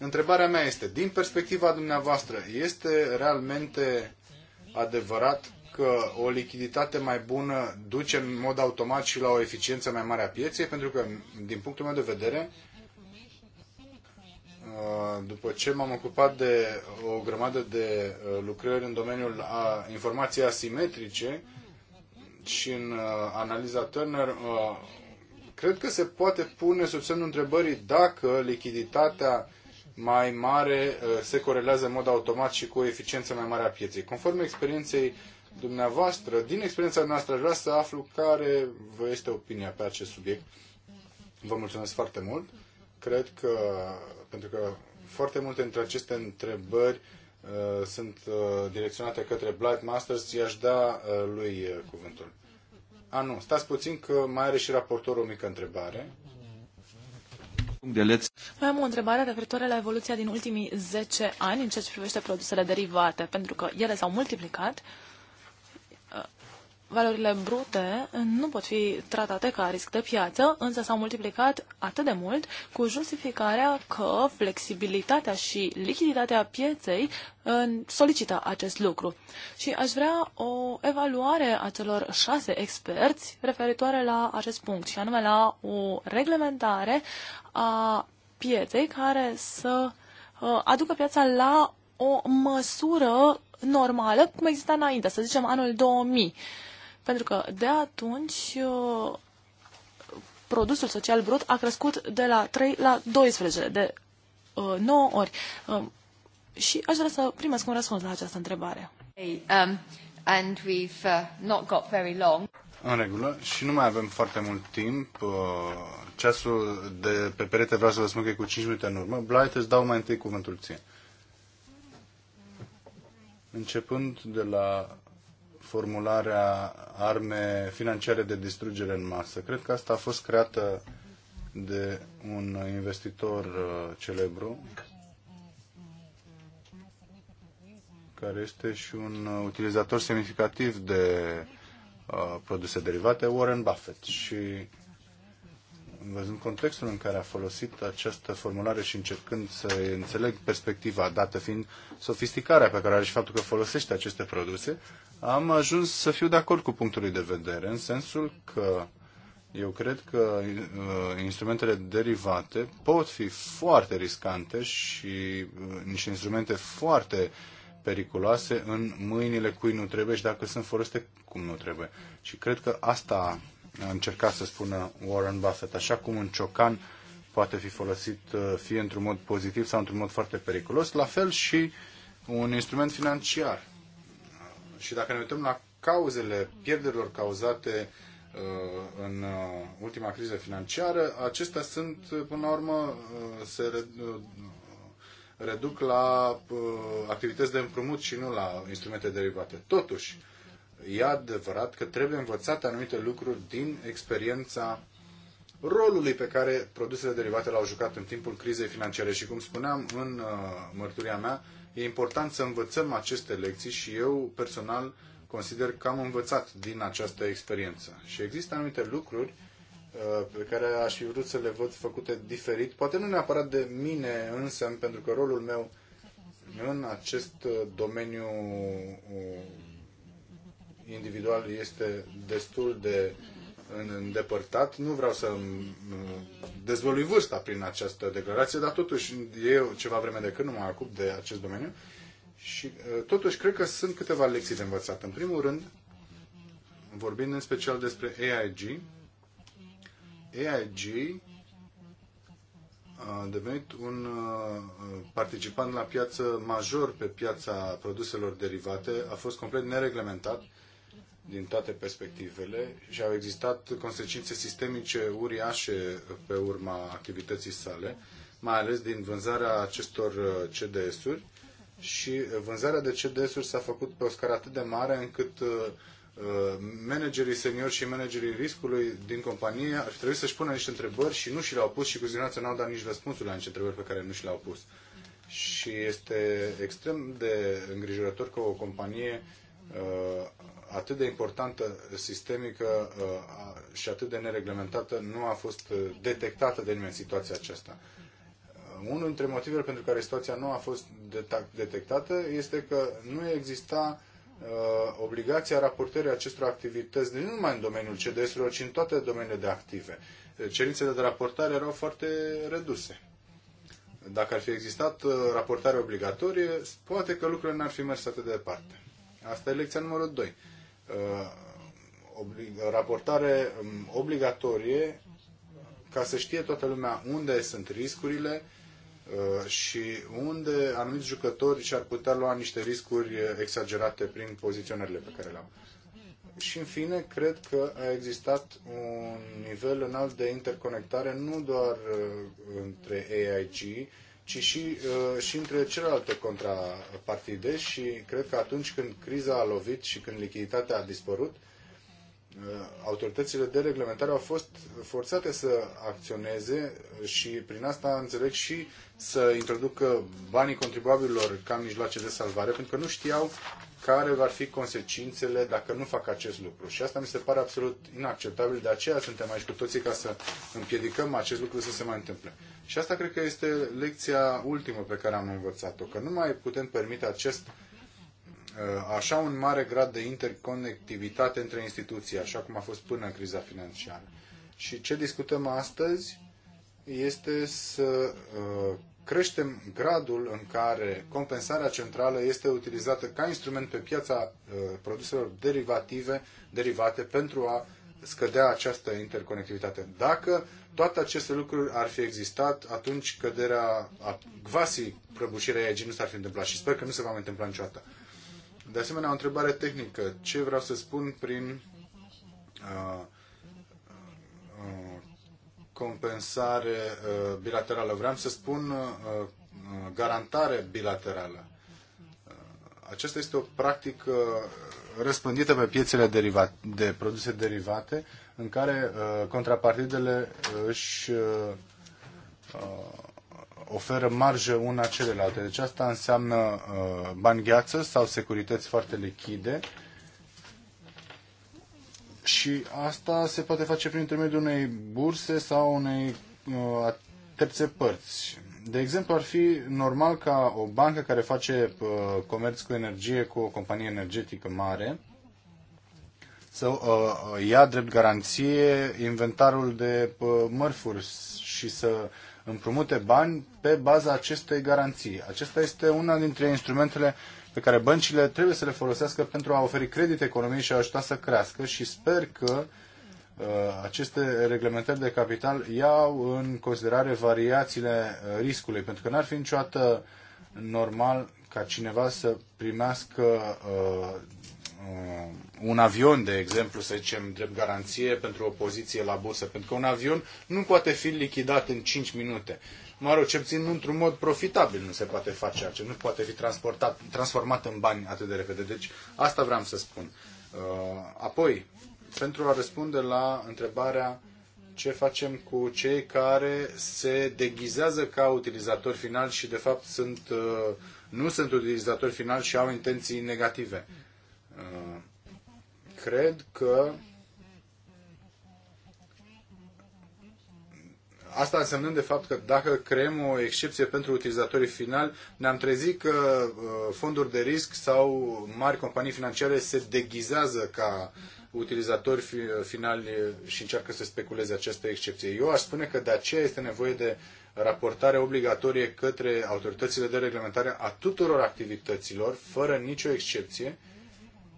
Întrebarea mea este, din perspectiva dumneavoastră, este realmente adevărat că o lichiditate mai bună duce în mod automat și la o eficiență mai mare a pieței? Pentru că, din punctul meu de vedere, uh, după ce m-am ocupat de o grămadă de uh, lucrări în domeniul a informației asimetrice și în uh, analiza Turner, cred că se poate pune sub semnul întrebării dacă lichiditatea mai mare uh, se corelează în mod automat și cu o eficiență mai mare a pieței. Conform experienței dumneavoastră, din experiența noastră, aș vrea să aflu care vă este opinia pe acest subiect. Vă mulțumesc foarte mult. Cred că, pentru că foarte multe dintre aceste întrebări uh, sunt uh, direcționate către Blight Masters, i-aș da uh, lui uh, cuvântul. A, nu, stați puțin că mai are și raportorul o mică întrebare. Mai am o întrebare referitoare la evoluția din ultimii 10 ani în ceea ce privește produsele derivate, pentru că ele s-au multiplicat valorile brute nu pot fi tratate ca risc de piață, însă s-au multiplicat atât de mult cu justificarea că flexibilitatea și lichiditatea pieței solicită acest lucru. Și aș vrea o evaluare a celor șase experți referitoare la acest punct, și anume la o reglementare a pieței care să uh, aducă piața la o măsură normală, cum exista înainte, să zicem anul 2000 pentru că de atunci uh, produsul social brut a crescut de la 3 la 12, de uh, 9 ori. Uh, și aș vrea să primesc un răspuns la această întrebare. Hey, um, and we've uh, not got very long. În regulă. Și nu mai avem foarte mult timp. Uh, ceasul de pe perete vreau să vă spun că e cu 5 minute în urmă. Blight, îți dau mai întâi cuvântul ție. Începând de la formularea arme financiare de distrugere în masă. Cred că asta a fost creată de un investitor uh, celebru care este și un uh, utilizator semnificativ de uh, produse derivate, Warren Buffett. Și văzând contextul în care a folosit această formulare și încercând să înțeleg perspectiva dată fiind sofisticarea pe care are și faptul că folosește aceste produse, am ajuns să fiu de acord cu punctul de vedere, în sensul că eu cred că uh, instrumentele derivate pot fi foarte riscante și uh, niște instrumente foarte periculoase în mâinile cui nu trebuie și dacă sunt folosite cum nu trebuie. Și cred că asta a încercat să spună Warren Buffett, așa cum un ciocan poate fi folosit uh, fie într-un mod pozitiv sau într-un mod foarte periculos, la fel și un instrument financiar și dacă ne uităm la cauzele pierderilor cauzate uh, în uh, ultima criză financiară, acestea sunt, uh, până la urmă, se reduc la activități de împrumut și nu la instrumente derivate. Totuși, e adevărat că trebuie învățate anumite lucruri din experiența rolului pe care produsele derivate l-au jucat în timpul crizei financiare și, cum spuneam în mărturia mea, E important să învățăm aceste lecții și eu personal consider că am învățat din această experiență. Și există anumite lucruri uh, pe care aș fi vrut să le văd făcute diferit, poate nu neapărat de mine însă, pentru că rolul meu în acest uh, domeniu uh, individual este destul de în îndepărtat. Nu vreau să mm, dezvălui vârsta prin această declarație, dar totuși e ceva vreme de când nu mă ocup de acest domeniu. Și totuși cred că sunt câteva lecții de învățat. În primul rând, vorbind în special despre AIG, AIG a devenit un participant la piață major pe piața produselor derivate, a fost complet nereglementat din toate perspectivele și au existat consecințe sistemice uriașe pe urma activității sale, mai ales din vânzarea acestor uh, CDS-uri și uh, vânzarea de CDS-uri s-a făcut pe o scară atât de mare încât uh, managerii seniori și managerii riscului din companie ar fi trebuit să-și pună niște întrebări și nu și le-au pus și cu siguranță n-au dat nici răspunsul la niște întrebări pe care nu și le-au pus. Și este extrem de îngrijorător că o companie atât de importantă, sistemică uh, și atât de nereglementată nu a fost uh, detectată de nimeni situația aceasta. Uh, unul dintre motivele pentru care situația nu a fost detectată este că nu exista obligația raportării acestor activități, nu numai în domeniul CDS-urilor, ci în toate domeniile de active. Cerințele de raportare erau foarte reduse. Dacă ar fi existat raportare obligatorie, poate că lucrurile n-ar fi mers atât de departe. Asta e lecția numărul 2. Uh, raportare um, obligatorie uh, ca să știe toată lumea unde sunt riscurile uh, și unde anumiți jucători și-ar putea lua niște riscuri exagerate prin poziționările pe care le au. Și în fine, cred că a existat un nivel înalt de interconectare nu doar între AIG, ci și, uh, și între celelalte contrapartide și cred că atunci când criza a lovit și când lichiditatea a dispărut, uh, autoritățile de reglementare au fost forțate să acționeze și prin asta înțeleg și să introducă banii contribuabililor ca mijloace de salvare, pentru că nu știau care vor fi consecințele dacă nu fac acest lucru. Și asta mi se pare absolut inacceptabil, de aceea suntem aici cu toții ca să împiedicăm acest lucru să se mai întâmple. Și asta cred că este lecția ultimă pe care am învățat-o, că nu mai putem permite acest uh, așa un mare grad de interconectivitate între instituții, așa cum a fost până în criza financiară. Și ce discutăm astăzi este să uh, creștem gradul în care compensarea centrală este utilizată ca instrument pe piața uh, produselor derivative, derivate pentru a scădea această interconectivitate. Dacă toate aceste lucruri ar fi existat, atunci căderea a gvasii, prăbușirea EG nu s-ar fi întâmplat și sper că nu se va mai întâmpla niciodată. De asemenea, o întrebare tehnică. Ce vreau să spun prin uh, compensare uh, bilaterală. Vreau să spun uh, uh, garantare bilaterală. Aceasta este o practică răspândită pe piețele derivate, de produse derivate, în care contrapartidele își oferă marjă una celelalte. Deci asta înseamnă bani gheață sau securități foarte lichide și asta se poate face prin intermediul unei burse sau unei uh, terțe părți. De exemplu, ar fi normal ca o bancă care face uh, comerț cu energie cu o companie energetică mare să uh, uh ia drept garanție inventarul de uh, mărfuri și să împrumute bani pe baza acestei garanții. Acesta este una dintre instrumentele uh, pe care băncile trebuie să le folosească pentru a oferi credit economiei și a ajuta să crească și sper că uh, aceste reglementări de capital iau în considerare variațiile uh, riscului, pentru că n-ar fi niciodată normal ca cineva să primească uh, uh, un avion, de exemplu, să zicem, drept garanție pentru o poziție la bursă, pentru că un avion nu poate fi lichidat în 5 minute mă rog, ce țin într-un mod profitabil nu se poate face acest, nu poate fi transportat, transformat în bani atât de repede. Deci asta vreau să spun. Uh, apoi, pentru a răspunde la întrebarea ce facem cu cei care se deghizează ca utilizatori finali și de fapt sunt, uh, nu sunt utilizatori finali și au intenții negative. Uh, cred că Asta însemnând de fapt că dacă creăm o excepție pentru utilizatorii finali, ne-am trezit că uh, fonduri de risc sau mari companii financiare se deghizează ca utilizatori uh, finali și încearcă să speculeze această excepție. Eu aș spune că de aceea este nevoie de raportare obligatorie către autoritățile de reglementare a tuturor activităților, fără nicio excepție.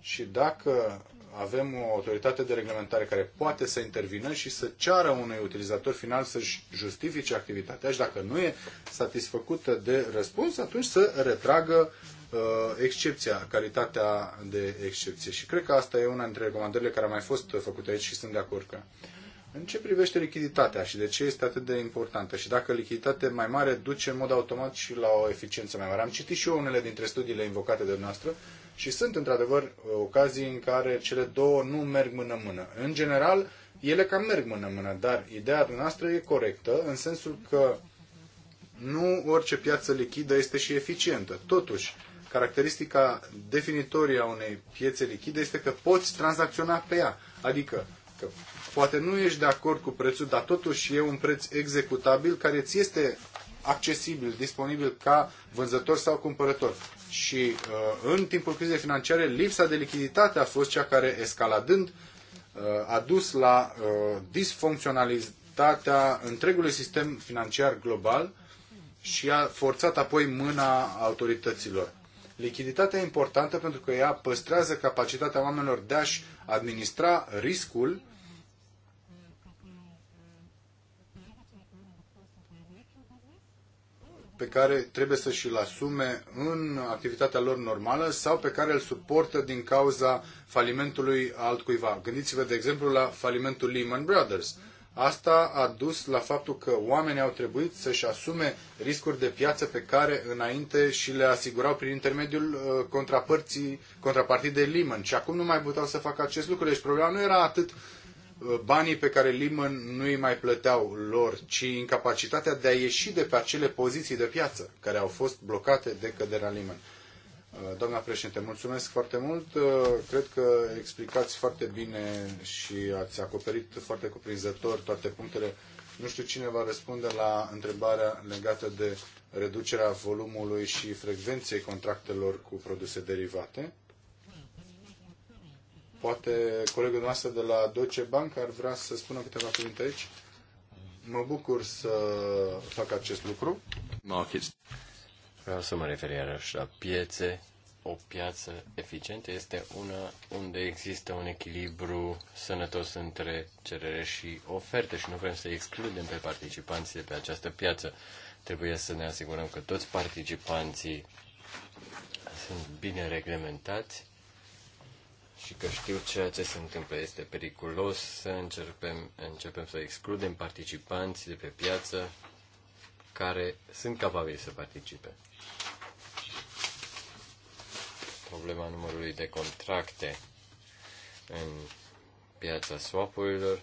Și dacă avem o autoritate de reglementare care poate să intervină și să ceară unui utilizator final să-și justifice activitatea și dacă nu e satisfăcută de răspuns, atunci să retragă uh, excepția, calitatea de excepție. Și cred că asta e una dintre recomandările care a mai fost făcute aici și sunt de acord că. În ce privește lichiditatea și de ce este atât de importantă și dacă lichiditate mai mare duce în mod automat și la o eficiență mai mare. Am citit și eu unele dintre studiile invocate de noastră și sunt, într-adevăr, ocazii în care cele două nu merg mână-mână. În general, ele cam merg mână-mână, dar ideea noastră e corectă în sensul că nu orice piață lichidă este și eficientă. Totuși, caracteristica definitorie a unei piețe lichide este că poți tranzacționa pe ea. Adică că poate nu ești de acord cu prețul, dar totuși e un preț executabil care ți este accesibil, disponibil ca vânzător sau cumpărător. Și uh, în timpul crizei financiare, lipsa de lichiditate a fost cea care, escaladând, uh, a dus la uh, disfuncționalitatea întregului sistem financiar global și a forțat apoi mâna autorităților. Lichiditatea e importantă pentru că ea păstrează capacitatea oamenilor de a-și administra riscul pe care trebuie să și-l asume în activitatea lor normală sau pe care îl suportă din cauza falimentului altcuiva. Gândiți-vă, de exemplu, la falimentul Lehman Brothers. Asta a dus la faptul că oamenii au trebuit să-și asume riscuri de piață pe care înainte și le asigurau prin intermediul uh, contrapartidei Lehman. Și acum nu mai puteau să facă acest lucru. Deci problema nu era atât Uh, banii pe care Lehman nu îi mai plăteau lor, ci incapacitatea de a ieși de pe acele poziții de piață care au fost blocate de căderea Lehman. Uh, doamna președinte, mulțumesc foarte mult. Uh, cred că explicați foarte bine și ați acoperit foarte cuprinzător toate punctele. Nu știu cine va răspunde la întrebarea legată de reducerea volumului și frecvenței contractelor cu produse derivate. Poate colegul noastră de la Deutsche Bank ar vrea să spună câteva cuvinte aici. Mă bucur să fac acest lucru. Markets. Vreau să mă refer iarăși la piețe. O piață eficientă este una unde există un echilibru sănătos între cerere și oferte și nu vrem să excludem pe participanții de pe această piață. Trebuie să ne asigurăm că toți participanții sunt bine reglementați și că știu ceea ce se întâmplă. Este periculos să începem, începem să excludem participanți de pe piață care sunt capabili să participe. Problema numărului de contracte în piața swap-urilor.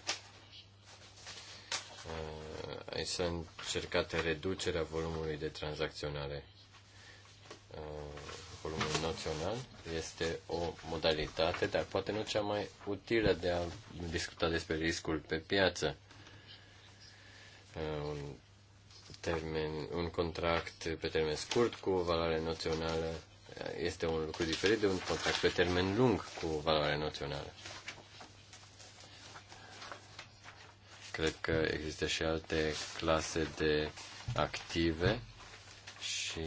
Aici uh, s-a încercat reducerea volumului de tranzacționare uh, curriculumul național este o modalitate, dar poate nu cea mai utilă de a discuta despre riscul pe piață. Uh, un, termen, un contract pe termen scurt cu o valoare națională este un lucru diferit de un contract pe termen lung cu o valoare națională. Cred că există și alte clase de active și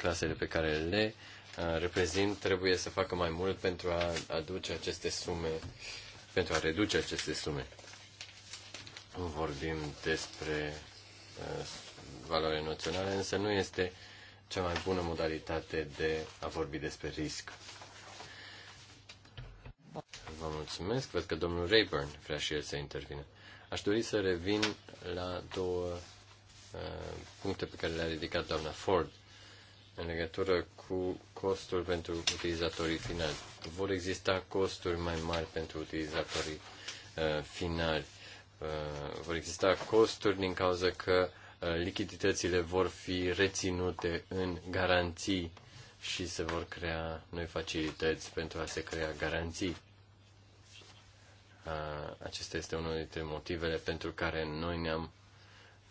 clasele pe care le uh, reprezint trebuie să facă mai mult pentru a aduce aceste sume, pentru a reduce aceste sume. Vorbim despre uh, valoare noțională, însă nu este cea mai bună modalitate de a vorbi despre risc. Vă mulțumesc. Văd că domnul Rayburn vrea și el să intervină. Aș dori să revin la două uh, puncte pe care le-a ridicat doamna Ford în legătură cu costul pentru utilizatorii finali. Vor exista costuri mai mari pentru utilizatorii uh, finali. Uh, vor exista costuri din cauza că uh, lichiditățile vor fi reținute în garanții și se vor crea noi facilități pentru a se crea garanții. Uh, acesta este unul dintre motivele pentru care noi ne-am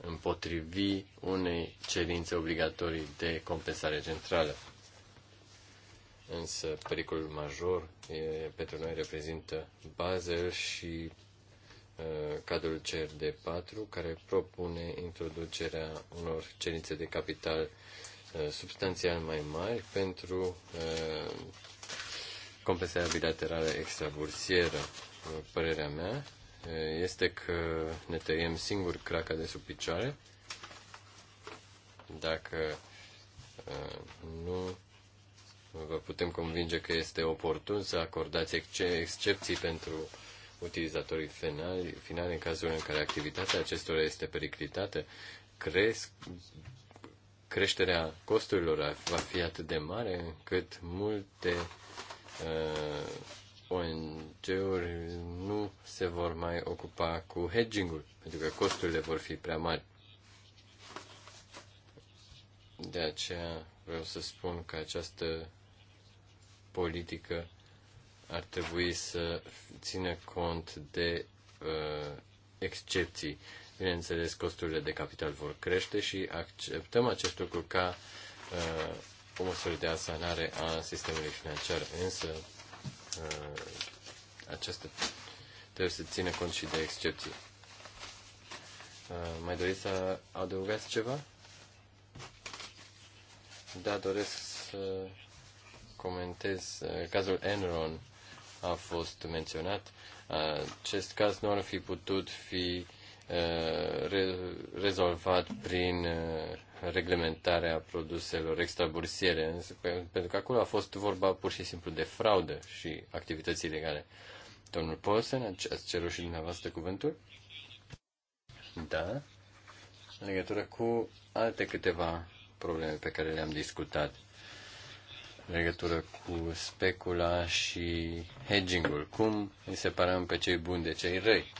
împotrivi unei cerințe obligatorii de compensare centrală. Însă pericolul major e, pentru noi reprezintă Basel și uh, cadrul CRD4 care propune introducerea unor cerințe de capital uh, substanțial mai mari pentru uh, compensarea bilaterală extrabursieră. Părerea mea Eh, este că ne tăiem singur craca de sub picioare. Dacă eh, nu vă putem convinge că este oportun să acordați excepții pentru utilizatorii finali, finali în cazul în care activitatea acestora este periclitată, cresc, creșterea costurilor va fi atât de mare încât multe uh, ONG-uri nu se vor mai ocupa cu hedging-ul, pentru că costurile vor fi prea mari. De aceea vreau să spun că această politică ar trebui să țină cont de uh, excepții. Bineînțeles, costurile de capital vor crește și acceptăm acest lucru ca uh, o măsură de asanare a sistemului financiar, însă aceste trebuie să țină cont și de excepții. Uh, mai doriți să adăugați ceva? Da, doresc să comentez. Uh, cazul Enron a fost menționat. Uh, acest caz nu ar fi putut fi rezolvat prin reglementarea produselor extrabursiere, pentru că acolo a fost vorba pur și simplu de fraudă și activități ilegale. Domnul Paulsen, ați cerut și dumneavoastră cuvântul? Da. În legătură cu alte câteva probleme pe care le-am discutat. În legătură cu specula și hedging-ul. Cum îi separăm pe cei buni de cei răi?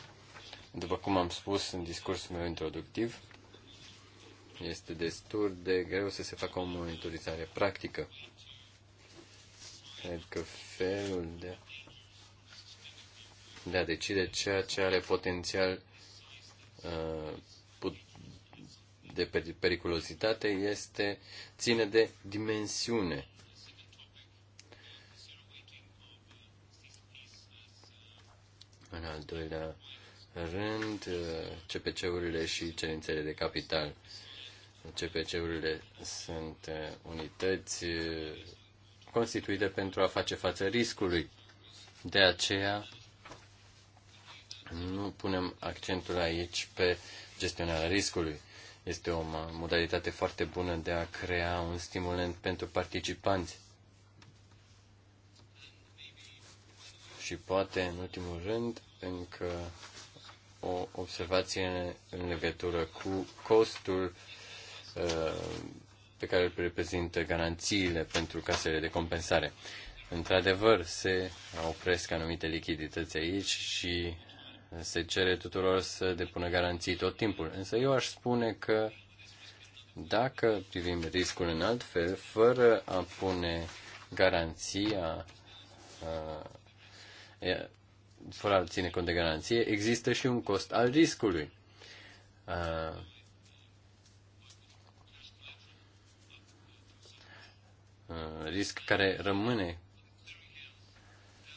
După cum am spus în discursul meu introductiv, este destul de greu să se facă o monitorizare practică. Cred că felul de de a decide ceea ce are potențial uh, de periculozitate este ține de dimensiune. În al doilea rând, uh, CPC-urile și cerințele de capital. CPC-urile sunt eh, unități eh, constituite pentru a face față riscului. De aceea nu punem accentul aici pe gestionarea riscului. Este o modalitate foarte bună de a crea un stimulant pentru participanți. Și poate, în ultimul rând, încă o observație în legătură cu costul uh, Uh, pe care îl reprezintă garanțiile pentru casele de compensare. Într-adevăr, se opresc anumite lichidități aici și se cere tuturor să depună garanții tot timpul. Însă eu aș spune că dacă privim riscul în alt fel, fără a pune garanția, uh, fără a ține cont de garanție, există și un cost al riscului. Uh, Uh, risc care rămâne.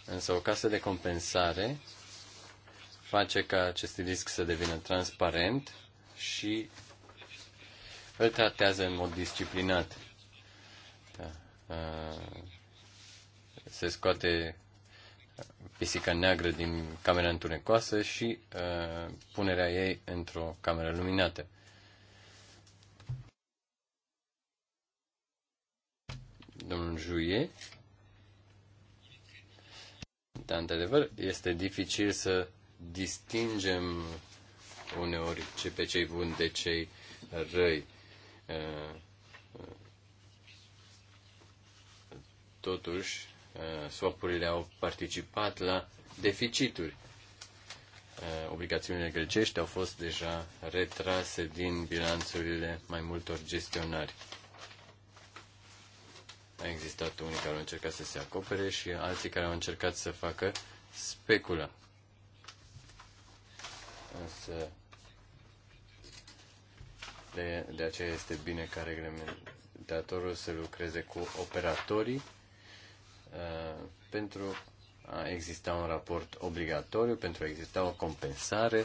Însă o casă de compensare face ca acest risc să devină transparent și îl tratează în mod disciplinat. Da. Uh, se scoate pisica neagră din camera întunecoasă și uh, punerea ei într-o cameră luminată. domnul Juie. Dar, într-adevăr, este dificil să distingem uneori ce pe cei buni de cei răi. Totuși, swapurile au participat la deficituri. Obligațiunile grecești au fost deja retrase din bilanțurile mai multor gestionari. A existat unii care au încercat să se acopere și alții care au încercat să facă speculă. Însă, de, de aceea este bine ca reglementatorul să lucreze cu operatorii uh, pentru a exista un raport obligatoriu, pentru a exista o compensare,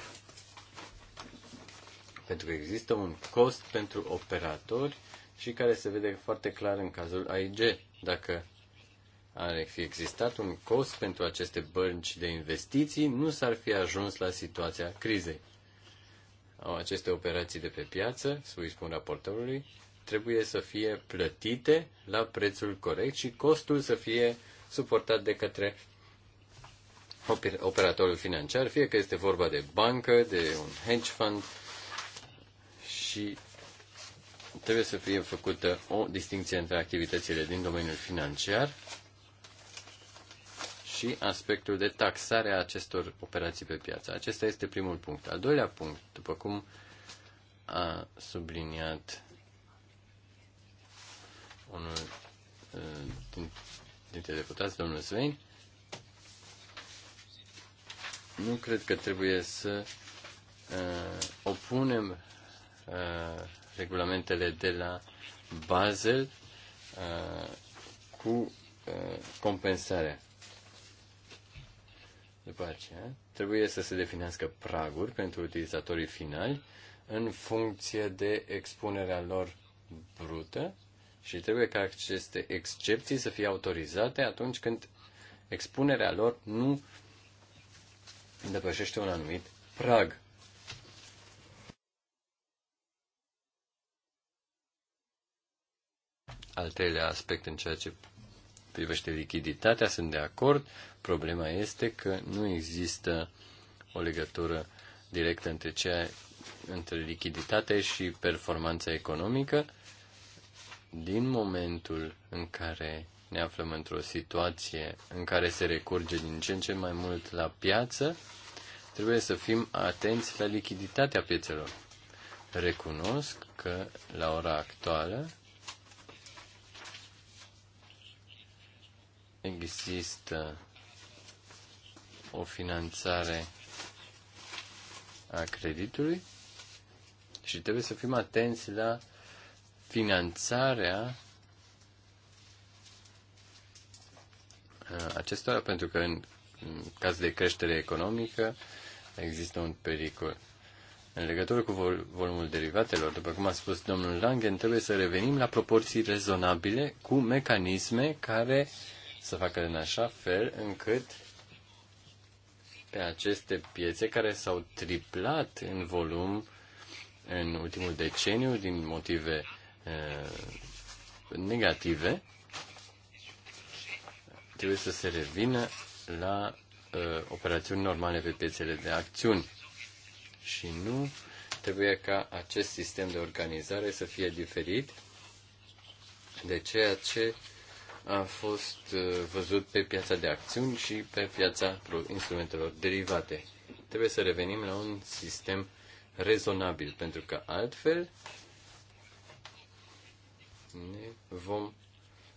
pentru că există un cost pentru operatori și care se vede foarte clar în cazul AIG. Dacă ar fi existat un cost pentru aceste bănci de investiții, nu s-ar fi ajuns la situația crizei. Au aceste operații de pe piață, să spun raportorului, trebuie să fie plătite la prețul corect și costul să fie suportat de către operatorul financiar, fie că este vorba de bancă, de un hedge fund și trebuie să fie făcută o distinție între activitățile din domeniul financiar și aspectul de taxare a acestor operații pe piață. Acesta este primul punct. Al doilea punct, după cum a subliniat unul uh, dintre deputați, domnul Svein, nu cred că trebuie să uh, opunem uh, regulamentele de la Basel uh, cu uh, compensarea. După aceea, trebuie să se definească praguri pentru utilizatorii finali în funcție de expunerea lor brută și trebuie ca aceste excepții să fie autorizate atunci când expunerea lor nu depășește un anumit prag. Al treilea aspect în ceea ce privește lichiditatea, sunt de acord. Problema este că nu există o legătură directă între, ceea, între lichiditate și performanța economică. Din momentul în care ne aflăm într-o situație în care se recurge din ce în ce mai mult la piață, trebuie să fim atenți la lichiditatea piețelor. Recunosc că, la ora actuală, există o finanțare a creditului și trebuie să fim atenți la finanțarea uh, acestora, pentru că în caz de creștere economică există un pericol. În legătură cu vol- volumul derivatelor, după cum a spus domnul Langen, trebuie să revenim la proporții rezonabile cu mecanisme care uh, să facă în așa fel încât pe aceste piețe care s-au triplat în volum în ultimul deceniu din motive uh, negative, trebuie să se revină la uh, operațiuni normale pe piețele de acțiuni și nu trebuie ca acest sistem de organizare să fie diferit de ceea ce uh, a fost uh, văzut pe piața de acțiuni și pe piața instrumentelor derivate. Trebuie să revenim la un sistem rezonabil, pentru că altfel ne vom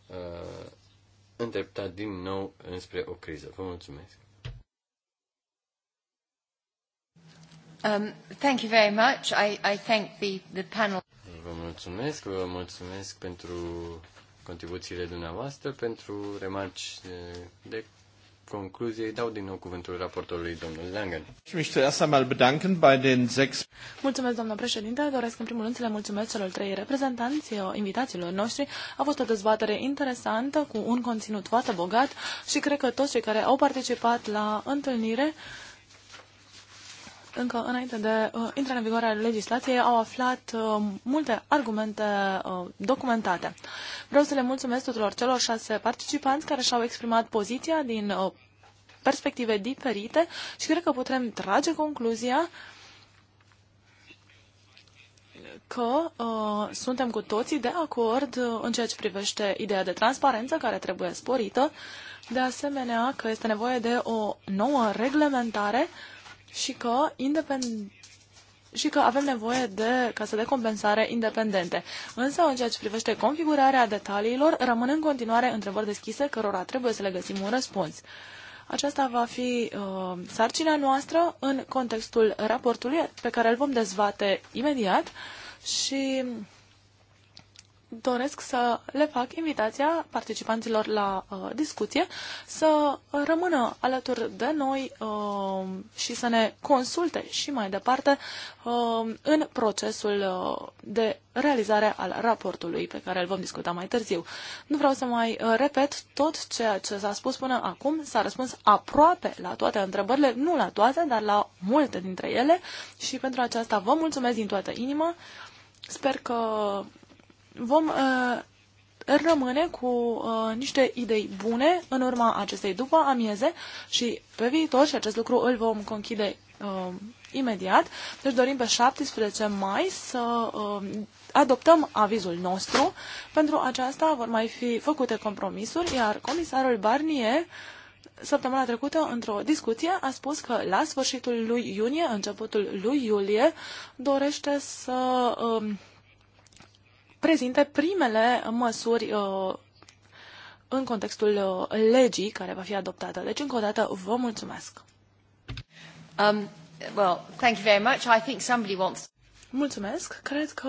uh, îndrepta din nou înspre o criză. Vă mulțumesc! Um, thank you very much. I, I thank the, the panel. Vă mulțumesc, vă mulțumesc pentru contribuțiile dumneavoastră. Pentru remarci de concluzie, îi dau din nou cuvântul raportorului domnul Langen. Mulțumesc, domnul președinte. Doresc în primul rând să le mulțumesc celor trei reprezentanți, invitațiilor noștri. A fost o dezbatere interesantă, cu un conținut foarte bogat și cred că toți cei care au participat la întâlnire încă înainte de uh, intrarea în vigoare a legislației, au aflat uh, multe argumente uh, documentate. Vreau să le mulțumesc tuturor celor șase participanți care și-au exprimat poziția din uh, perspective diferite și cred că putem trage concluzia că uh, suntem cu toții de acord uh, în ceea ce privește ideea de transparență care trebuie sporită, de asemenea că este nevoie de o nouă reglementare uh, și că independent și că avem nevoie de case de compensare independente. Însă, în ceea ce privește configurarea detaliilor, rămân în continuare întrebări deschise cărora trebuie să le găsim un răspuns. Aceasta va fi uh, sarcina noastră în contextul raportului pe care îl vom dezbate imediat și doresc să le fac invitația participanților la uh, discuție să rămână alături de noi uh, și să ne consulte și mai departe uh, în procesul uh, de realizare al raportului pe care îl vom discuta mai târziu. Nu vreau să mai uh, repet tot ceea ce s-a spus până acum. S-a răspuns aproape la toate întrebările, nu la toate, dar la multe dintre ele și pentru aceasta vă mulțumesc din toată inima. Sper că vom uh, rămâne cu uh, niște idei bune în urma acestei după amieze și pe viitor, și acest lucru îl vom conchide uh, imediat, deci dorim pe 17 mai să uh, adoptăm avizul nostru. Pentru aceasta vor mai fi făcute compromisuri, iar comisarul Barnier săptămâna trecută, într-o discuție, a spus că la sfârșitul lui iunie, începutul lui iulie, dorește să... Uh, prezinte primele măsuri uh, în contextul uh, legii care va fi adoptată. Deci, încă o dată, vă mulțumesc. Um, well, thank you very much. I think somebody wants Mulțumesc! Cred că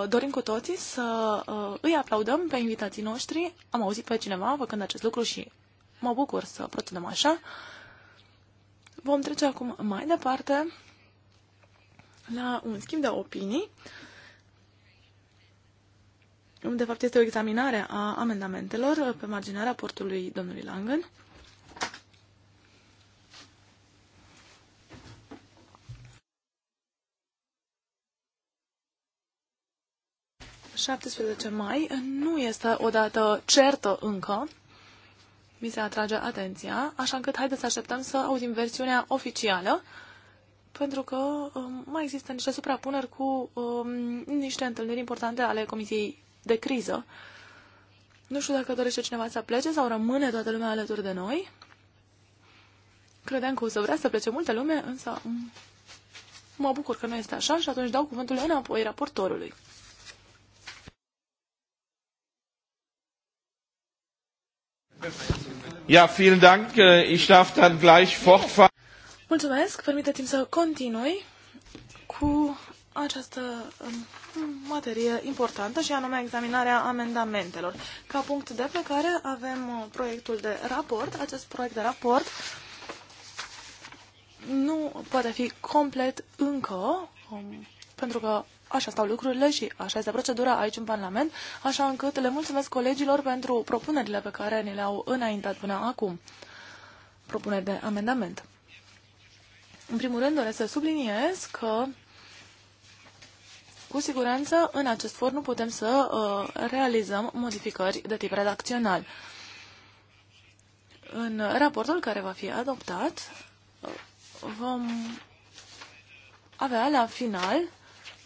uh, dorim cu toții să uh, îi aplaudăm pe invitații noștri. Am auzit pe cineva făcând acest lucru și mă bucur să procedăm așa. Vom trece acum mai departe la un schimb de opinii de fapt este o examinare a amendamentelor pe marginea raportului domnului Langen. ...17 mai nu este o dată certă încă, mi se atrage atenția, așa încât haideți să așteptăm să auzim versiunea oficială, pentru că um, mai există niște suprapuneri cu um, niște întâlniri importante ale Comisiei de criză. Nu știu dacă dorește cineva să plece sau rămâne toată lumea alături de noi. Credeam că o să vrea să plece multă lume, însă mă bucur că nu este așa și atunci dau cuvântul înapoi raportorului. Ja, vielen Dank. Äh, ich darf dann gleich fortfahren. Mulțumesc. Permiteți-mi să continui cu această um, materie importantă și anume examinarea amendamentelor. Ca punct de plecare avem uh, proiectul de raport. Acest proiect de raport nu poate fi complet încă, um, pentru că așa stau lucrurile și așa este procedura aici în Parlament, așa încât le mulțumesc colegilor pentru propunerile pe care ni le-au înaintat până acum. Propuneri de amendament. În primul rând doresc să subliniez că cu siguranță, în acest for nu putem să uh, realizăm modificări de tip redacțional. În raportul care va fi adoptat, uh, vom avea la final,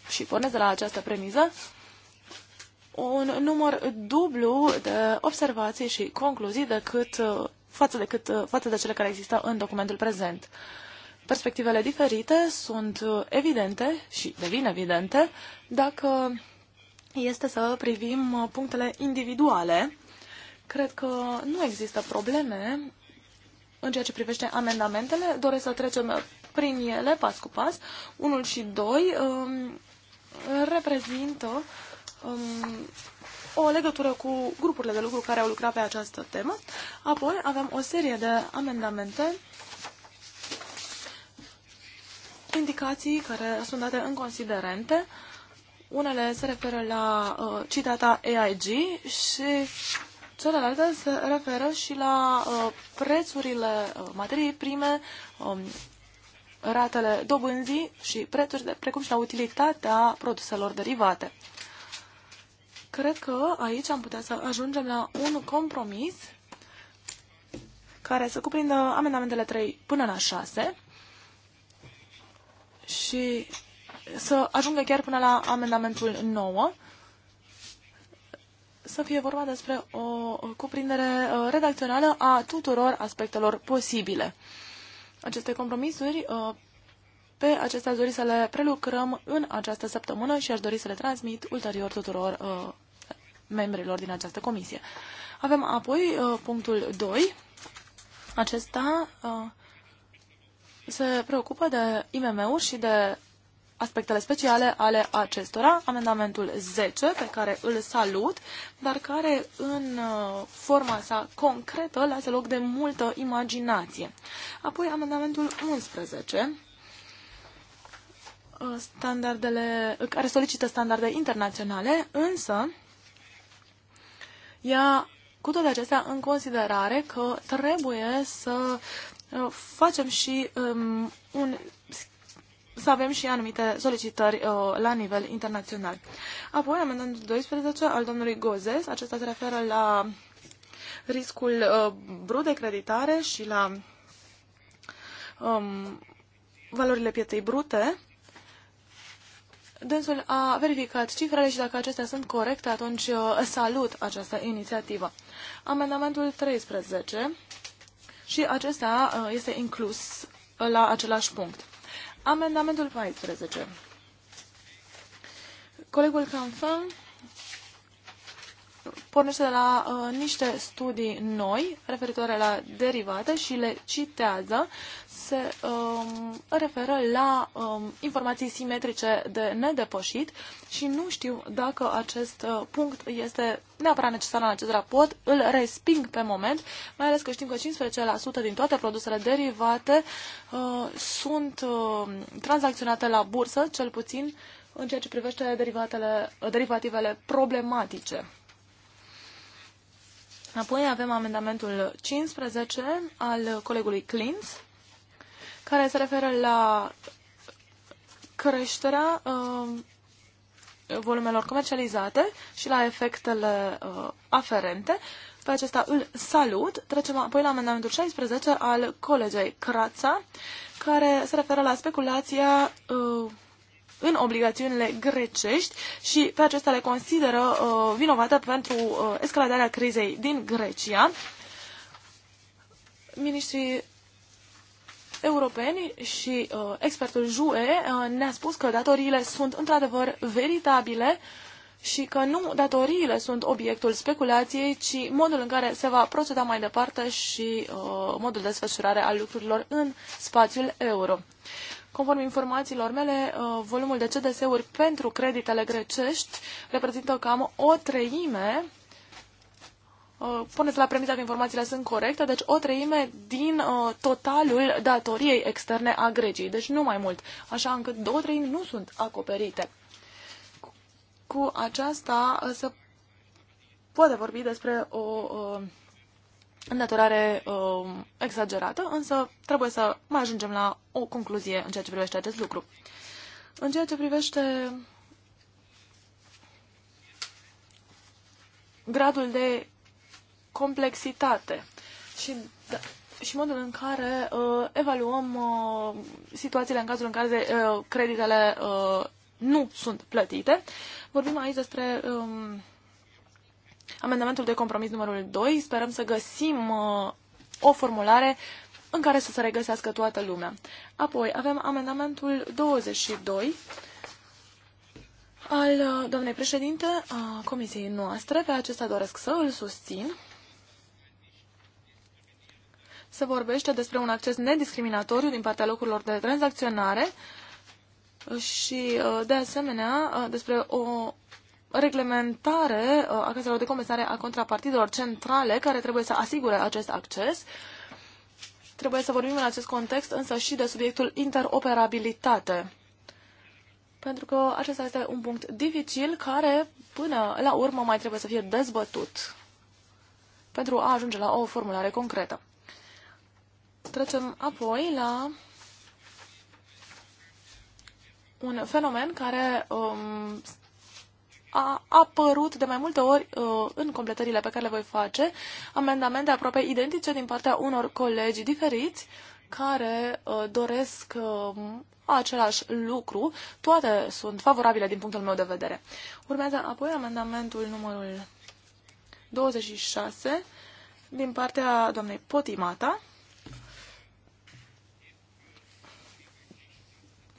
și pornesc de la această premiză, un număr dublu de observații și concluzii decât, uh, față, de cât, uh, față de cele care există în documentul prezent. Perspectivele diferite sunt uh, evidente și devin evidente dacă este să privim uh, punctele individuale. Cred că nu există probleme în ceea ce privește amendamentele. Doresc să trecem prin ele pas cu pas. Unul și doi um, reprezintă um, o legătură cu grupurile de lucru care au lucrat pe această temă. Apoi avem o serie de amendamente indicații care sunt date în considerente. Unele se referă la uh, citata AIG și celelalte se referă și la uh, prețurile uh, materiei prime, um, ratele dobânzii și de, precum și la utilitatea produselor derivate. Cred că aici am putea să ajungem la un compromis care să cuprindă amendamentele 3 până la 6, și să ajungă chiar până la amendamentul 9, să fie vorba despre o cuprindere uh, redacțională a tuturor aspectelor posibile. Aceste compromisuri, uh, pe acestea aș dori să le prelucrăm în această săptămână și aș dori să le transmit ulterior tuturor uh, membrilor din această comisie. Avem apoi punctul 2. Acesta se preocupă de IMM-uri și de aspectele speciale ale acestora, amendamentul 10, pe care îl salut, dar care în uh, forma sa concretă lasă loc de multă imaginație. Apoi amendamentul 11, uh, standardele, care solicită standarde internaționale, însă ia cu toate acestea în considerare că trebuie să Uh, facem și um, un să avem și anumite solicitări uh, la nivel internațional. Apoi, amendamentul 12 al domnului Gozes, acesta se referă la riscul uh, brut de creditare și la um, valorile pieței brute. Dânsul a verificat cifrele și dacă acestea sunt corecte, atunci uh, salut această inițiativă. Amendamentul 13 și acesta uh, este inclus uh, la același punct. Amendamentul 14. Colegul Canfan pornește de la uh, niște studii noi referitoare la derivate și le citează se um, referă la um, informații simetrice de nedepășit și nu știu dacă acest uh, punct este neapărat necesar în acest raport. Îl resping pe moment, mai ales că știm că 15% din toate produsele derivate uh, sunt uh, tranzacționate la bursă, cel puțin în ceea ce privește derivatele, uh, derivativele problematice. Apoi avem amendamentul 15 al colegului Clins care se referă la creșterea um, volumelor comercializate și la efectele uh, aferente. Pe acesta îl salut. Trecem apoi la amendamentul 16 al colegei Crața, care se referă la speculația uh, în obligațiunile grecești și pe acesta le consideră uh, vinovată pentru uh, escaladarea crizei din Grecia. Ministrii europeni și uh, expertul JUE uh, ne-a spus că datoriile sunt într-adevăr veritabile și că nu datoriile sunt obiectul speculației, ci modul în care se va proceda mai departe și uh, modul de desfășurare al lucrurilor în spațiul euro. Conform informațiilor mele, uh, volumul de CDS-uri pentru creditele grecești reprezintă cam o treime Uh, puneți la premisa că informațiile sunt corecte, deci o treime din uh, totalul datoriei externe a Greciei, deci nu mai mult, așa încât două treimi nu sunt acoperite. Cu, aceasta uh, se poate vorbi despre o uh, îndatorare uh, exagerată, însă trebuie să mai ajungem la o concluzie în ceea ce privește acest lucru. În ceea ce privește gradul de complexitate și, da, și modul în care uh, evaluăm uh, situațiile în cazul în care uh, creditele uh, nu sunt plătite. Vorbim aici despre um, amendamentul de compromis numărul 2. Sperăm să găsim uh, o formulare în care să se regăsească toată lumea. Apoi avem amendamentul 22 al uh, doamnei președinte a comisiei noastre. Pe acesta doresc să îl susțin se vorbește despre un acces nediscriminatoriu din partea locurilor de tranzacționare și, uh, de asemenea, uh, despre o reglementare uh, a caselor de compensare a contrapartidelor centrale care trebuie să asigure acest acces. Trebuie să vorbim în acest context însă și de subiectul interoperabilitate. Pentru că acesta este un punct dificil care până la urmă mai trebuie să fie dezbătut pentru a ajunge la o formulare concretă trecem apoi la un fenomen care um, a apărut de mai multe ori uh, în completările pe care le voi face, amendamente aproape identice din partea unor colegi diferiți care uh, doresc uh, același lucru. Toate sunt favorabile din punctul meu de vedere. Urmează apoi amendamentul numărul 26 din partea doamnei Potimata.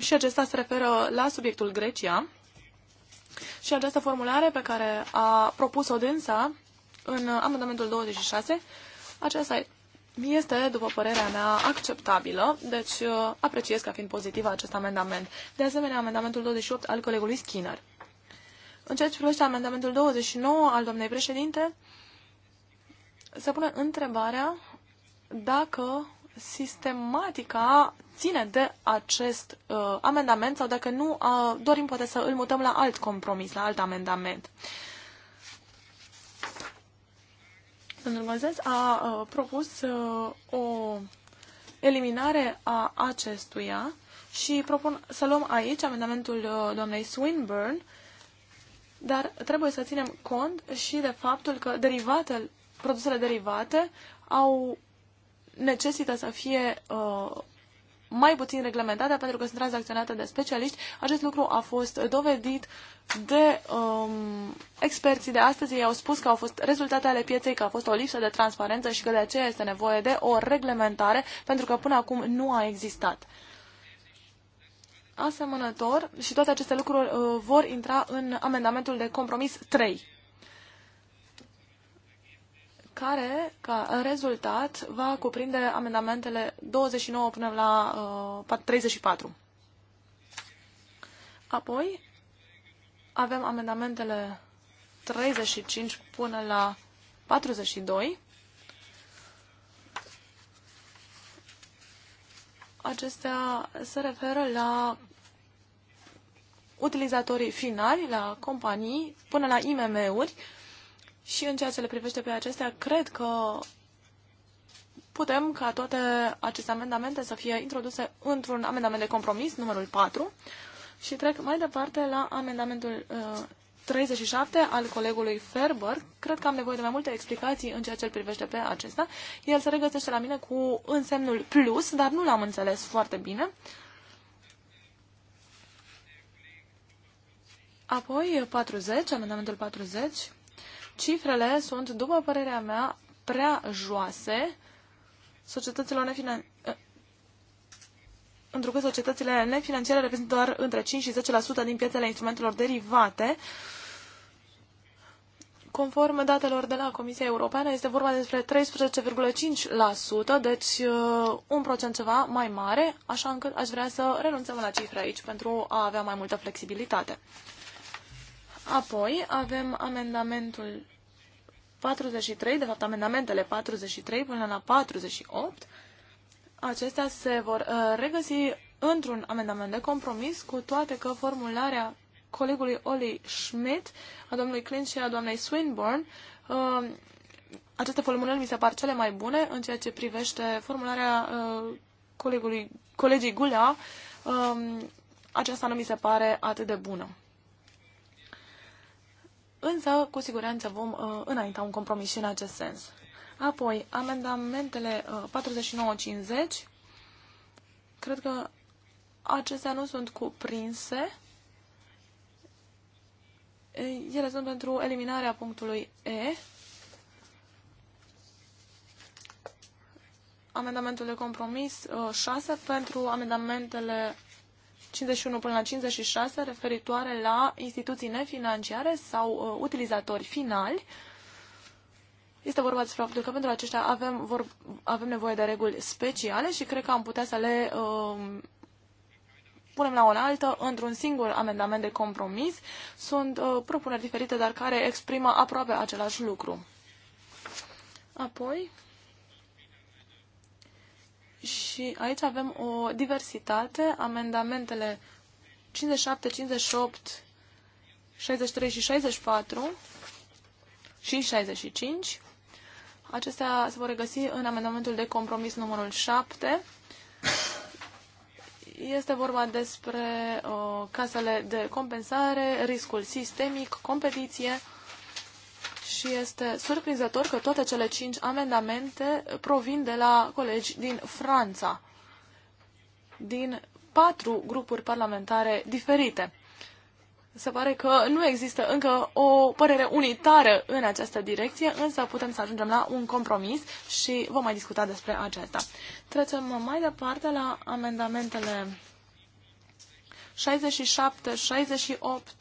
și acesta se referă la subiectul Grecia. Și această formulare pe care a propus-o dânsa în amendamentul 26, aceasta este, după părerea mea, acceptabilă, deci uh, apreciez ca fiind pozitivă acest amendament. De asemenea, amendamentul 28 al colegului Skinner. În ceea ce privește amendamentul 29 al doamnei președinte, se pune întrebarea dacă sistematica ține de acest uh, amendament sau dacă nu, uh, dorim poate să îl mutăm la alt compromis, la alt amendament. Domnul a uh, propus uh, o eliminare a acestuia și propun să luăm aici amendamentul uh, doamnei Swinburne, dar trebuie să ținem cont și de faptul că derivatele, produsele derivate au necesită să fie uh, mai puțin reglementate pentru că sunt tranzacționate de specialiști. Acest lucru a fost dovedit de um, experții de astăzi. Ei au spus că au fost rezultate ale pieței, că a fost o lipsă de transparență și că de aceea este nevoie de o reglementare, pentru că până acum nu a existat. Asemănător, și toate aceste lucruri uh, vor intra în amendamentul de compromis 3 care, ca rezultat, va cuprinde amendamentele 29 până la uh, 34. Apoi avem amendamentele 35 până la 42. Acestea se referă la utilizatorii finali, la companii, până la IMM-uri, uh, și în ceea ce le privește pe acestea, cred că putem ca toate aceste amendamente să fie introduse într-un amendament de compromis, numărul 4, și trec mai departe la amendamentul uh, 37 al colegului Ferber. Cred că am nevoie de mai multe explicații în ceea ce îl privește pe acesta. El se regăsește la mine cu însemnul plus, dar nu l-am înțeles foarte bine. Apoi 40, amendamentul 40. Cifrele sunt, după părerea mea, prea joase societăților pentru eh, întrucât societățile nefinanciare reprezintă doar între 5 și 10% din piețele instrumentelor derivate. Conform datelor de la Comisia Europeană, este vorba despre 13,5%, deci eh, un procent ceva mai mare, așa încât aș vrea să renunțăm la cifre aici pentru a avea mai multă flexibilitate. Apoi avem amendamentul 43, de fapt amendamentele 43 până la 48. Acestea se vor uh, regăsi într-un amendament de compromis, cu toate că formularea colegului Oli Schmidt, a domnului Clint și a doamnei Swinburne, uh, aceste formulări mi se par cele mai bune în ceea ce privește formularea uh, colegului, colegii Gulea, um, aceasta nu mi se pare atât de bună însă cu siguranță vom uh, înainta un compromis și în acest sens. Apoi, amendamentele uh, 49-50, cred că acestea nu sunt cuprinse. Ele sunt pentru eliminarea punctului E. Amendamentul de compromis uh, 6 pentru amendamentele 51 până la 56 referitoare la instituții nefinanciare sau uh, utilizatori finali. Este vorba despre faptul că pentru aceștia avem, vor, avem nevoie de reguli speciale și cred că am putea să le uh, punem la oaltă într-un singur amendament de compromis. Sunt uh, propuneri diferite, dar care exprimă aproape același lucru. Apoi, și aici avem o diversitate, amendamentele 57, 58, 63 și 64 și 65. Acestea se vor regăsi în amendamentul de compromis numărul 7. Este vorba despre uh, casele de compensare, riscul sistemic, competiție, și este surprinzător că toate cele cinci amendamente provin de la colegi din Franța, din patru grupuri parlamentare diferite. Se pare că nu există încă o părere unitară în această direcție, însă putem să ajungem la un compromis și vom mai discuta despre aceasta. Trecem mai departe la amendamentele 67, 68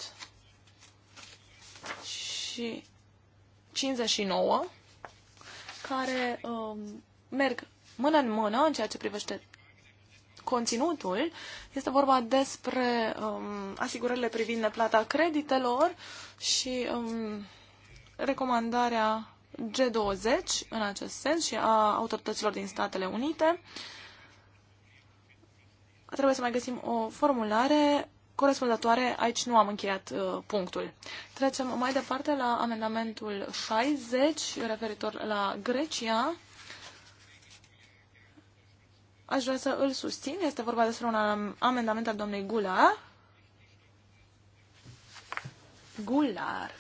și 59, care um, merg mână în mână în ceea ce privește conținutul. Este vorba despre um, asigurările privind neplata creditelor și um, recomandarea G20 în acest sens și a autorităților din Statele Unite. Trebuie să mai găsim o formulare corespunzătoare, aici nu am încheiat uh, punctul. Trecem mai departe la amendamentul 60, referitor la Grecia. Aș vrea să îl susțin. Este vorba despre un amendament al doamnei Gular. Gular.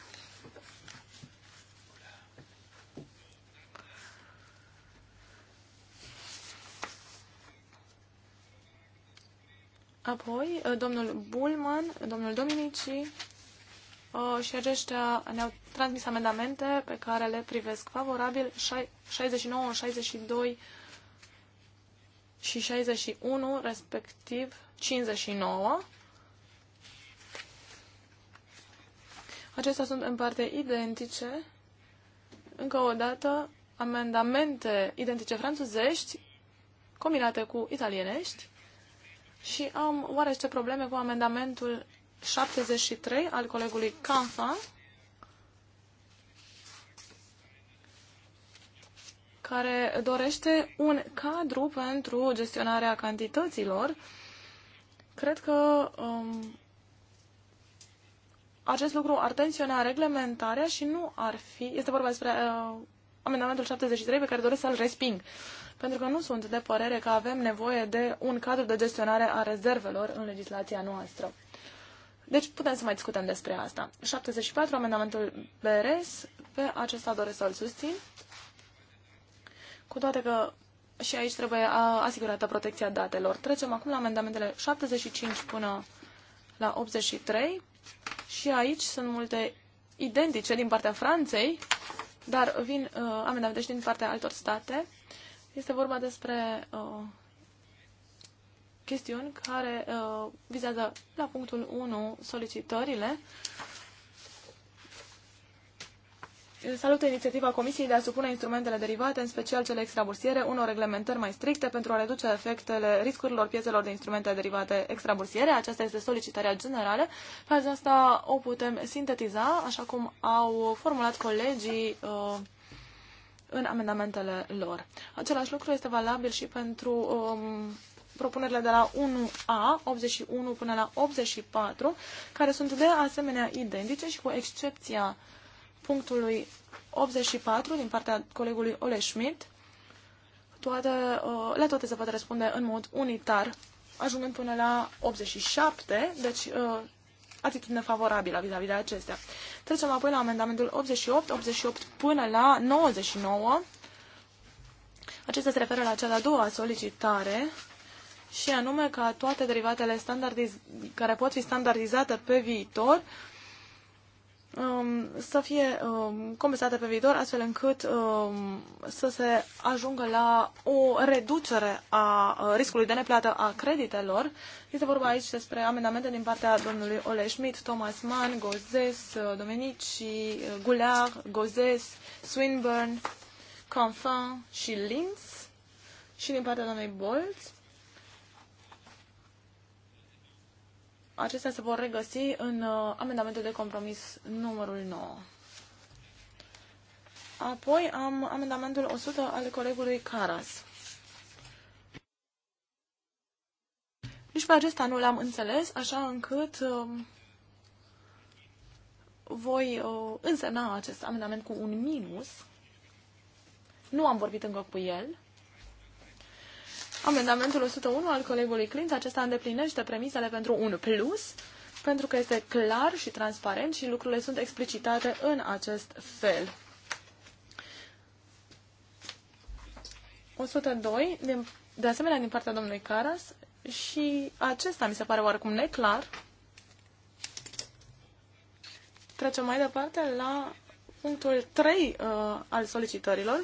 Apoi, uh, domnul Bulman, domnul Dominici uh, și aceștia ne-au transmis amendamente pe care le privesc favorabil 69, 62 și 61, respectiv 59. Acestea sunt în parte identice. Încă o dată, amendamente identice franțuzești combinate cu italienești și am oarește probleme cu amendamentul 73 al colegului Canfa, care dorește un cadru pentru gestionarea cantităților. Cred că um, acest lucru ar tensiona reglementarea și nu ar fi... Este vorba despre uh, amendamentul 73 pe care doresc să-l resping. Uh, pentru că nu sunt de părere că avem nevoie de un cadru de gestionare a rezervelor în legislația noastră. Deci putem să mai discutăm despre asta. 74, amendamentul BRS, pe acesta doresc să-l susțin. Cu toate că și aici trebuie asigurată protecția datelor. Trecem acum la amendamentele 75 până la 83 și aici sunt multe identice din partea Franței, dar vin uh, amendamente și din partea altor state. Este vorba despre uh, chestiuni care uh, vizează la punctul 1 solicitările. Salută inițiativa Comisiei de a supune instrumentele derivate, în special cele extrabursiere, unor reglementări mai stricte pentru a reduce efectele riscurilor piețelor de instrumente derivate extrabursiere. Aceasta este solicitarea generală. Pe asta o putem sintetiza, așa cum au formulat colegii uh, în amendamentele lor. Același lucru este valabil și pentru um, propunerile de la 1A, 81 până la 84, care sunt de asemenea identice și cu excepția punctului 84 din partea colegului Ole Schmidt, toate, uh, la toate se poate răspunde în mod unitar, ajungând până la 87, deci uh, atitudine favorabilă vis-a-vis -vis de acestea. Trecem apoi la amendamentul 88, 88 până la 99. Acesta se referă la cea de-a doua solicitare și anume ca toate derivatele care pot fi standardizate pe viitor um, să fie um, compensate pe viitor, astfel încât um, să se ajungă la o reducere a uh, riscului de neplată a creditelor. Este vorba aici despre amendamente din partea domnului Ole Schmidt, Thomas Mann, Gozes, uh, Domenici, uh, Goulard, Gozes, Swinburne, Confin și Linz și din partea doamnei Bolz acestea se vor regăsi în uh, amendamentul de compromis numărul 9. Apoi am amendamentul 100 al colegului Caras. Nici pe acesta nu l-am înțeles, așa încât um, voi uh, însemna acest amendament cu un minus. Nu am vorbit încă cu el. Amendamentul 101 al colegului Clint, acesta îndeplinește premisele pentru un plus, pentru că este clar și transparent și lucrurile sunt explicitate în acest fel. 102, de, de asemenea din partea domnului Caras, și acesta mi se pare oarecum neclar. Trecem mai departe la punctul 3 uh, al solicitărilor,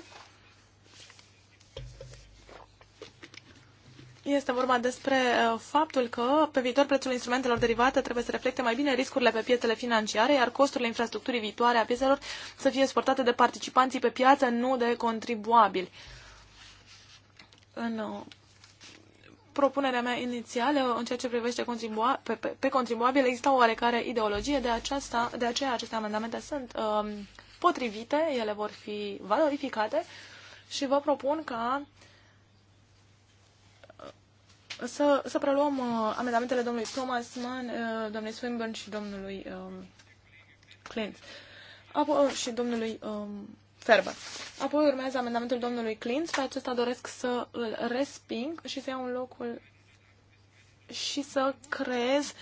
Este vorba despre uh, faptul că pe viitor prețul instrumentelor derivate trebuie să reflecte mai bine riscurile pe piețele financiare, iar costurile infrastructurii viitoare a piețelor să fie suportate de participanții pe piață, nu de contribuabili. În uh, propunerea mea inițială, în ceea ce privește contribua- pe, pe, pe contribuabil, exista o oarecare ideologie, de, aceasta, de aceea aceste amendamente sunt um, potrivite, ele vor fi valorificate și vă propun ca să, să preluăm uh, amendamentele domnului Thomas Mann, uh, domnului Swinburne și domnului um, Clint. Apoi, uh, și domnului um, Ferber. Apoi urmează amendamentul domnului Clint, pe acesta doresc să îl resping și să iau un locul și să creez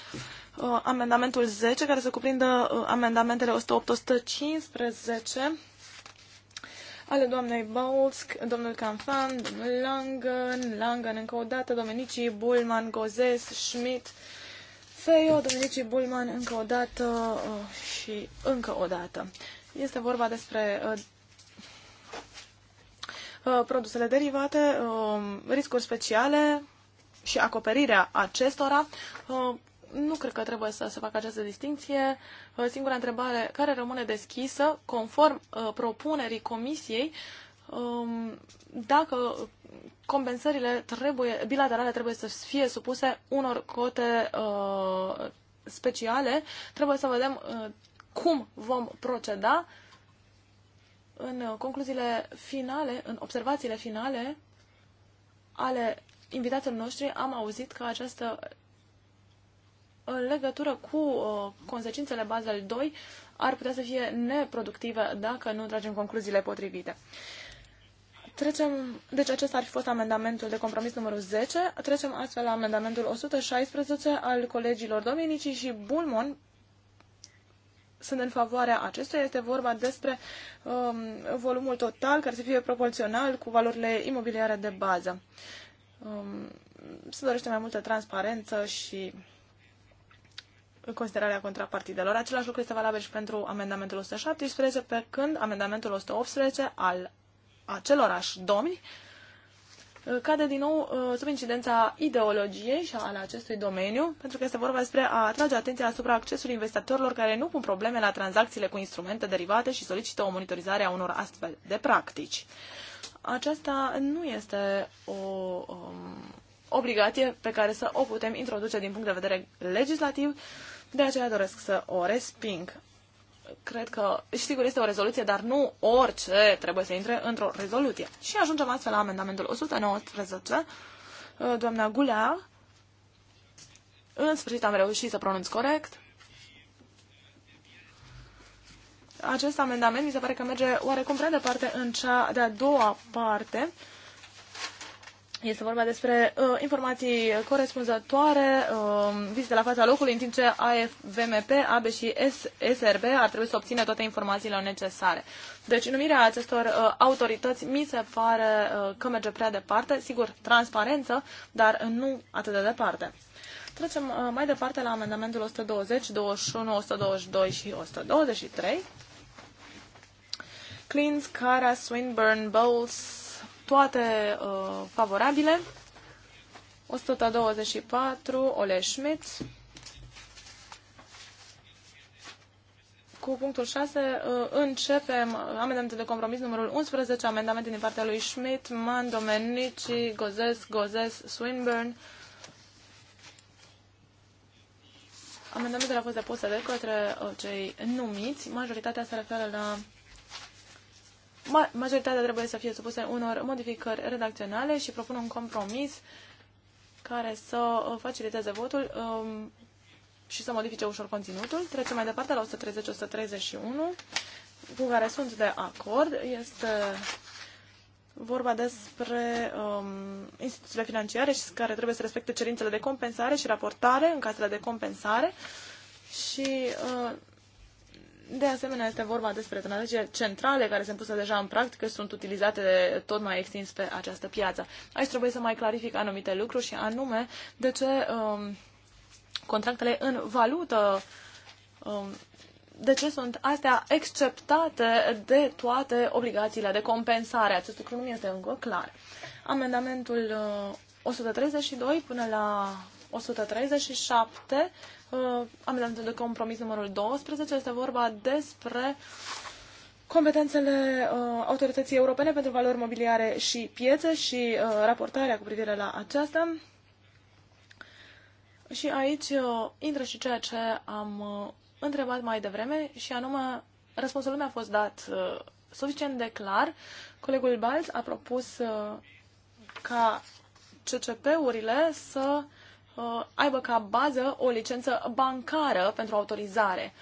uh, amendamentul 10, care să cuprindă uh, amendamentele 108-115 ale doamnei Bowles, domnul Canfan, domnul Langen, Langen încă o dată, Domenicii, Bulman, Gozes, Schmidt, Feio, Domenicii, Bulman, încă o dată uh, și încă o dată. Este vorba despre uh, uh, produsele derivate, riscuri speciale și acoperirea acestora, nu cred că trebuie să se facă această distinție. Uh, singura întrebare care rămâne deschisă, conform uh, propunerii comisiei, um, dacă compensările trebuie, bilaterale trebuie să fie supuse unor cote uh, speciale, trebuie să vedem cum vom proceda. În concluziile finale, în observațiile finale ale invitaților noștri, am auzit că această în legătură cu uh, consecințele Basel 2 ar putea să fie neproductive dacă nu tragem concluziile potrivite. Trecem, deci acesta ar fi fost amendamentul de compromis numărul 10. Trecem astfel la amendamentul 116 al colegilor Dominici și Bulmon. Sunt în favoarea acestuia. Este vorba despre um, volumul total care să fie proporțional cu valorile imobiliare de bază. Um, se dorește mai multă transparență și considerarea contrapartidelor. Același lucru este valabil și pentru amendamentul 117, pe când amendamentul 118 al acelorași domni uh, cade din nou uh, sub incidența ideologiei și al acestui domeniu, pentru că este vorba despre a atrage atenția asupra accesului investitorilor care nu pun probleme la tranzacțiile cu instrumente derivate și solicită o monitorizare a unor astfel de practici. Aceasta nu este o um, obligație pe care să o putem introduce din punct de vedere legislativ, de aceea doresc să o resping. Cred că, sigur, este o rezoluție, dar nu orice trebuie să intre într-o rezoluție. Și ajungem astfel la amendamentul 119. Uh, doamna Gulea, în sfârșit am reușit să pronunț corect. Acest amendament mi se pare că merge oarecum prea departe în cea de-a doua parte este vorba despre uh, informații corespunzătoare, uh, vizite la fața locului, în timp ce AFVMP, AB și SRB ar trebui să obțină toate informațiile necesare. Deci numirea acestor uh, autorități mi se pare uh, că merge prea departe, sigur, transparență, dar nu atât de departe. Trecem uh, mai departe la amendamentul 120, 21, 122 și 123. Clins, Cara, Swinburne, Bowles, toate uh, favorabile. 124, Ole Schmidt. Cu punctul 6 uh, începem amendamente de compromis numărul 11, amendamente din partea lui Schmidt, Man, Domenici, Gozes, Gozes, Swinburne. Amendamentele au fost depuse de către uh, cei numiți. Majoritatea se referă la majoritatea trebuie să fie supuse unor modificări redacționale și propun un compromis care să uh, faciliteze votul um, și să modifice ușor conținutul. Trecem mai departe la 130-131, cu care sunt de acord. Este vorba despre um, instituțiile financiare și care trebuie să respecte cerințele de compensare și raportare în casele de compensare și uh, de asemenea, este vorba despre tehnologii centrale care sunt puse deja în practică și sunt utilizate de tot mai extins pe această piață. Aici trebuie să mai clarific anumite lucruri și anume de ce um, contractele în valută um, de ce sunt astea exceptate de toate obligațiile de compensare. Acest lucru nu este încă clar. Amendamentul 132 uh, până la 137, uh, amendamentul de compromis numărul 12, este vorba despre competențele uh, Autorității Europene pentru Valori Mobiliare și Piețe și uh, raportarea cu privire la aceasta. Și aici uh, intră și ceea ce am uh, întrebat mai devreme și anume răspunsul meu a fost dat uh, suficient de clar. Colegul Balz a propus uh, ca CCP-urile să uh, Uh, aibă ca bază o licență bancară pentru autorizare.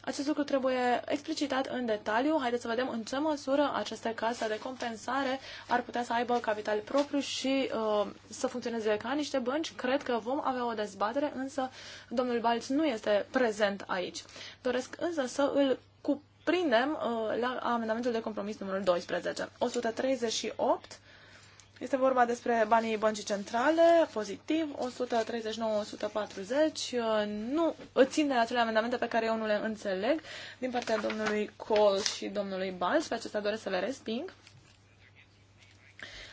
Acest lucru trebuie explicitat în detaliu. Haideți să vedem în ce măsură aceste case de compensare ar putea să aibă capital propriu și uh, să funcționeze ca niște bănci. Cred că vom avea o dezbatere, însă domnul Balț nu este prezent aici. Doresc însă să îl cuprindem uh, la amendamentul de compromis numărul 12. 138 este vorba despre banii băncii centrale, pozitiv, 139-140. Nu țin de acele amendamente pe care eu nu le înțeleg din partea domnului Col și domnului Balz, pe acestea doresc să le resping.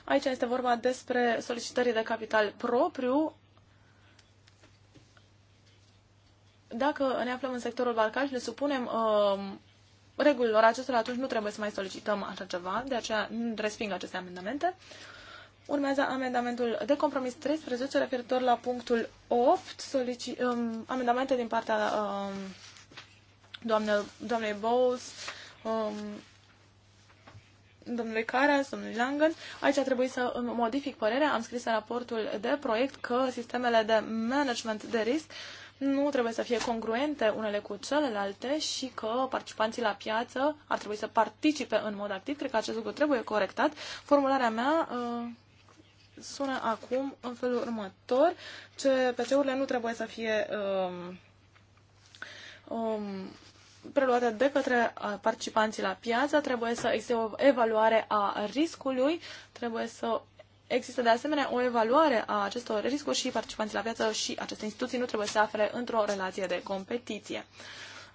Aici este vorba despre solicitării de capital propriu. Dacă ne aflăm în sectorul bancar și le supunem uh, regulilor acestora, atunci nu trebuie să mai solicităm așa ceva, de aceea resping aceste amendamente. Uh, Urmează amendamentul de compromis 13 referitor la punctul 8, solici, um, amendamente din partea um, doamne, doamnei Bowles, um, domnului Caras, domnului Langen. Aici a trebuit să modific părerea. Am scris în raportul de proiect că sistemele de management de risc nu trebuie să fie congruente unele cu celelalte și că participanții la piață ar trebui să participe în mod activ. Cred că acest lucru trebuie corectat. Formularea mea uh, sună acum în felul următor. pc urile nu trebuie să fie um, um, preluate de către uh, participanții la piață, trebuie să existe o evaluare a riscului, trebuie să Există de asemenea o evaluare a acestor riscuri și participanții la piață și aceste instituții nu trebuie să se afle într-o relație de competiție.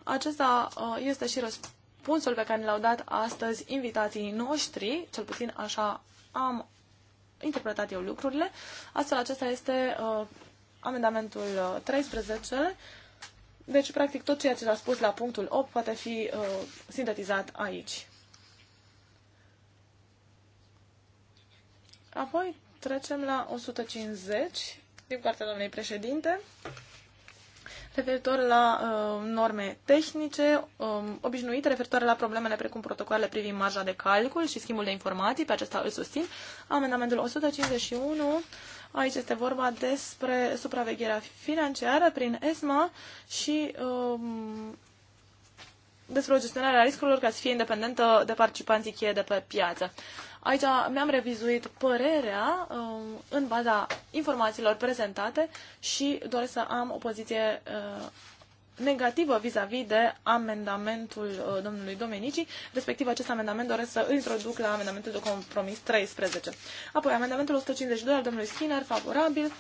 Acesta uh, este și răspunsul pe care l-au dat astăzi invitații noștri, cel puțin așa am interpretat eu lucrurile. Astfel, acesta este uh, amendamentul 13. Uh, deci, practic, tot ceea ce s-a spus la punctul 8 poate fi uh, sintetizat aici. Apoi trecem la 150 din partea doamnei președinte referitor la uh, norme tehnice um, obișnuite, referitoare la problemele precum protocoalele privind marja de calcul și schimbul de informații, pe acesta îl susțin. Amendamentul 151, aici este vorba despre supravegherea financiară prin ESMA și um, despre o gestionare a riscurilor ca să fie independentă de participanții cheie de pe piață. Uh, Aici mi-am revizuit părerea um, în baza informațiilor prezentate și doresc să am o poziție uh, negativă vis-a-vis -vis de amendamentul uh, domnului Domenici, respectiv acest amendament doresc să îl introduc la amendamentul de compromis 13. Apoi, amendamentul 152 al domnului Skinner, favorabil.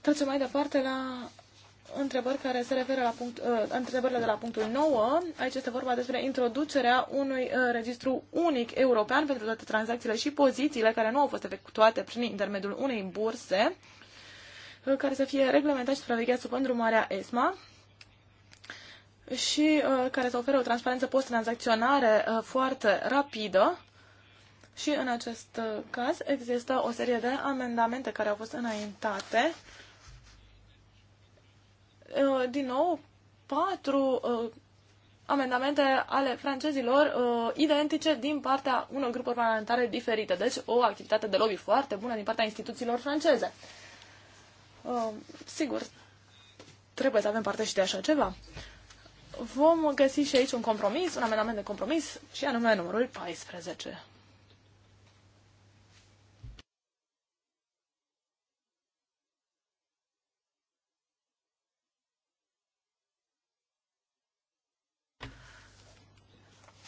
Trecem mai departe la întrebări care se referă la punct, uh, întrebările de la punctul 9. Aici este vorba despre introducerea unui uh, registru unic european pentru toate tranzacțiile și pozițiile care nu au fost efectuate prin intermediul unei burse, uh, care să fie reglementat și supravegheat sub îndrumarea ESMA și uh, care să ofere o transparență post-tranzacționare uh, foarte rapidă. Și în acest uh, caz există o serie de amendamente care au fost înaintate. Uh, Uh, din nou, patru uh, amendamente ale francezilor uh, identice din partea unor grupuri parlamentare diferite. Deci o activitate de lobby foarte bună din partea instituțiilor franceze. Sigur, trebuie să avem parte și de așa ceva. Vom găsi și aici un compromis, un amendament de compromis, și anume numărul 14.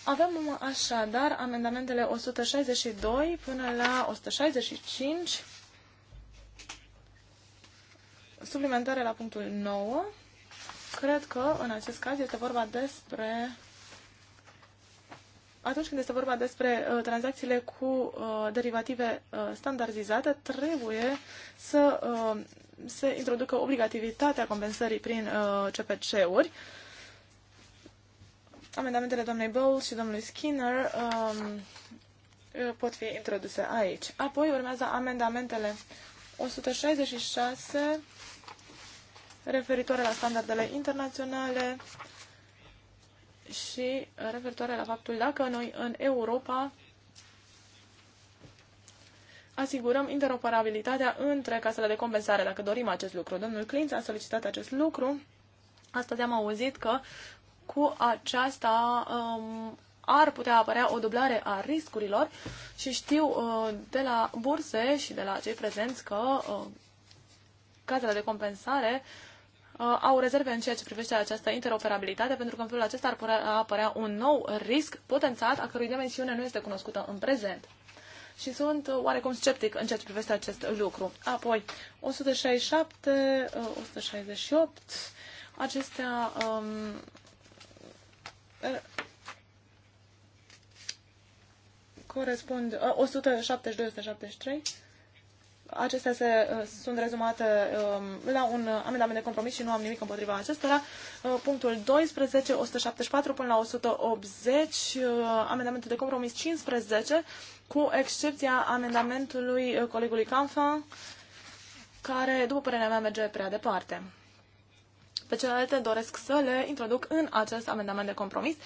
Avem așadar amendamentele 162 până la 165, suplimentare la punctul 9. Cred că în acest caz este vorba despre atunci când este vorba despre uh, tranzacțiile cu uh, derivative uh, standardizate, trebuie să uh, se introducă obligativitatea compensării prin uh, CPC-uri. Uh, Amendamentele doamnei Bowles și domnului Skinner um, uh, pot fi introduse aici. Apoi urmează amendamentele 166 referitoare la standardele internaționale și referitoare la faptul dacă noi în Europa asigurăm interoperabilitatea între casele de compensare, dacă dorim acest lucru. Domnul Clinț a solicitat acest lucru. Astăzi am auzit că cu aceasta um, ar putea apărea o dublare a riscurilor și știu uh, de la burse și de la cei prezenți că uh, cazele de compensare uh, au rezerve în ceea ce privește această interoperabilitate, pentru că în felul acesta ar putea apărea un nou risc potențat, a cărui dimensiune nu este cunoscută în prezent. Și sunt uh, oarecum sceptic în ceea ce privește acest lucru. Apoi, 167, uh, 168, acestea um, corespund 172-173. Uh, Acestea se, uh, sunt rezumate um, la un uh, amendament de compromis și nu am nimic împotriva acestora. Punctul 12, 174 până la 180, amendamentul de compromis 15, cu excepția amendamentului colegului Canfa, care, după părerea mea, merge prea departe. Pe celelalte doresc să le introduc în acest amendament de compromis.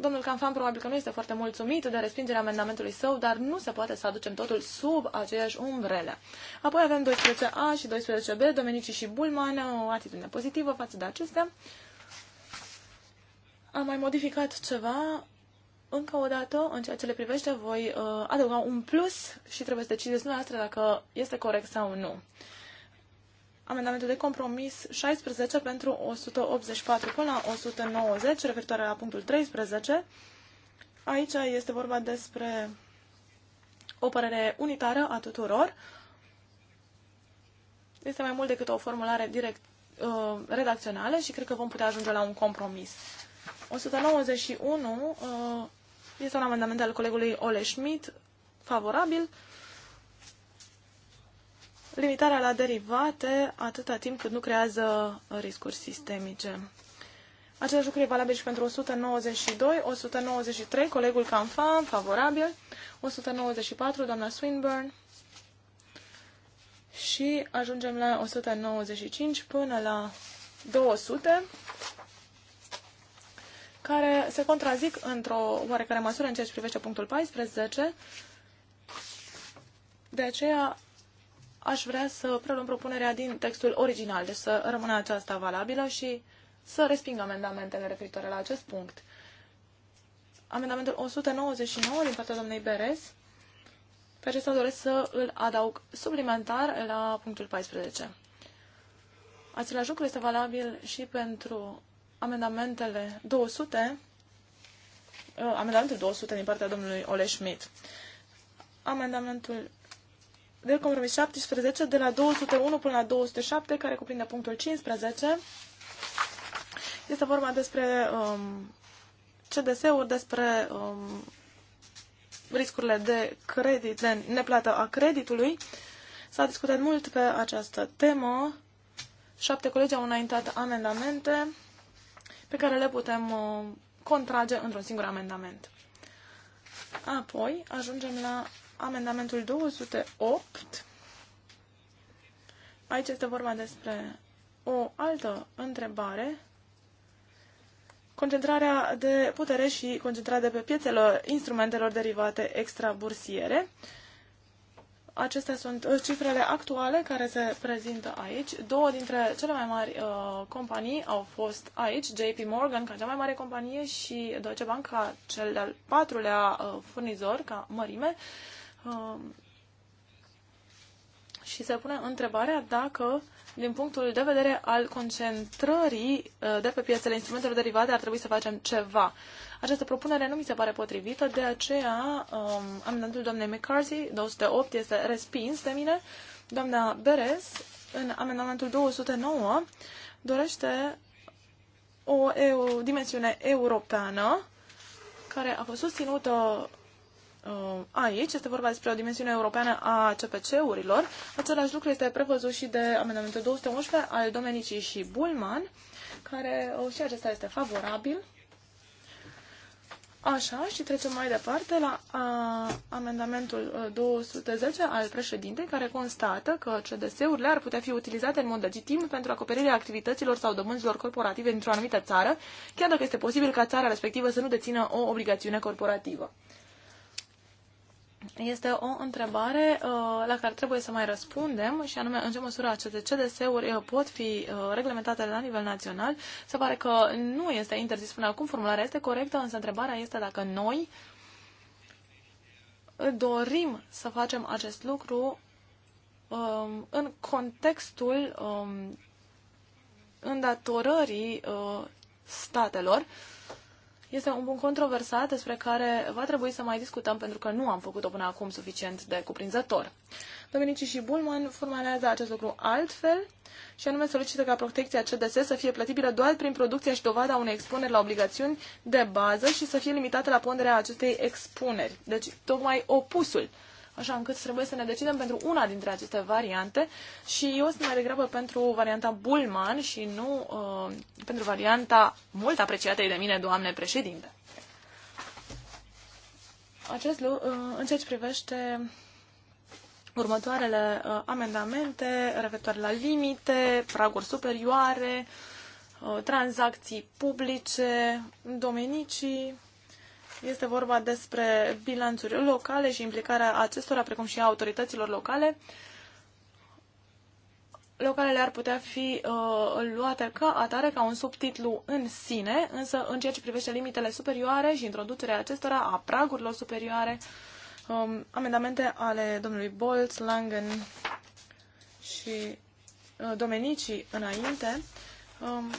Domnul Canfan probabil că nu este foarte mulțumit de respingerea amendamentului său, dar nu se poate să aducem totul sub aceeași umbrele. Apoi avem 12A și 12B, Domenici și Bulman, o atitudine pozitivă față de acestea. Am mai modificat ceva încă o dată, în ceea ce le privește, voi uh, adăuga un plus și trebuie să decideți dumneavoastră dacă este corect sau nu amendamentul de compromis 16 pentru 184 până la 190, referitoare la punctul 13. Aici este vorba despre o părere unitară a tuturor. Este mai mult decât o formulare direct uh, redacțională și cred că vom putea ajunge la un compromis. 191 uh, este un amendament al colegului Ole Schmidt, favorabil limitarea la derivate atâta timp cât nu creează riscuri sistemice. Același lucru e valabil și pentru 192, 193, colegul Canfan, favorabil, 194, doamna Swinburne, și ajungem la 195 până la 200, care se contrazic într-o oarecare măsură în ceea ce privește punctul 14. De aceea aș vrea să preluăm propunerea din textul original, deci să rămână aceasta valabilă și să resping amendamentele referitoare la acest punct. Amendamentul 199 din partea doamnei Beres, pe acesta doresc să îl adaug suplimentar la punctul 14. Același lucru este valabil și pentru amendamentele 200, ă, amendamentul 200 din partea domnului Ole Schmidt. Amendamentul de compromis 17 de la 201 până la 207, care cuprinde punctul 15. Este vorba despre um, CDS-uri, despre um, riscurile de credit, de neplată a creditului. S-a discutat mult pe această temă. Șapte colegi au înaintat amendamente pe care le putem uh, contrage într-un singur amendament. Apoi ajungem la amendamentul 208. Aici este vorba despre o altă întrebare. Concentrarea de putere și concentrarea de pe piețelor instrumentelor derivate extrabursiere. Acestea sunt uh, cifrele actuale care se prezintă aici. Două dintre cele mai mari uh, companii au fost aici, JP Morgan ca cea mai mare companie și Deutsche Bank ca cel de-al patrulea uh, furnizor ca mărime. Uh, Um, și se pune întrebarea dacă, din punctul de vedere al concentrării uh, de pe piețele instrumentelor derivate, ar trebui să facem ceva. Această propunere nu mi se pare potrivită, de aceea um, amendamentul doamnei McCarthy, 208, este respins de mine. Doamna Beres, în amendamentul 209, dorește o, o dimensiune europeană care a fost susținută Uh, aici este vorba despre o dimensiune europeană a CPC-urilor. Același lucru este prevăzut și de amendamentul 211 al Domenicii și Bulman, care uh, și acesta este favorabil. Așa, și trecem mai departe la a, uh, amendamentul 210 al președintei, care constată că CDS-urile ar putea fi utilizate în mod legitim pentru acoperirea activităților sau dobânzilor corporative într-o anumită țară, chiar dacă este posibil ca țara respectivă să nu dețină o obligațiune corporativă. Este o întrebare uh, la care trebuie să mai răspundem și anume în ce măsură aceste CDS-uri uh, pot fi uh, reglementate la nivel național. Se pare că nu este interzis până acum, formularea este corectă, însă întrebarea este dacă noi dorim să facem acest lucru um, în contextul um, îndatorării uh, statelor. Uh, este un punct controversat despre care va trebui să mai discutăm pentru că nu am făcut-o până acum suficient de cuprinzător. Dominici și Bulman formalează acest lucru altfel și anume solicită ca protecția CDS să fie plătibilă doar prin producția și dovada unei expuneri la obligațiuni de bază și să fie limitată la ponderea acestei expuneri. Deci, tocmai opusul așa încât trebuie să ne decidem pentru una dintre aceste variante și eu sunt mai degrabă pentru varianta Bulman și nu uh, pentru varianta mult apreciată de mine, doamne președinte. Acest lucru, uh, în ceea ce privește următoarele uh, amendamente referitoare la limite, praguri superioare, uh, tranzacții publice, domenicii, este vorba despre bilanțuri locale și implicarea acestora, precum și a autorităților locale. Localele ar putea fi uh, luate ca atare, ca un subtitlu în sine, însă în ceea ce privește limitele superioare și introducerea acestora a pragurilor superioare, um, amendamente ale domnului Bolz, Langen și uh, Domenici înainte, um,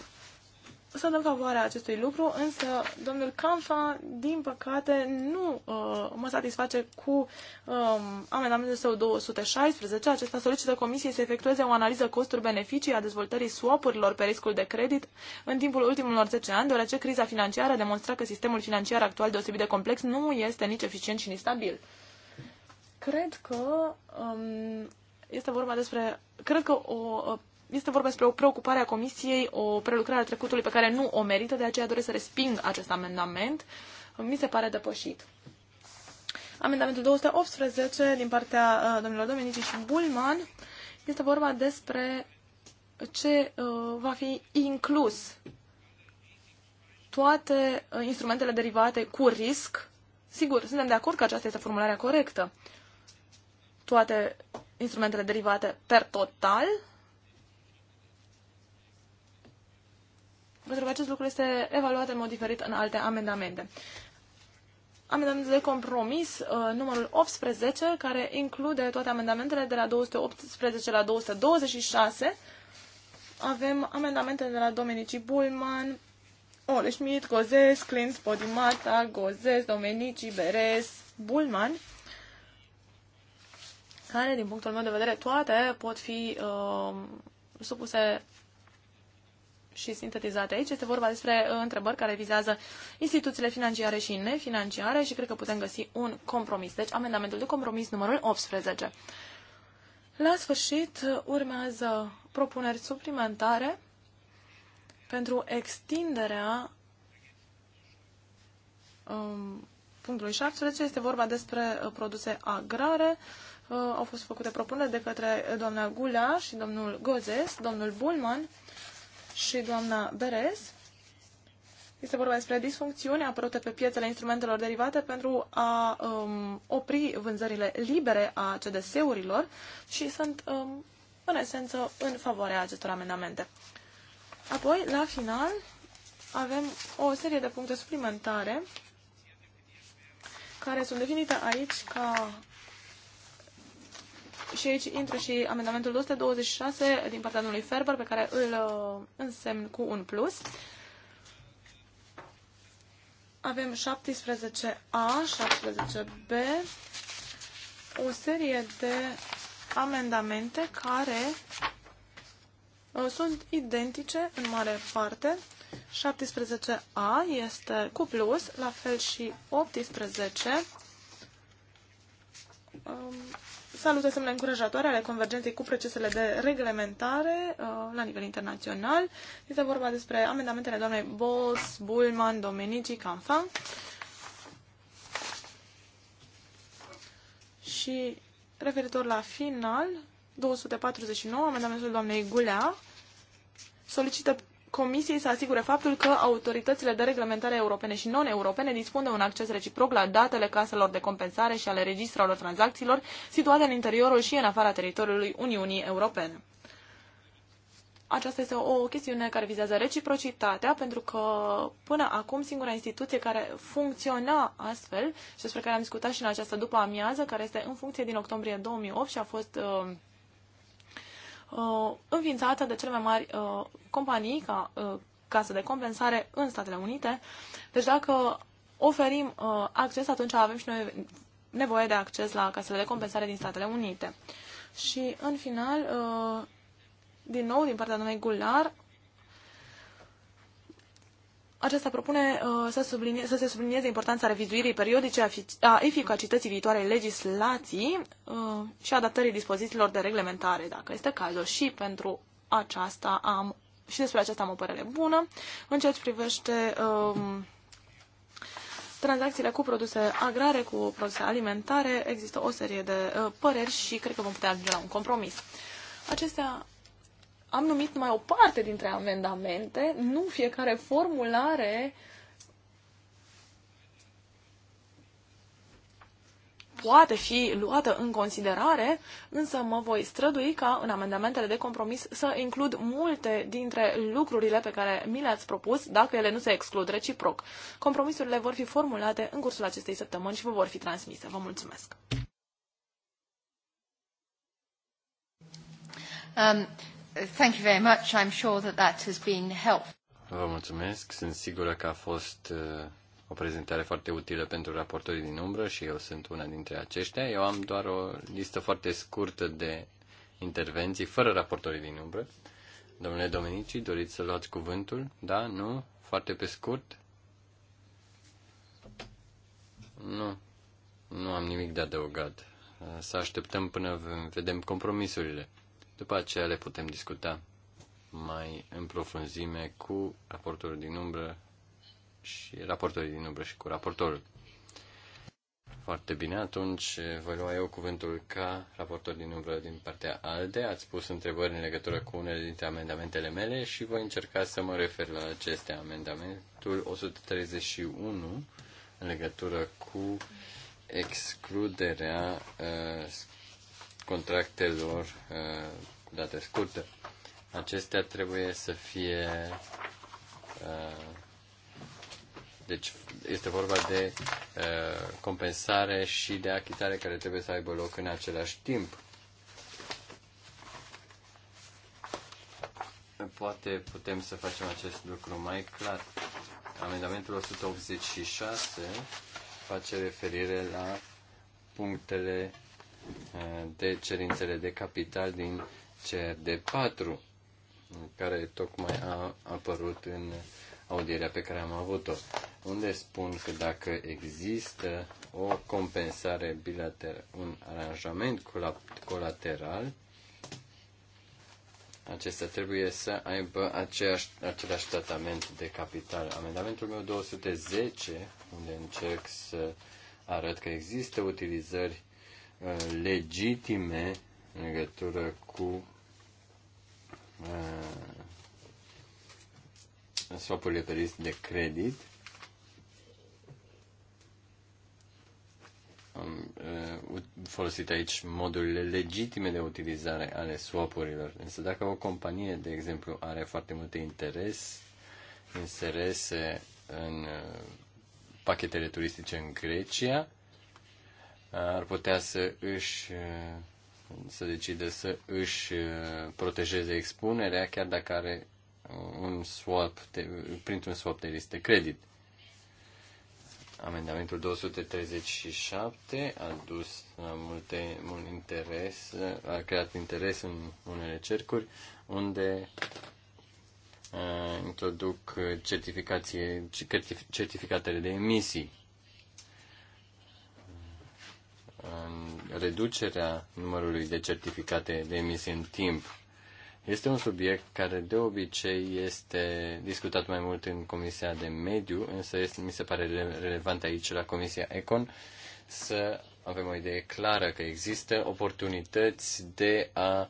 sunt în favoarea acestui lucru, însă domnul Canfa, din păcate, nu uh, mă satisface cu um, amendamentul său 216. Acesta solicită comisiei să efectueze o analiză costuri-beneficii a dezvoltării swap-urilor pe riscul de credit în timpul ultimilor 10 ani, deoarece criza financiară demonstra că sistemul financiar actual deosebit de complex nu este nici eficient și nici stabil. Cred că um, este vorba despre, cred că o uh, este vorba despre o preocupare a Comisiei, o prelucrare a trecutului pe care nu o merită, de aceea doresc să resping acest amendament. Mi se pare depășit. Amendamentul 218 din partea uh, domnilor Domenici și Bulman este vorba despre ce uh, va fi inclus toate uh, instrumentele derivate cu risc. Sigur, suntem de acord că aceasta este formularea corectă. Toate instrumentele derivate per total, pentru că acest lucru este evaluat în mod diferit în alte amendamente. Amendamentul de compromis uh, numărul 18, care include toate amendamentele de la 218 la 226. Avem amendamentele de la Domenici Bulman, Oleșmit, Gozes, Clint, Podimata, Gozes, Domenici, Beres, Bulman, care, din punctul meu de vedere, toate pot fi uh, supuse și sintetizate aici. Este vorba despre uh, întrebări care vizează instituțiile financiare și nefinanciare și cred că putem găsi un compromis. Deci, amendamentul de compromis numărul 18. La sfârșit, urmează propuneri suplimentare pentru extinderea um, punctului 17. Este vorba despre uh, produse agrare. Uh, au fost făcute propuneri de către doamna Gulea și domnul Gozes, domnul Bulman și doamna Berez. Este vorba despre disfuncțiuni apărute pe piețele instrumentelor derivate pentru a um, opri vânzările libere a CDS-urilor și sunt, um, în esență, în favoarea acestor amendamente. Apoi, la final, avem o serie de puncte suplimentare care sunt definite aici ca și aici intră și amendamentul 226 din partea domnului Ferber, pe care îl uh, însemn cu un plus. Avem 17A, 17B, o serie de amendamente care uh, sunt identice în mare parte. 17A este cu plus, la fel și 18. Salut asemenea încurajatoare ale convergenței cu procesele de reglementare uh, la nivel internațional. Este vorba despre amendamentele doamnei Bos, Bulman, Domenici, Canfan. Și referitor la final, 249, amendamentul doamnei Gulea solicită Comisiei să asigure faptul că autoritățile de reglementare europene și non-europene dispun de un acces reciproc la datele caselor de compensare și ale registrelor tranzacțiilor situate în interiorul și în afara teritoriului Uniunii Europene. Aceasta este o chestiune care vizează reciprocitatea, pentru că până acum singura instituție care funcționa astfel și despre care am discutat și în această după amiază, care este în funcție din octombrie 2008 și a fost uh, uh, înființată de cele mai mari uh, companii ca uh, casă de compensare în Statele Unite. Deci dacă oferim uh, acces, atunci avem și noi nevoie de acces la casele de compensare din Statele Unite. Și în final, uh, din nou, din partea domnului Gular, aceasta propune uh, să, sublinie, să se sublinieze importanța revizuirii periodice a, fi, a eficacității viitoarei legislații uh, și adaptării dispozițiilor de reglementare, dacă este cazul. Și pentru aceasta am și despre aceasta am o părere bună. În ceea ce privește um, tranzacțiile cu produse agrare, cu produse alimentare, există o serie de uh, păreri și cred că vom putea ajunge la un compromis. Acestea am numit numai o parte dintre amendamente, nu fiecare formulare poate fi luată în considerare, însă mă voi strădui ca în amendamentele de compromis să includ multe dintre lucrurile pe care mi le-ați propus, dacă ele nu se exclud reciproc. Compromisurile vor fi formulate în cursul acestei săptămâni și vă vor fi transmise. Vă mulțumesc! Um, Thank you very much. I'm sure that that has been helpful. Vă mulțumesc. Sunt sigură că a fost uh, o prezentare foarte utilă pentru raportorii din umbră și eu sunt una dintre aceștia. Eu am doar o listă foarte scurtă de intervenții, fără raportorii din umbră. Domnule Domenici, doriți să luați cuvântul? Da? Nu? Foarte pe scurt? Nu. Nu am nimic de adăugat. Uh, să așteptăm până vedem compromisurile. După aceea le putem discuta mai în profunzime cu raportorul din umbră și raportorii din umbră și cu raportorul. Foarte bine, atunci voi lua eu cuvântul ca raportor din umbră din partea ALDE. Ați pus întrebări în legătură cu unele dintre amendamentele mele și voi încerca să mă refer la aceste Amendamentul 131 în legătură cu excluderea uh, contractelor uh, cu date scurte, Acestea trebuie să fie. Uh, deci este vorba de uh, compensare și de achitare care trebuie să aibă loc în același timp. Poate putem să facem acest lucru mai clar. Amendamentul 186 face referire la punctele de cerințele de capital din CRD4, care tocmai a apărut în audierea pe care am avut-o, unde spun că dacă există o compensare bilaterală, un aranjament colateral, acesta trebuie să aibă aceeași, același tratament de capital. Amendamentul meu 210, unde încerc să arăt că există utilizări Uh, legitime în legătură cu uh, swapurile pe risc de credit. Am uh, folosit aici modurile legitime de utilizare ale swapurilor. Însă dacă o companie, de exemplu, are foarte multe interes, interese în pachetele turistice în Grecia, ar putea să își să decide să își protejeze expunerea chiar dacă are un swap de, printr-un swap de risc credit. Amendamentul 237 a dus la multe, mult interes, a creat interes în unele cercuri unde uh, introduc certificații, certificatele de emisii Um, reducerea numărului de certificate de emisie în timp. Este un subiect care de obicei este discutat mai mult în Comisia de Mediu, însă este, mi se pare relevant aici la Comisia Econ să avem o idee clară că există oportunități de a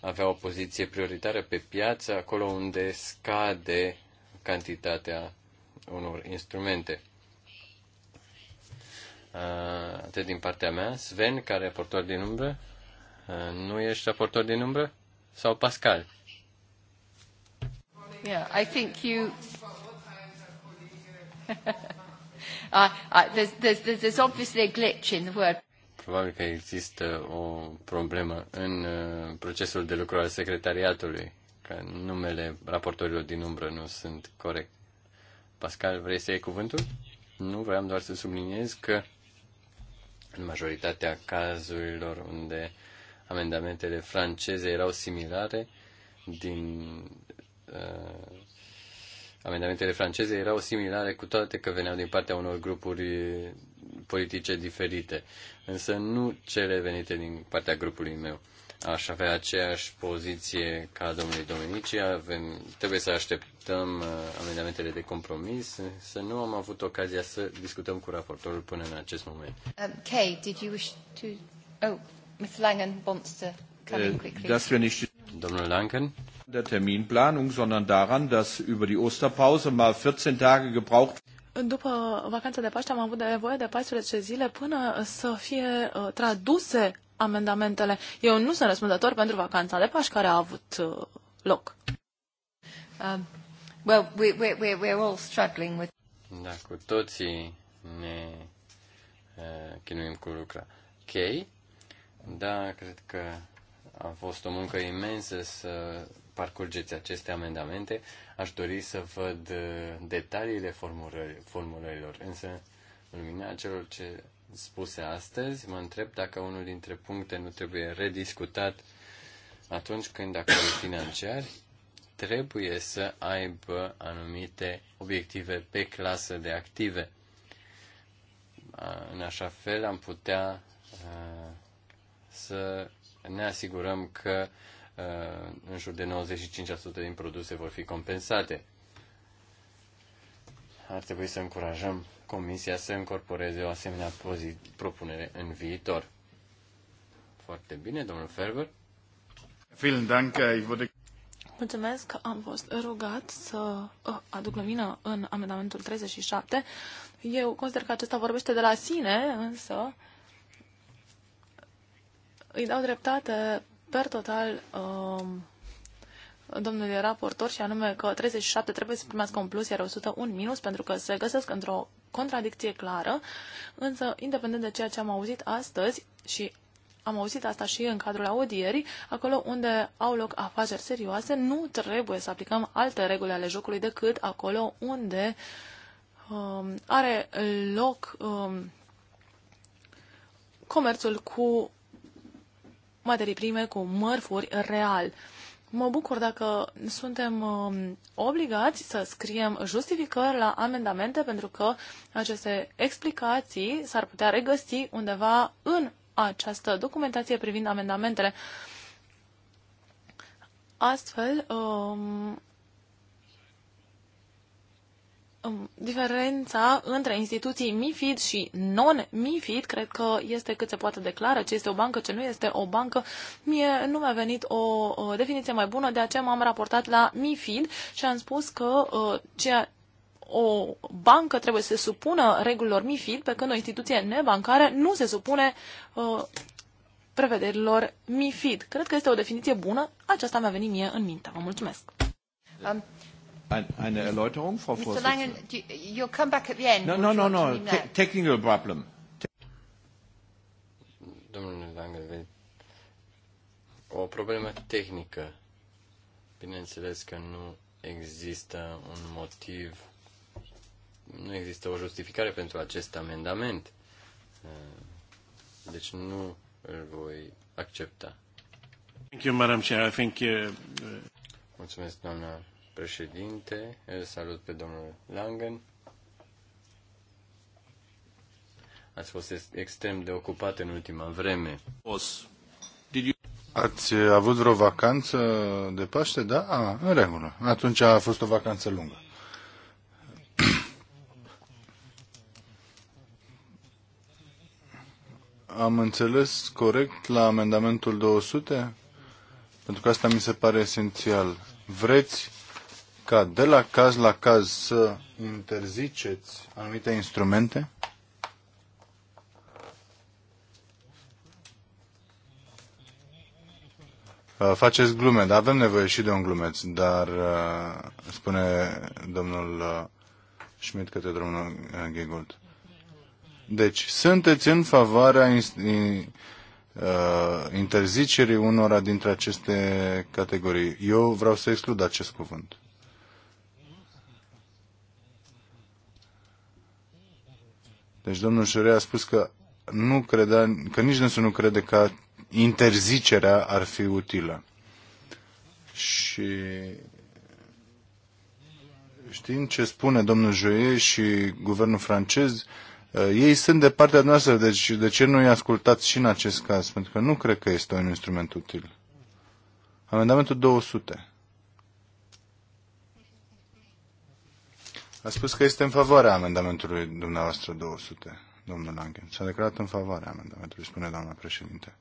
avea o poziție prioritară pe piață acolo unde scade cantitatea unor instrumente atât din partea mea. Sven, care e portor din umbră, nu ești portor din umbră? Sau Pascal? Yeah, I think you... uh, uh, there's, there's, there's obviously a glitch in the word probabil că există o problemă în uh, procesul de lucru al secretariatului, că numele raportorilor din umbră nu sunt corect. Pascal, vrei să iei cuvântul? Nu, vreau doar să subliniez că în majoritatea cazurilor unde amendamentele franceze erau similare, din uh, amendamentele franceze erau similare cu toate că veneau din partea unor grupuri politice diferite, însă nu cele venite din partea grupului meu aș avea aceeași poziție ca domnului Domenici. Avem, trebuie să așteptăm uh, amendamentele de compromis, să nu am avut ocazia să discutăm cu raportorul până în acest moment. Um, Kay, did you wish to... Oh, Mr. Langen wants to come in äh, quickly. Domnul Langen. Der Terminplanung, sondern daran, dass über die Osterpause mal 14 Tage gebraucht după vacanța de Paște am avut nevoie de 14 zile până să fie uh, traduse amendamentele. Eu nu sunt răspundător pentru vacanța de Paști care a avut uh, loc. Um, well, we, we, we, we're all struggling with... Da, cu toții ne uh, chinuim cu lucra. Ok. Da, cred că a fost o muncă imensă să parcurgeți aceste amendamente. Aș dori să văd uh, detaliile formulărilor, însă în lumina celor ce spuse astăzi. Mă întreb dacă unul dintre puncte nu trebuie rediscutat atunci când acolo financiari trebuie să aibă anumite obiective pe clasă de active. În așa fel am putea să ne asigurăm că în jur de 95% din produse vor fi compensate. Ar trebui să încurajăm Comisia să încorporeze o asemenea propunere în viitor. Foarte bine, domnul Ferber. Eh, Mulțumesc, am fost rugat să eh, aduc lumină în amendamentul 37. Eu consider că acesta vorbește de la sine, însă îi dau dreptate per total uh, domnului raportor și anume că 37 trebuie să primească un plus, iar 101 minus, pentru că se găsesc într-o contradicție clară, însă, independent de ceea ce am auzit astăzi și am auzit asta și în cadrul audierii, acolo unde au loc afaceri serioase, nu trebuie să aplicăm alte reguli ale jocului decât acolo unde um, are loc um, comerțul cu materii prime, cu mărfuri real mă bucur dacă suntem um, obligați să scriem justificări la amendamente, pentru că aceste explicații s-ar putea regăsi undeva în această documentație privind amendamentele. Astfel, um, Um, diferența între instituții MIFID și non-MIFID, cred că este cât se poate declară ce este o bancă, ce nu este o bancă. Mie nu mi-a venit o, definiție mai bună, de aceea m-am raportat la MIFID și am spus că uh, ceea o bancă trebuie să se supună regulilor MIFID, pe când o instituție nebancară nu se supune uh, prevederilor MIFID. Cred că este o definiție bună. Aceasta mi-a venit mie în minte. Vă mulțumesc! Um eine Erläuterung, Frau Mr. Langen, you, you'll come back at the end. No, no, no, no. Te technical problem. Domnule Langen, o problemă tehnică. Bineînțeles că nu există un motiv, nu există o justificare pentru acest amendament. Eh, deci nu îl voi accepta. Thank you, Madam Chair. I think, uh... uh Mulțumesc, doamna președinte, îl salut pe domnul Langen. Ați fost extrem de ocupat în ultima vreme. Ați avut vreo vacanță de Paște? Da? A, în regulă. Atunci a fost o vacanță lungă. Am înțeles corect la amendamentul 200? Pentru că asta mi se pare esențial. Vreți ca de la caz la caz să interziceți anumite instrumente? Uh, faceți glume, dar avem nevoie și de un glumeț, dar uh, spune domnul uh, Schmidt către domnul Ghegold. Deci, sunteți în favoarea interzicerii unora dintre aceste categorii. Eu vreau să exclud acest cuvânt. Deci domnul Șurea a spus că, nu credea, că nici să nu crede că interzicerea ar fi utilă. Și știm ce spune domnul Joie și guvernul francez, eh, ei sunt de partea noastră, deci de ce nu-i ascultați și în acest caz? Pentru că nu cred că este un instrument util. Amendamentul 200. A spus că este în favoarea amendamentului dumneavoastră 200, domnul Langen. S-a declarat în favoarea amendamentului, spune doamna președinte.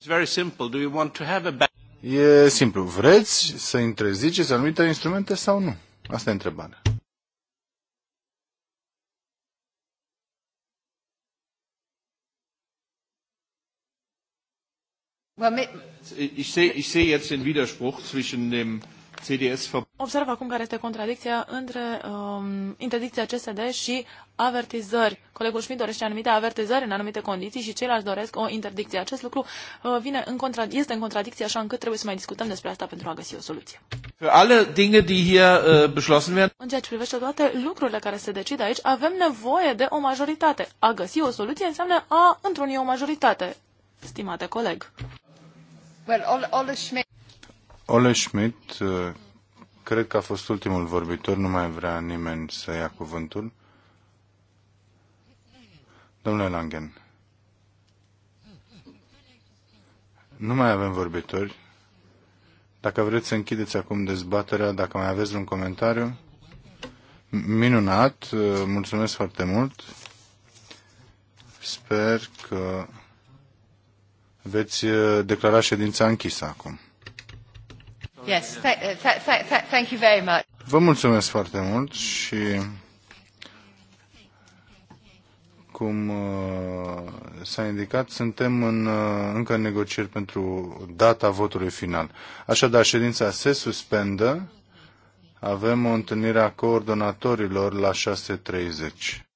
It's very simple. Do you want to have a E simplu. Vreți să interziceți anumite instrumente sau nu? Asta e întrebarea. Äh, ich sehe ich seh jetzt den Widerspruch zwischen dem Observ acum care este contradicția între um, interdicția CSD și avertizări. Colegul Schmidt dorește anumite avertizări în anumite condiții și ceilalți doresc o interdicție. Acest lucru uh, vine în contra, este în contradicție așa încât trebuie să mai discutăm despre asta pentru a găsi o soluție. Äh, în ceea ce privește toate lucrurile care se decid aici, avem nevoie de o majoritate. A găsi o soluție înseamnă a întruni o majoritate, stimate coleg. Ole Schmidt. Ole Schmidt, uh, cred că a fost ultimul vorbitor, nu mai vrea nimeni să ia cuvântul. Domnule Langen, nu mai avem vorbitori. Dacă vreți să închideți acum dezbaterea, dacă mai aveți un comentariu, minunat, uh, mulțumesc foarte mult. Sper că veți uh, declara ședința închisă acum. Yes, thank you very much. Vă mulțumesc foarte mult și cum uh, s-a indicat, suntem în, uh, încă în negocieri pentru data votului final. Așadar, ședința se suspendă. Avem o întâlnire a coordonatorilor la 6.30.